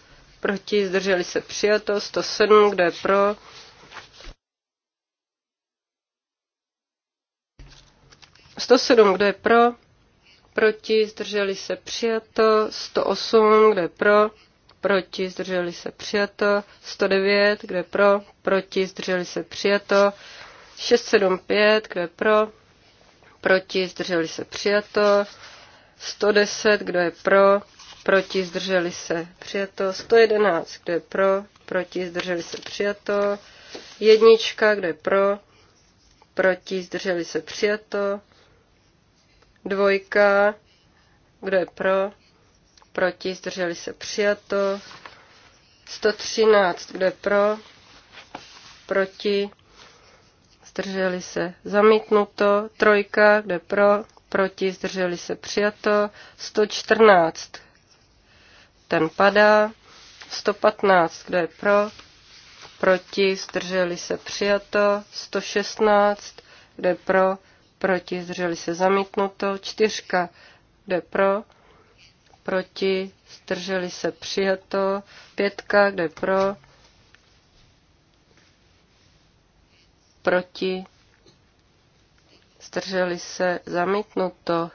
proti, zdrželi se přijato, 107, kde je pro, Sto sedm, kdo je pro? Proti, zdrželi se přijato. 108, kdo je pro? Proti, zdrželi se přijato. 109, kdo je pro? Proti, zdrželi se přijato. 675, kdo je pro? proti, zdrželi se přijato. 110, kdo je pro, proti, zdrželi se přijato. 111, kdo je pro, proti, zdrželi se přijato. Jednička, kdo je pro, proti, zdrželi se přijato. Dvojka, kdo je pro, proti, zdrželi se přijato. 113, kdo je pro, proti, zdrželi se zamítnuto, trojka, kde pro, proti, zdrželi se přijato, 114, ten padá, 115, kde je pro, proti, zdrželi se přijato, 116, kde je pro, proti, zdrželi se zamítnuto, čtyřka, kde je pro, proti, zdrželi se přijato, pětka, kde je pro, proti, zdrželi se, zamítnuto.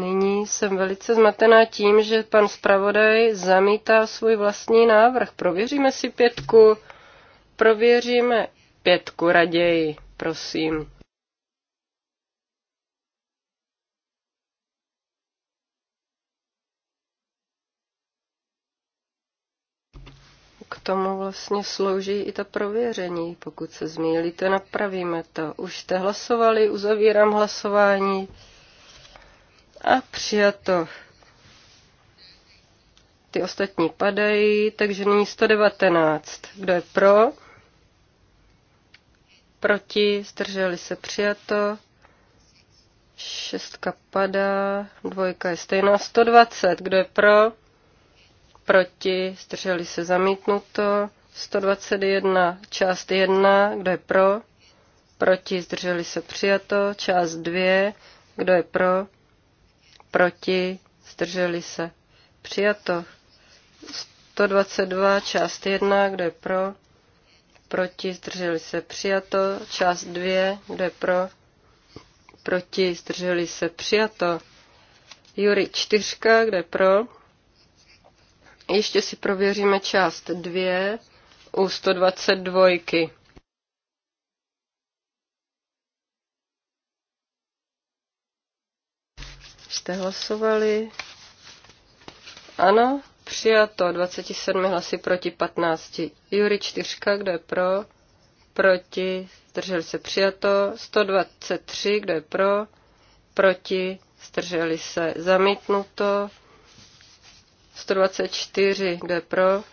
Nyní jsem velice zmatená tím, že pan zpravodaj zamítá svůj vlastní návrh. Prověříme si pětku. Prověříme pětku raději, prosím. tomu vlastně slouží i ta prověření. Pokud se zmílíte, napravíme to. Už jste hlasovali, uzavírám hlasování. A přijato. Ty ostatní padají, takže nyní 119. Kdo je pro? Proti, zdrželi se přijato. Šestka padá, dvojka je stejná. 120. Kdo je pro? proti, zdrželi se zamítnuto, 121 část 1, kdo je pro, proti, zdrželi se přijato, část 2, kdo je pro, proti, zdrželi se přijato, 122 část 1, kdo je pro, proti, zdrželi se přijato, část 2, kdo je pro, proti, zdrželi se přijato, Jury 4, kdo je pro, ještě si prověříme část 2 u 122. Jste hlasovali? Ano, přijato 27 hlasy proti 15. Jury 4, kdo je pro? Proti, zdrželi se přijato. 123, kdo je pro? Proti, zdrželi se zamítnuto. 124, kde pro,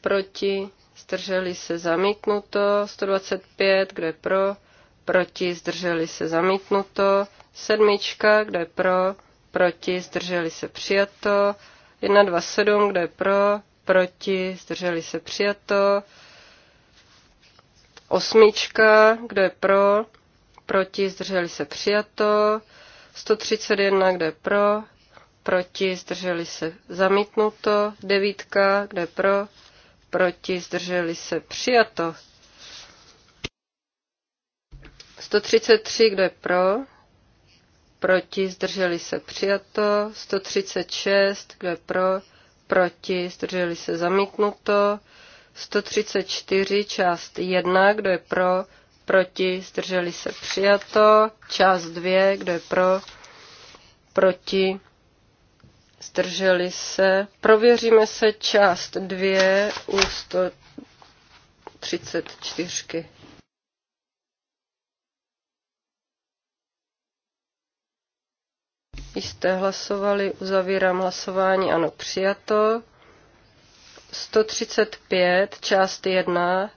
proti, zdrželi se zamítnuto, 125, kde pro, proti, zdrželi se zamítnuto, sedmička, kde pro, proti, zdrželi se přijato, 127, kde pro, proti, zdrželi se přijato, osmička, kde pro, proti, zdrželi se přijato, 131, kde pro, proti, zdrželi se zamítnuto, devítka, kde pro, proti, zdrželi se přijato. 133, kdo je pro, proti, zdrželi se přijato, 136, kdo je pro, proti, zdrželi se zamítnuto, 134, část 1, kdo je pro, proti, zdrželi se přijato, část 2, kdo je pro, proti, zdrželi se. Prověříme se část 2 u 134. Jste hlasovali, uzavírám hlasování, ano, přijato. 135, část 1,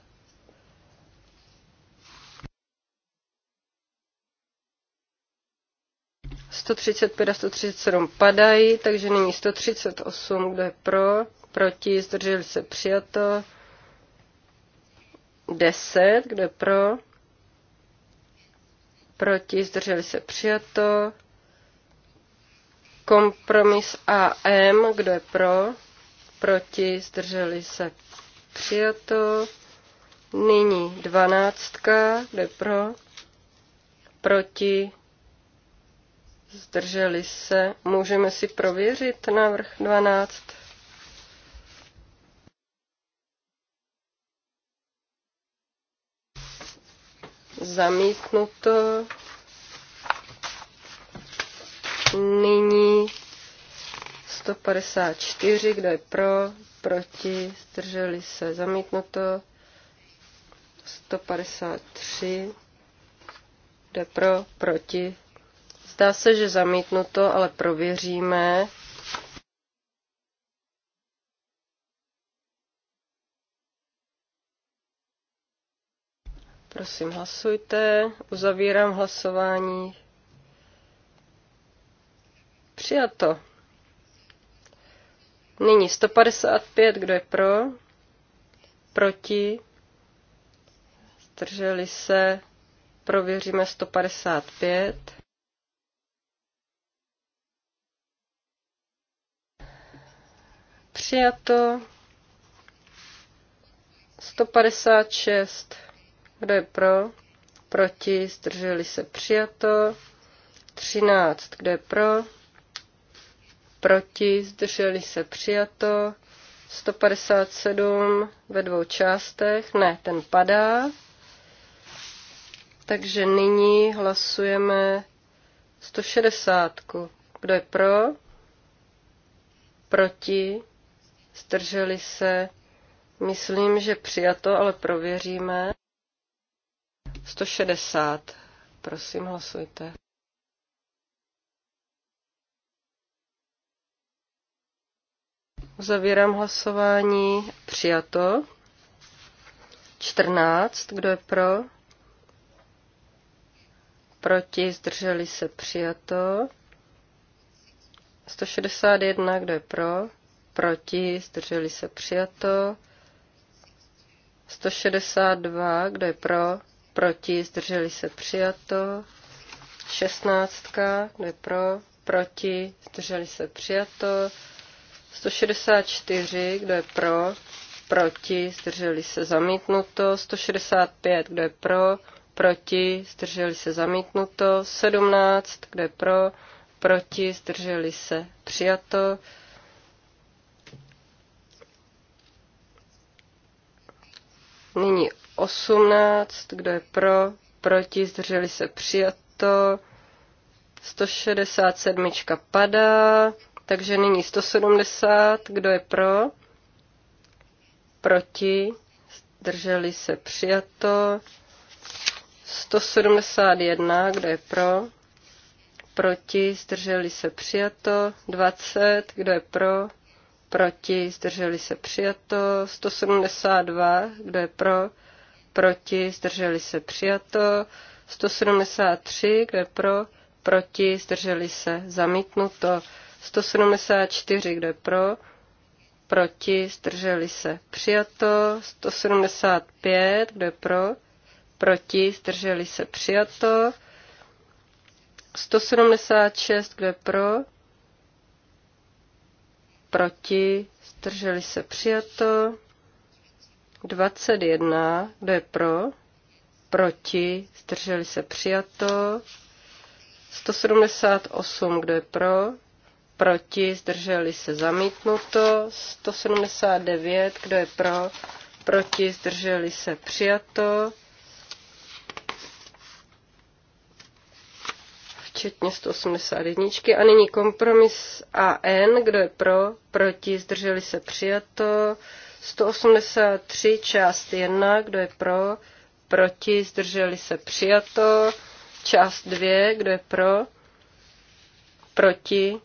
135 a 137 padají, takže nyní 138, kdo je pro, proti, zdrželi se přijato. 10, kdo je pro, proti, zdrželi se přijato. Kompromis AM, kdo je pro, proti, zdrželi se přijato. Nyní 12, kdo je pro, proti, Zdrželi se. Můžeme si prověřit návrh 12. Zamítnuto. Nyní 154, kdo je pro, proti, zdrželi se, zamítnuto. 153, kdo je pro, proti, Zdá se, že zamítnuto, ale prověříme. Prosím, hlasujte. Uzavírám hlasování. Přijato. Nyní 155, kdo je pro? Proti? Zdrželi se? Prověříme 155. Přijato. 156. Kdo je pro? Proti. Zdrželi se. Přijato. 13. Kdo je pro? Proti. Zdrželi se. Přijato. 157 ve dvou částech. Ne, ten padá. Takže nyní hlasujeme 160. Kdo je pro? Proti? Zdrželi se? Myslím, že přijato, ale prověříme. 160. Prosím, hlasujte. Uzavírám hlasování. Přijato. 14. Kdo je pro? Proti. Zdrželi se. Přijato. 161. Kdo je pro? proti, zdrželi se přijato. 162, kdo je pro, proti, zdrželi se přijato. 16, kdo je pro, proti, zdrželi se přijato. 164, kdo je pro, proti, zdrželi se zamítnuto. 165, kdo je pro, proti, zdrželi se zamítnuto. 17, kdo je pro, proti, zdrželi se přijato. Nyní 18, kdo je pro, proti, zdrželi se přijato. 167 padá, takže nyní 170, kdo je pro, proti, zdrželi se přijato. 171, kdo je pro, proti, zdrželi se přijato. 20, kdo je pro, proti, zdrželi se přijato. 172, kdo je pro, proti, zdrželi se přijato. 173, kdo je pro, proti, zdrželi se zamítnuto. 174, kdo je pro, proti, zdrželi se přijato. 175, kdo je pro, proti, zdrželi se přijato. 176, kdo je pro, proti, zdrželi se přijato. 21, kdo je pro, proti, zdrželi se přijato. 178, kdo je pro, proti, zdrželi se zamítnuto. 179, kdo je pro, proti, zdrželi se přijato. včetně 181. A nyní kompromis AN, kdo je pro, proti, zdrželi se přijato. 183 část 1, kdo je pro, proti, zdrželi se přijato. Část 2, kdo je pro, proti,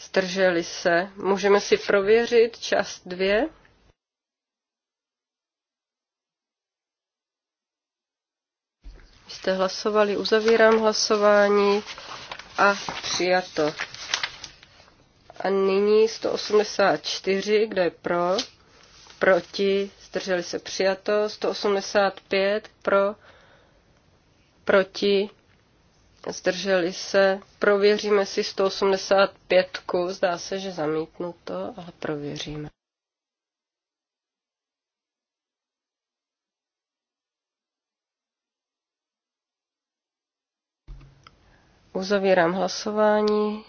zdrželi se. Můžeme si prověřit část 2. Jste hlasovali, uzavírám hlasování a přijato. A nyní 184, kdo je pro, proti, zdrželi se přijato, 185 pro, proti, zdrželi se, prověříme si 185, zdá se, že zamítnuto, ale prověříme. Uzavírám hlasování.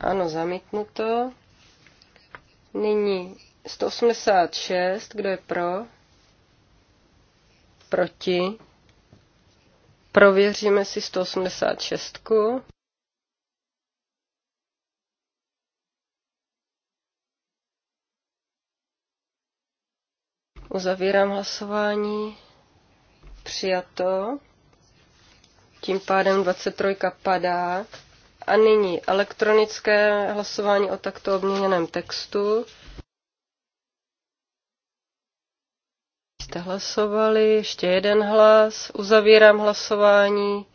Ano, zamítnuto. Nyní 186, kdo je pro? Proti? Prověříme si 186. Uzavírám hlasování. Přijato. Tím pádem 23 padá. A nyní elektronické hlasování o takto obměněném textu. Jste hlasovali, ještě jeden hlas, uzavírám hlasování.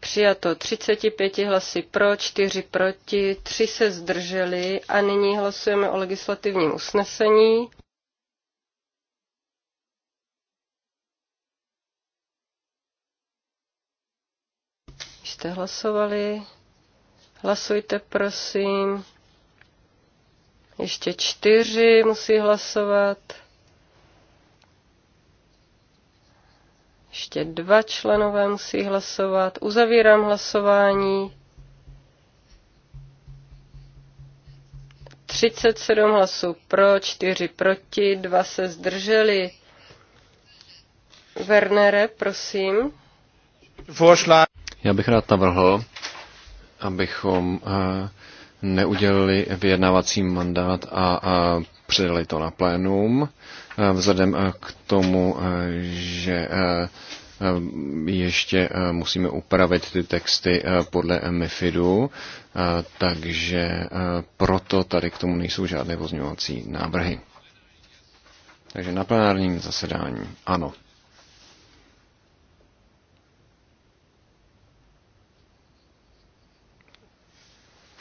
Přijato 35 hlasy pro, 4 proti, 3 se zdrželi a nyní hlasujeme o legislativním usnesení. jste hlasovali. Hlasujte, prosím. Ještě čtyři musí hlasovat. Ještě dva členové musí hlasovat. Uzavírám hlasování. 37 hlasů pro, 4 proti, 2 se zdrželi. Wernere, prosím. Vorschlag. Já bych rád navrhl, abychom eh, neudělili vyjednávací mandát a předali to na plénum, eh, vzhledem eh, k tomu, že ještě musíme upravit ty texty podle MIFIDu, takže proto tady k tomu nejsou žádné pozměňovací návrhy. Takže na plenárním zasedání ano.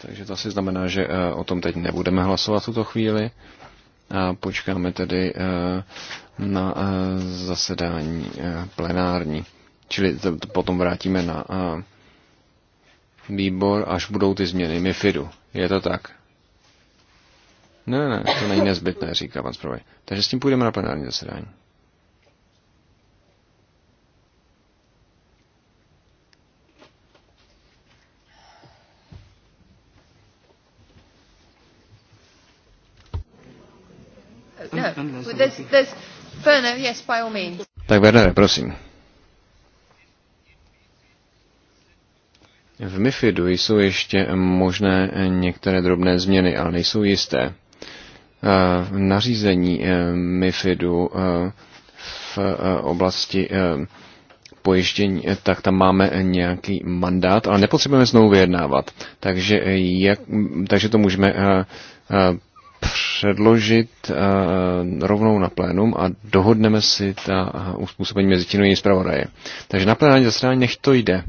Takže to asi znamená, že eh, o tom teď nebudeme hlasovat v tuto chvíli a počkáme tedy eh, na eh, zasedání plenární. Čili to potom vrátíme na výbor, až budou ty změny MIFIDu. Je to tak? Ne, ne, to není nezbytné, říká pan zpravodaj. Takže s tím půjdeme na plenární zasedání. No, tak Werner, Tak prosím. V MIFIDu jsou ještě možné některé drobné změny, ale nejsou jisté. Eh, nařízení eh, MIFIDu eh, v oblasti pojištění, tak tam máme nějaký mandát, ale nepotřebujeme znovu vyjednávat. Takže, jak, takže to můžeme předložit eh, rovnou na plénum a dohodneme si ta eh, uspůsobení mezi tím její zpravodaje. Takže na plénání zasedání nech to jde,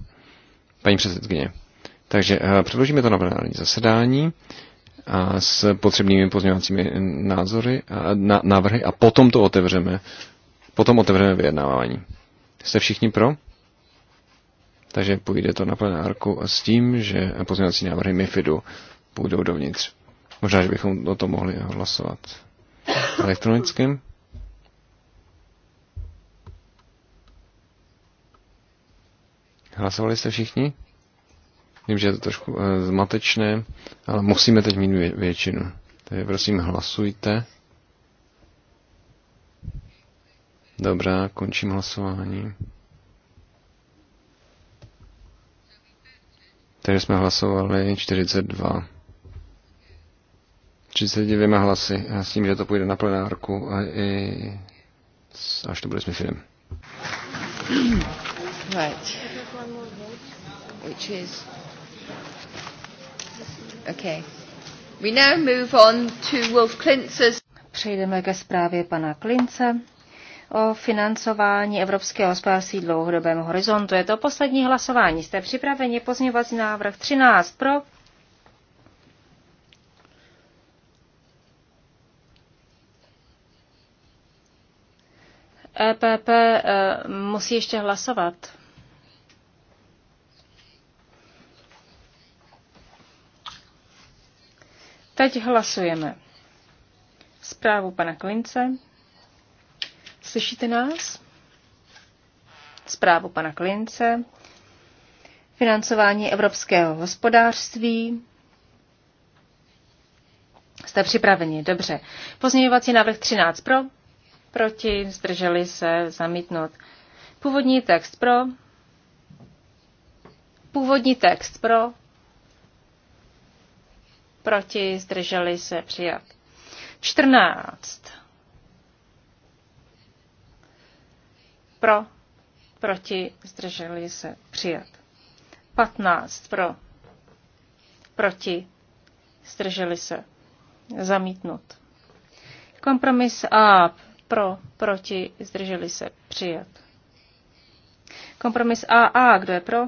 paní předsedkyně. Takže eh, předložíme to na plénání zasedání a s potřebnými pozměňovacími názory, na, návrhy a potom to otevřeme. Potom otevřeme vyjednávání. Jste všichni pro? Takže půjde to na plenárku s tím, že pozměňovací návrhy MIFIDu půjdou dovnitř. Možná, že bychom o tom mohli hlasovat elektronickým. Hlasovali jste všichni? Vím, že je to trošku e, zmatečné, ale musíme teď mít vě- většinu. Takže prosím, hlasujte. Dobrá, končím hlasování. Takže jsme hlasovali 42. 32 hlasy eh, s tím, že to půjde na plenárku a eh, i až to bude s Mifidem. Right. Which is... Okay. We now move on to Wolf Klintz's... Přejdeme ke zprávě pana Klince o financování Evropského hospodářství dlouhodobém horizontu. Je to poslední hlasování. Jste připraveni pozměňovací návrh 13 pro, EPP e, musí ještě hlasovat. Teď hlasujeme. Zprávu pana Klince. Slyšíte nás? Zprávu pana Klince. Financování evropského hospodářství. Jste připraveni, dobře. Pozměňovací návrh 13 pro, proti, zdrželi se, zamítnout. Původní text pro, původní text pro, proti, zdrželi se, přijat. 14. Pro, proti, zdrželi se, přijat. 15. Pro, proti, zdrželi se, zamítnout. Kompromis A pro, proti, zdrželi se, přijat. Kompromis AA, kdo je pro?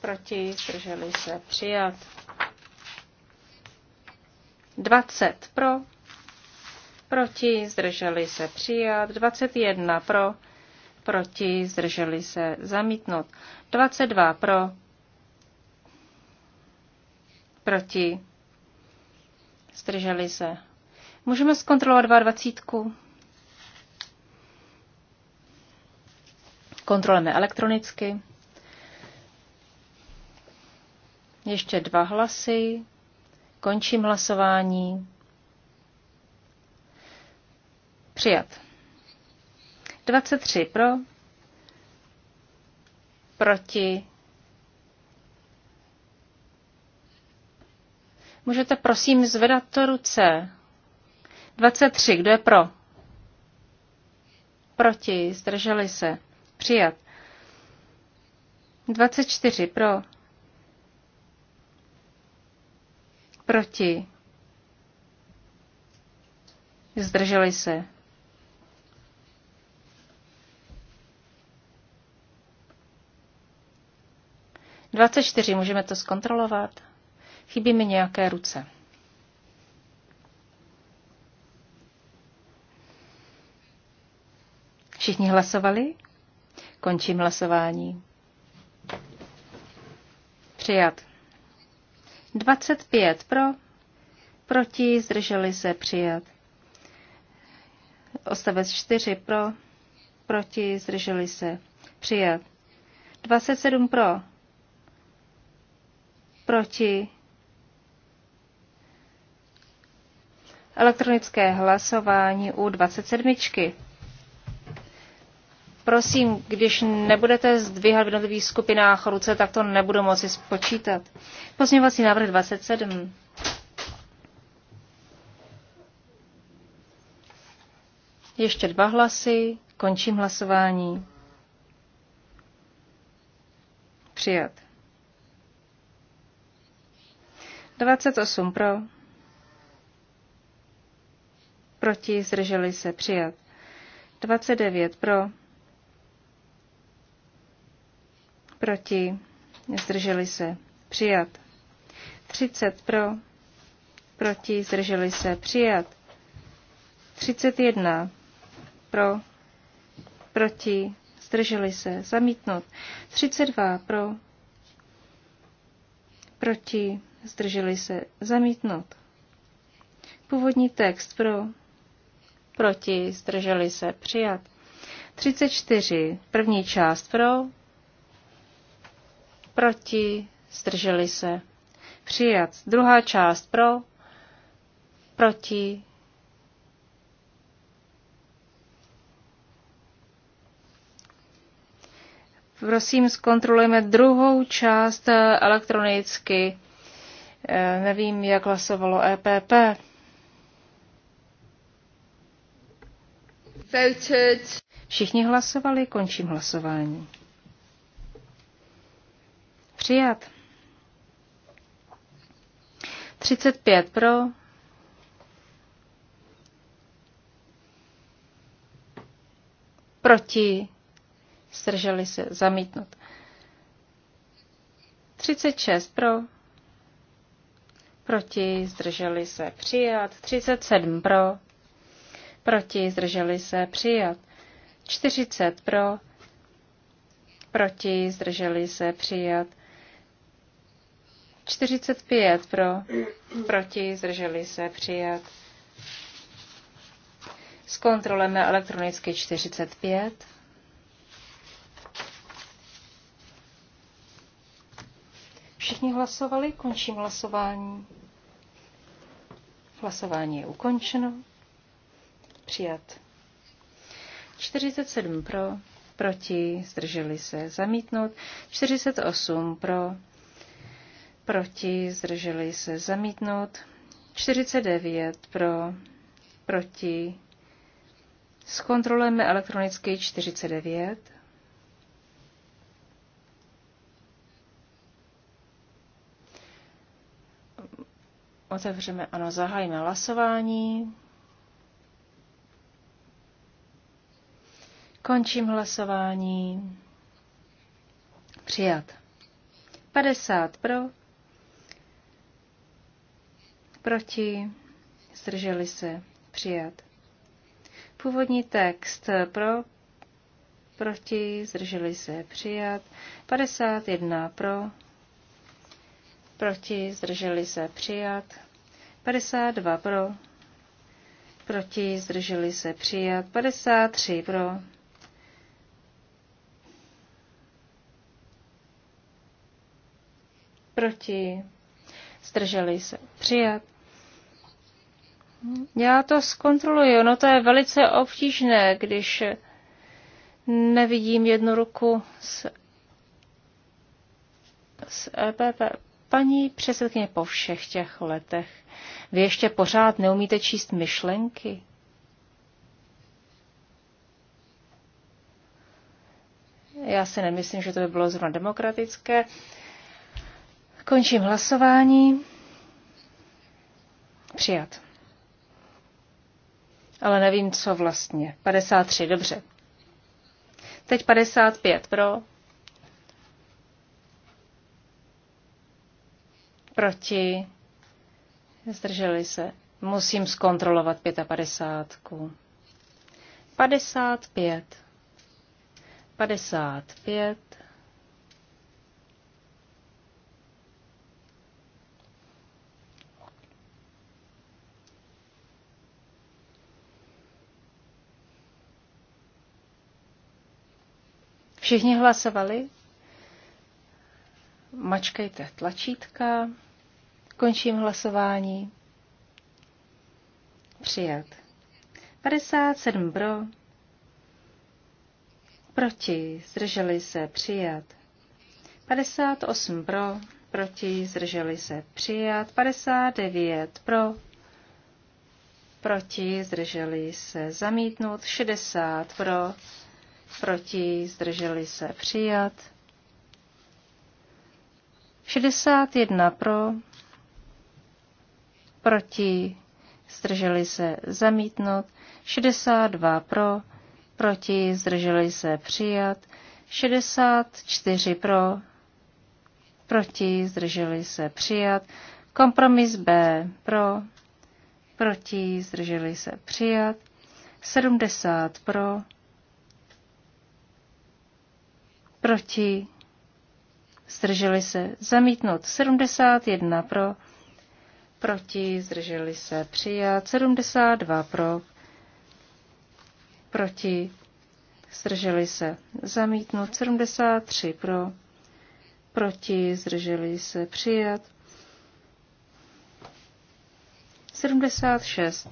Proti, zdrželi se, přijat. 20 pro, proti, zdrželi se, přijat. 21 pro, proti, zdrželi se, zamítnout. 22 pro, proti, zdrželi se, Můžeme zkontrolovat 22. Kontrolujeme elektronicky. Ještě dva hlasy. Končím hlasování. Přijat. 23 pro, proti. Můžete prosím zvedat to ruce. 23. Kdo je pro? Proti. Zdrželi se. Přijat. 24. Pro. Proti. Zdrželi se. Dvacet čtyři, můžeme to zkontrolovat? Chybí mi nějaké ruce. Všichni hlasovali? Končím hlasování. Přijat. 25 pro, proti, zdrželi se přijat. Ostavec 4 pro, proti, zdrželi se přijat. 27 pro, proti, elektronické hlasování u 27. Prosím, když nebudete zdvíhat v jednotlivých skupinách ruce, tak to nebudu moci spočítat. Pozměňovací návrh 27. Ještě dva hlasy, končím hlasování. Přijat. 28 pro. Proti zdrželi se přijat. 29 pro. proti, zdrželi se, přijat. 30 pro, proti, zdrželi se, přijat. 31 pro, proti, zdrželi se, zamítnout. 32 pro, proti, zdrželi se, zamítnout. Původní text pro, proti, zdrželi se, přijat. 34. První část pro, proti, zdrželi se. Přijat. Druhá část pro, proti, Prosím, zkontrolujeme druhou část eh, elektronicky. Eh, nevím, jak hlasovalo EPP. Voted. Všichni hlasovali, končím hlasování. Přijat. 35 pro. Proti. Zdrželi se. zamítnout. 36 pro. Proti. Zdrželi se. Přijat. 37 pro. Proti. Zdrželi se. Přijat. 40 pro. Proti. Zdrželi se. Přijat. 45 pro, proti, zdrželi se, přijat. Zkontrolujeme elektronicky 45. Všichni hlasovali, končím hlasování. Hlasování je ukončeno. Přijat. 47 pro, proti, zdrželi se, zamítnout. 48 pro, proti, zdrželi se zamítnout. 49 pro, proti. Zkontrolujeme elektronicky 49. Otevřeme, ano, zahájíme hlasování. Končím hlasování. Přijat. 50 pro, proti, zdrželi se, přijat. Původní text pro, proti, zdrželi se, přijat. 51 pro, proti, zdrželi se, přijat. 52 pro, proti, zdrželi se, přijat. 53 pro, proti, zdrželi se, přijat. Já to zkontroluji. Ono to je velice obtížné, když nevidím jednu ruku s s EPP. Paní předsedkyně, po všech těch letech, vy ještě pořád neumíte číst myšlenky? Já si nemyslím, že to by bylo zrovna demokratické. Končím hlasování. Přijat ale nevím, co vlastně. 53, dobře. Teď 55 pro. Proti. Zdrželi se. Musím zkontrolovat 55. 55. 55. Všichni hlasovali? Mačkejte tlačítka. Končím hlasování. Přijat. 57 pro. Proti. Zdrželi se. Přijat. 58 pro. Proti. Zdrželi se. Přijat. 59 pro. Proti. Zdrželi se. Zamítnout. 60 pro proti, zdrželi se přijat. 61 pro, proti, zdrželi se zamítnout. 62 pro, proti, zdrželi se přijat. 64 pro, proti, zdrželi se přijat. Kompromis B pro, proti, zdrželi se přijat. 70 pro, proti, zdrželi se zamítnout 71 pro, proti, zdrželi se přijat 72 pro, proti, zdrželi se zamítnout 73 pro, proti, zdrželi se přijat 76,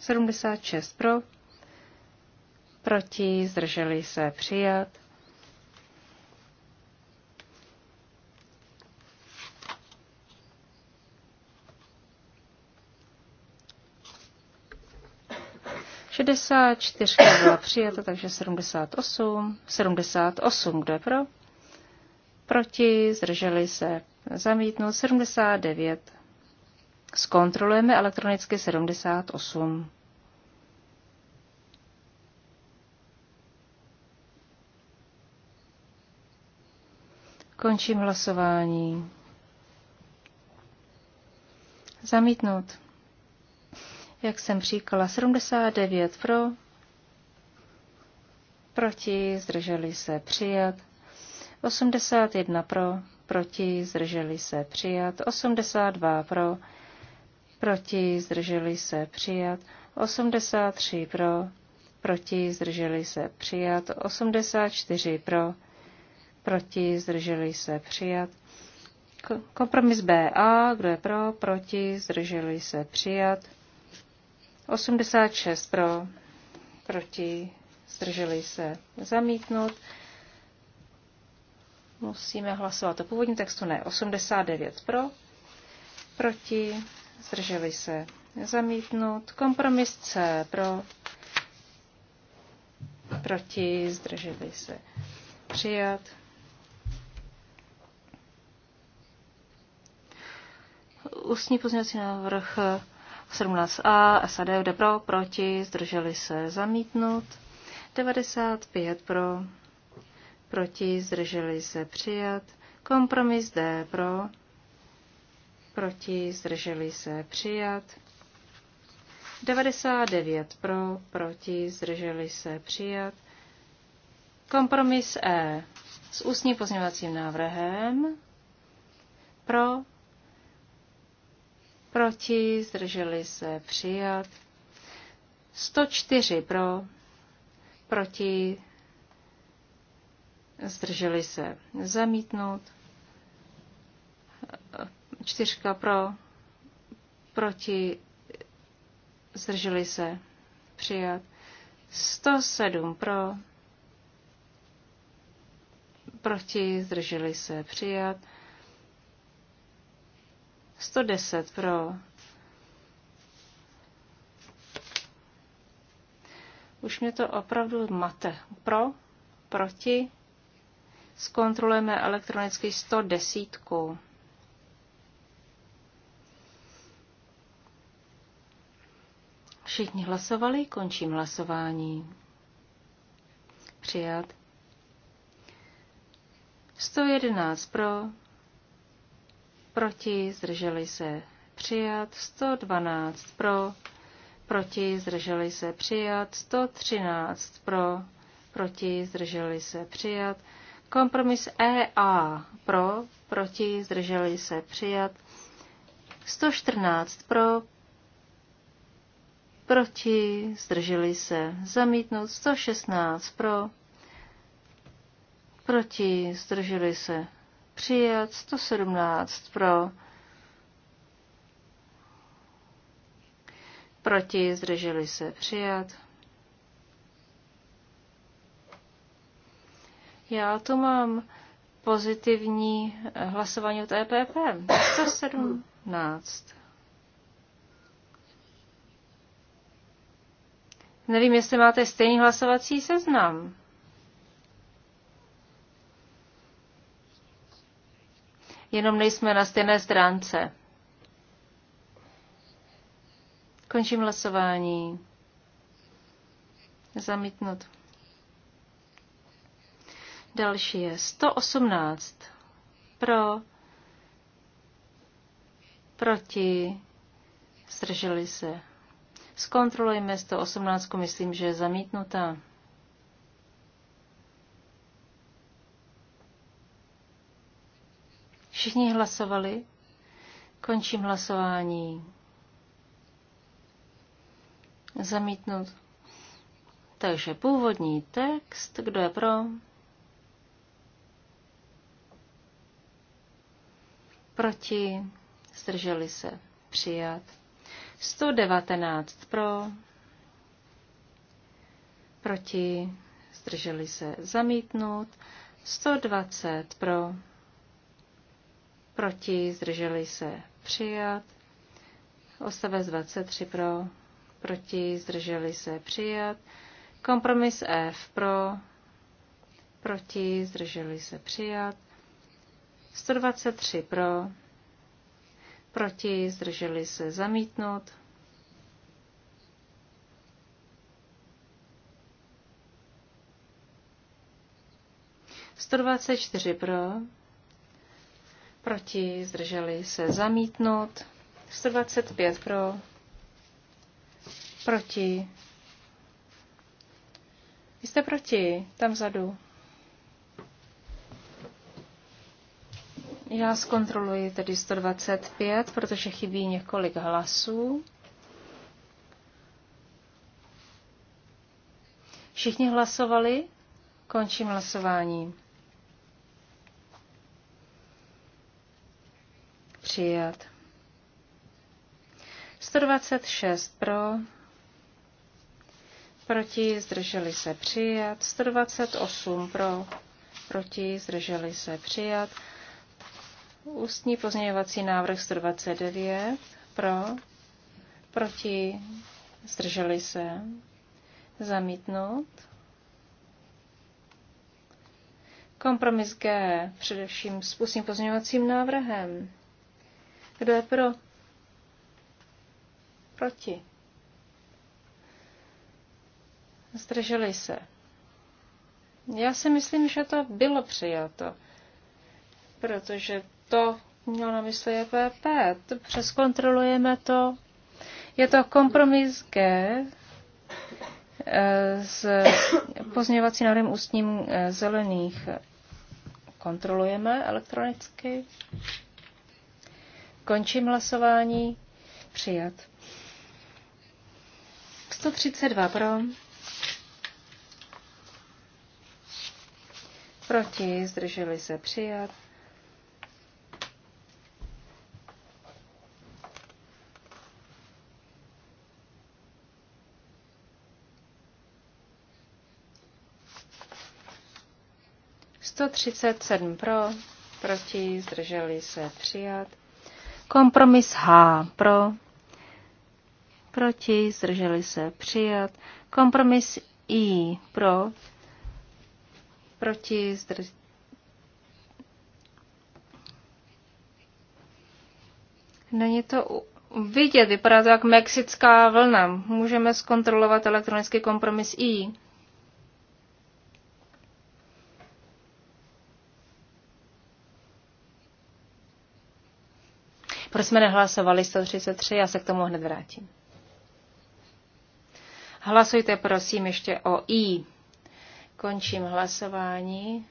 76 pro, proti, zdrželi se přijat 64 byla přijata, takže 78. 78, kdo je pro? Proti, zdrželi se zamítnout. 79. Zkontrolujeme elektronicky 78. Končím hlasování. Zamítnout jak jsem říkala, 79 pro, proti, zdrželi se přijat, 81 pro, proti, zdrželi se přijat, 82 pro, proti, zdrželi se přijat, 83 pro, proti, zdrželi se přijat, 84 pro, proti, zdrželi se přijat. Kompromis BA, kdo je pro, proti, zdrželi se přijat. 86 pro, proti, zdrželi se zamítnout. Musíme hlasovat o původním textu, ne, 89 pro, proti, zdrželi se zamítnout. Kompromis C pro, proti, zdrželi se přijat. Ústní pozměňovací návrh 17a, SAD jde pro, proti, zdrželi se zamítnout. 95 pro, proti, zdrželi se přijat. Kompromis D pro, proti, zdrželi se přijat. 99 pro, proti, zdrželi se přijat. Kompromis E s ústním pozměňovacím návrhem pro, proti, zdrželi se přijat. 104 pro, proti, zdrželi se zamítnout. Čtyřka pro, proti, zdrželi se přijat. 107 pro, proti, zdrželi se přijat. 110 pro. Už mě to opravdu mate. Pro, proti, zkontrolujeme elektronicky 110. Všichni hlasovali, končím hlasování. Přijat. 111 pro, proti, zdrželi se přijat, 112 pro, proti, zdrželi se přijat, 113 pro, proti, zdrželi se přijat, kompromis EA pro, proti, zdrželi se přijat, 114 pro, proti, zdrželi se zamítnout, 116 pro, proti, zdrželi se přijat 117 pro, proti, zdrželi se přijat. Já tu mám pozitivní eh, hlasování od EPP. 117. Nevím, jestli máte stejný hlasovací seznam. jenom nejsme na stejné stránce. Končím hlasování. Zamítnut. Další je 118. Pro. Proti. Zdrželi se. Zkontrolujme 118. Myslím, že je zamítnutá. Všichni hlasovali? Končím hlasování. Zamítnout. Takže původní text, kdo je pro? Proti, zdrželi se, přijat. 119 pro, proti, zdrželi se, zamítnout. 120 pro, proti, zdrželi se přijat. Ostavec 23 pro, proti, zdrželi se přijat. Kompromis F pro, proti, zdrželi se přijat. 123 pro, proti, zdrželi se zamítnout. Sto dvacet čtyři pro, proti, zdrželi se zamítnout, 125 pro, proti, vy jste proti, tam vzadu. Já zkontroluji tedy 125, protože chybí několik hlasů. Všichni hlasovali? Končím hlasování. Přijat. 126 pro, proti, zdrželi se přijat. 128 pro, proti, zdrželi se přijat. Ústní pozměňovací návrh 129 pro, proti, zdrželi se, zamítnout. Kompromis G, především s ústním pozměňovacím návrhem. Kdo je pro? Proti. Zdrželi se. Já si myslím, že to bylo přijato, protože to mělo na mysli EPP. Přeskontrolujeme to. Je to kompromis G eh, s pozměňovacím návrhem ústním eh, zelených. Kontrolujeme elektronicky. Končím hlasování. Přijat. 132 pro. Proti, zdrželi se přijat. Sto třicet sedm pro, proti, zdrželi se přijat. Kompromis H pro, proti, zdrželi se přijat. Kompromis I pro, proti, zdrželi Není to vidět, vypadá to jak mexická vlna. Můžeme zkontrolovat elektronický kompromis I. jsme nehlasovali 133, já se k tomu hned vrátím. Hlasujte prosím ještě o I. Končím hlasování.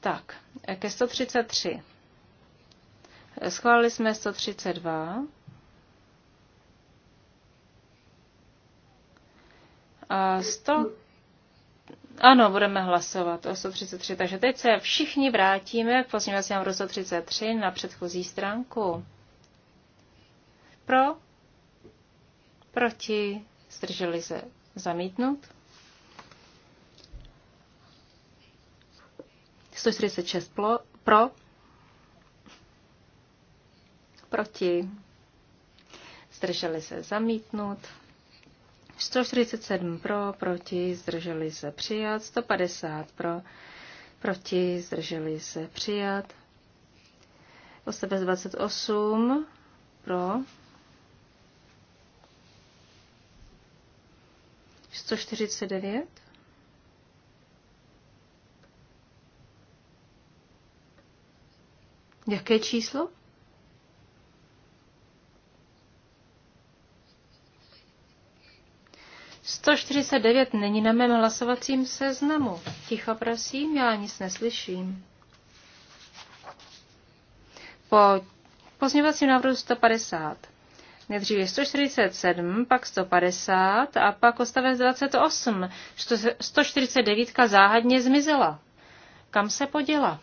Tak, ke 133. Schválili jsme 132. A 100. Ano, budeme hlasovat o 133. Takže teď se všichni vrátíme k pozměňovacím návrhu 133 na předchozí stránku. Pro, proti, zdrželi se zamítnout. 146 plo, pro, proti, zdrželi se zamítnout. 147 pro, proti, zdrželi se přijat. 150 pro, proti, zdrželi se přijat. 128 28 pro. 149. Jaké číslo? 149 není na mém hlasovacím seznamu. Ticho prosím, já nic neslyším. Po pozměvacím návrhu 150. Nejdříve 147, pak 150 a pak ostavec 28. 149 záhadně zmizela. Kam se poděla?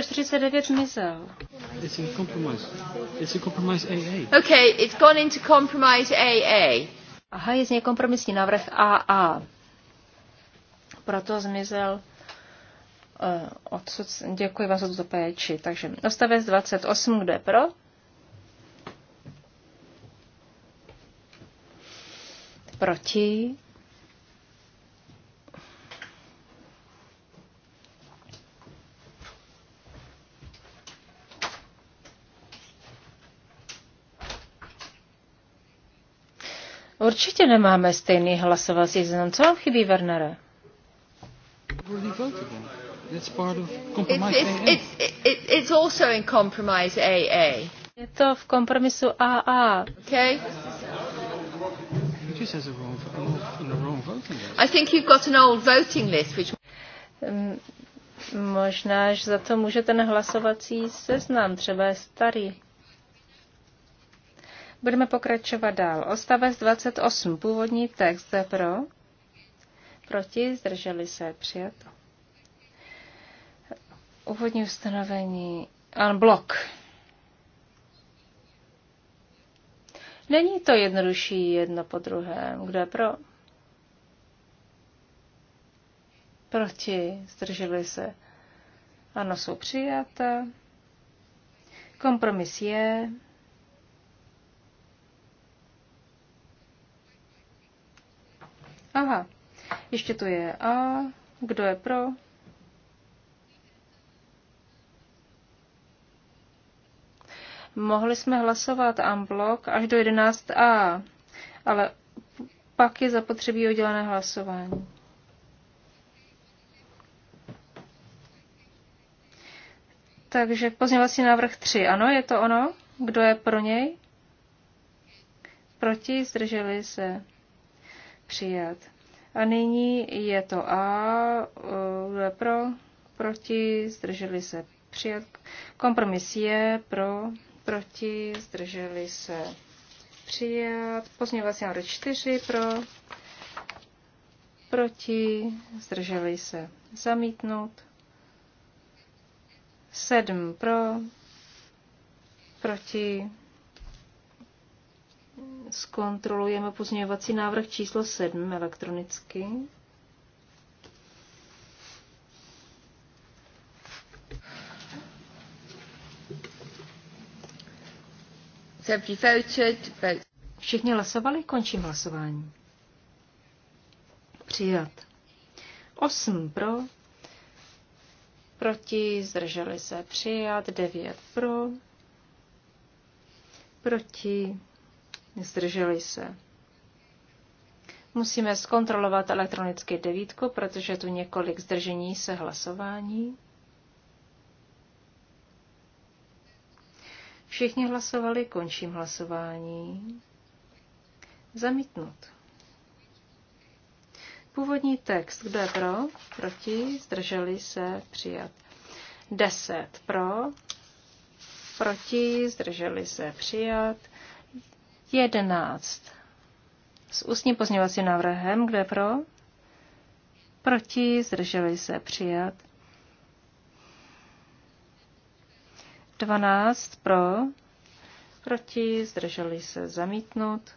149 mizel. It's in compromise. It's in compromise AA. Okay, it's gone into compromise AA. Aha, je z něj kompromisní návrh AA. Proto zmizel uh, odsud. Děkuji vám za tuto péči. Takže odstavec 28, kde pro? Proti. Určitě nemáme stejný hlasovací znam. Co vám chybí, Wernere? Je to v kompromisu AA. Okay. I think you've got an old voting list, which... Mm, možná, že za to můžete na hlasovací seznam, třeba je starý. Budeme pokračovat dál. Ostavec 28. Původní text je pro. Proti. Zdrželi se. Přijato. Úvodní ustanovení. blok. Není to jednodušší jedno po druhém. Kdo je pro? Proti. Zdrželi se. Ano, jsou přijaté. Kompromis je. Ještě to je A. Kdo je pro? Mohli jsme hlasovat unblock až do 11a, ale pak je zapotřebí oddělené hlasování. Takže pozměňovací návrh 3. Ano, je to ono? Kdo je pro něj? Proti? Zdrželi se? Přijat. A nyní je to A, e, pro, proti, zdrželi se přijat. Kompromis je pro, proti, zdrželi se přijat. Pozměňovací návrh 4 pro, proti, zdrželi se zamítnout. 7 pro, proti, Zkontrolujeme pozměňovací návrh číslo 7 elektronicky. Všichni hlasovali? Končím hlasování. Přijat. 8 pro, proti, zdrželi se přijat, 9 pro, proti, zdrželi se. Musíme zkontrolovat elektronicky devítku, protože tu několik zdržení se hlasování. Všichni hlasovali, končím hlasování. Zamítnut. Původní text, kdo je pro, proti, zdrželi se, přijat. 10 pro, proti, zdrželi se, přijat. 11 s ústním pozměňovacím návrhem, kde pro, proti, zdrželi se přijat. 12 pro, proti, zdrželi se zamítnout.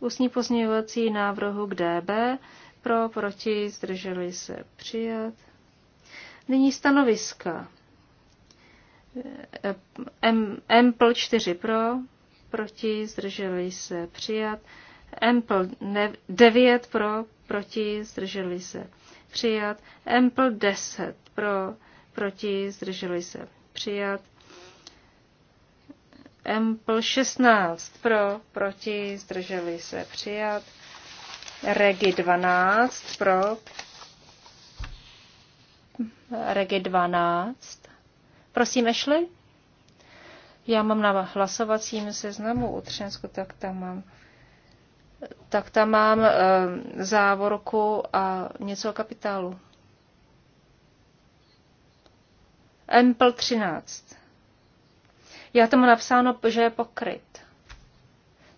Ústní pozměňovací návrhu k DB pro, proti, zdrželi se přijat. Nyní stanoviska. M, M 4 pro, proti, zdrželi se přijat. Ample 9 pro, proti, zdrželi se přijat. Ample 10 pro, proti, zdrželi se přijat. Ample 16 pro, proti, zdrželi se přijat. Regi 12 pro, Regi 12. Prosím, Ashley já mám na hlasovacím seznamu u Třensku, tak tam mám tak tam mám e, závorku a něco o kapitálu. Ample 13. Já tomu napsáno, že je pokryt.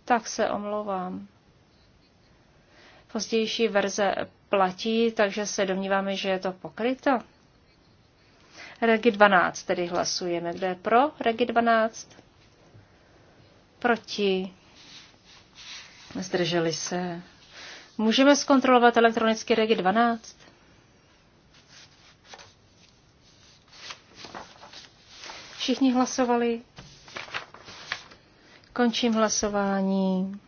Tak se omlouvám. Pozdější verze platí, takže se domníváme, že je to pokryto. Regi 12 tedy hlasujeme. Kdo je pro Regi 12? Proti? Zdrželi se. Můžeme zkontrolovat elektronicky Regi 12? Všichni hlasovali? Končím hlasování.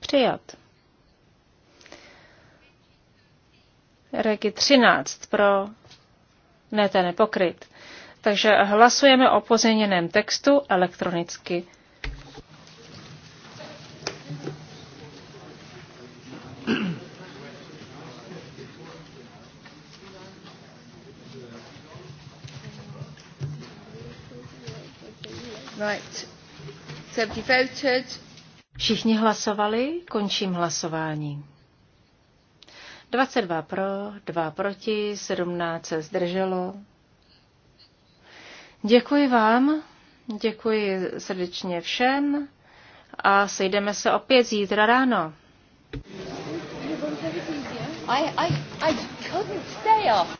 Přijat. Regi 13 pro, ne, ten nepokryt. Takže hlasujeme o pozměněném textu elektronicky. Right. voted. Všichni hlasovali, končím hlasování. 22 pro, 2 proti, 17 se zdrželo. Děkuji vám, děkuji srdečně všem a sejdeme se opět zítra ráno. I, I, I couldn't stay off.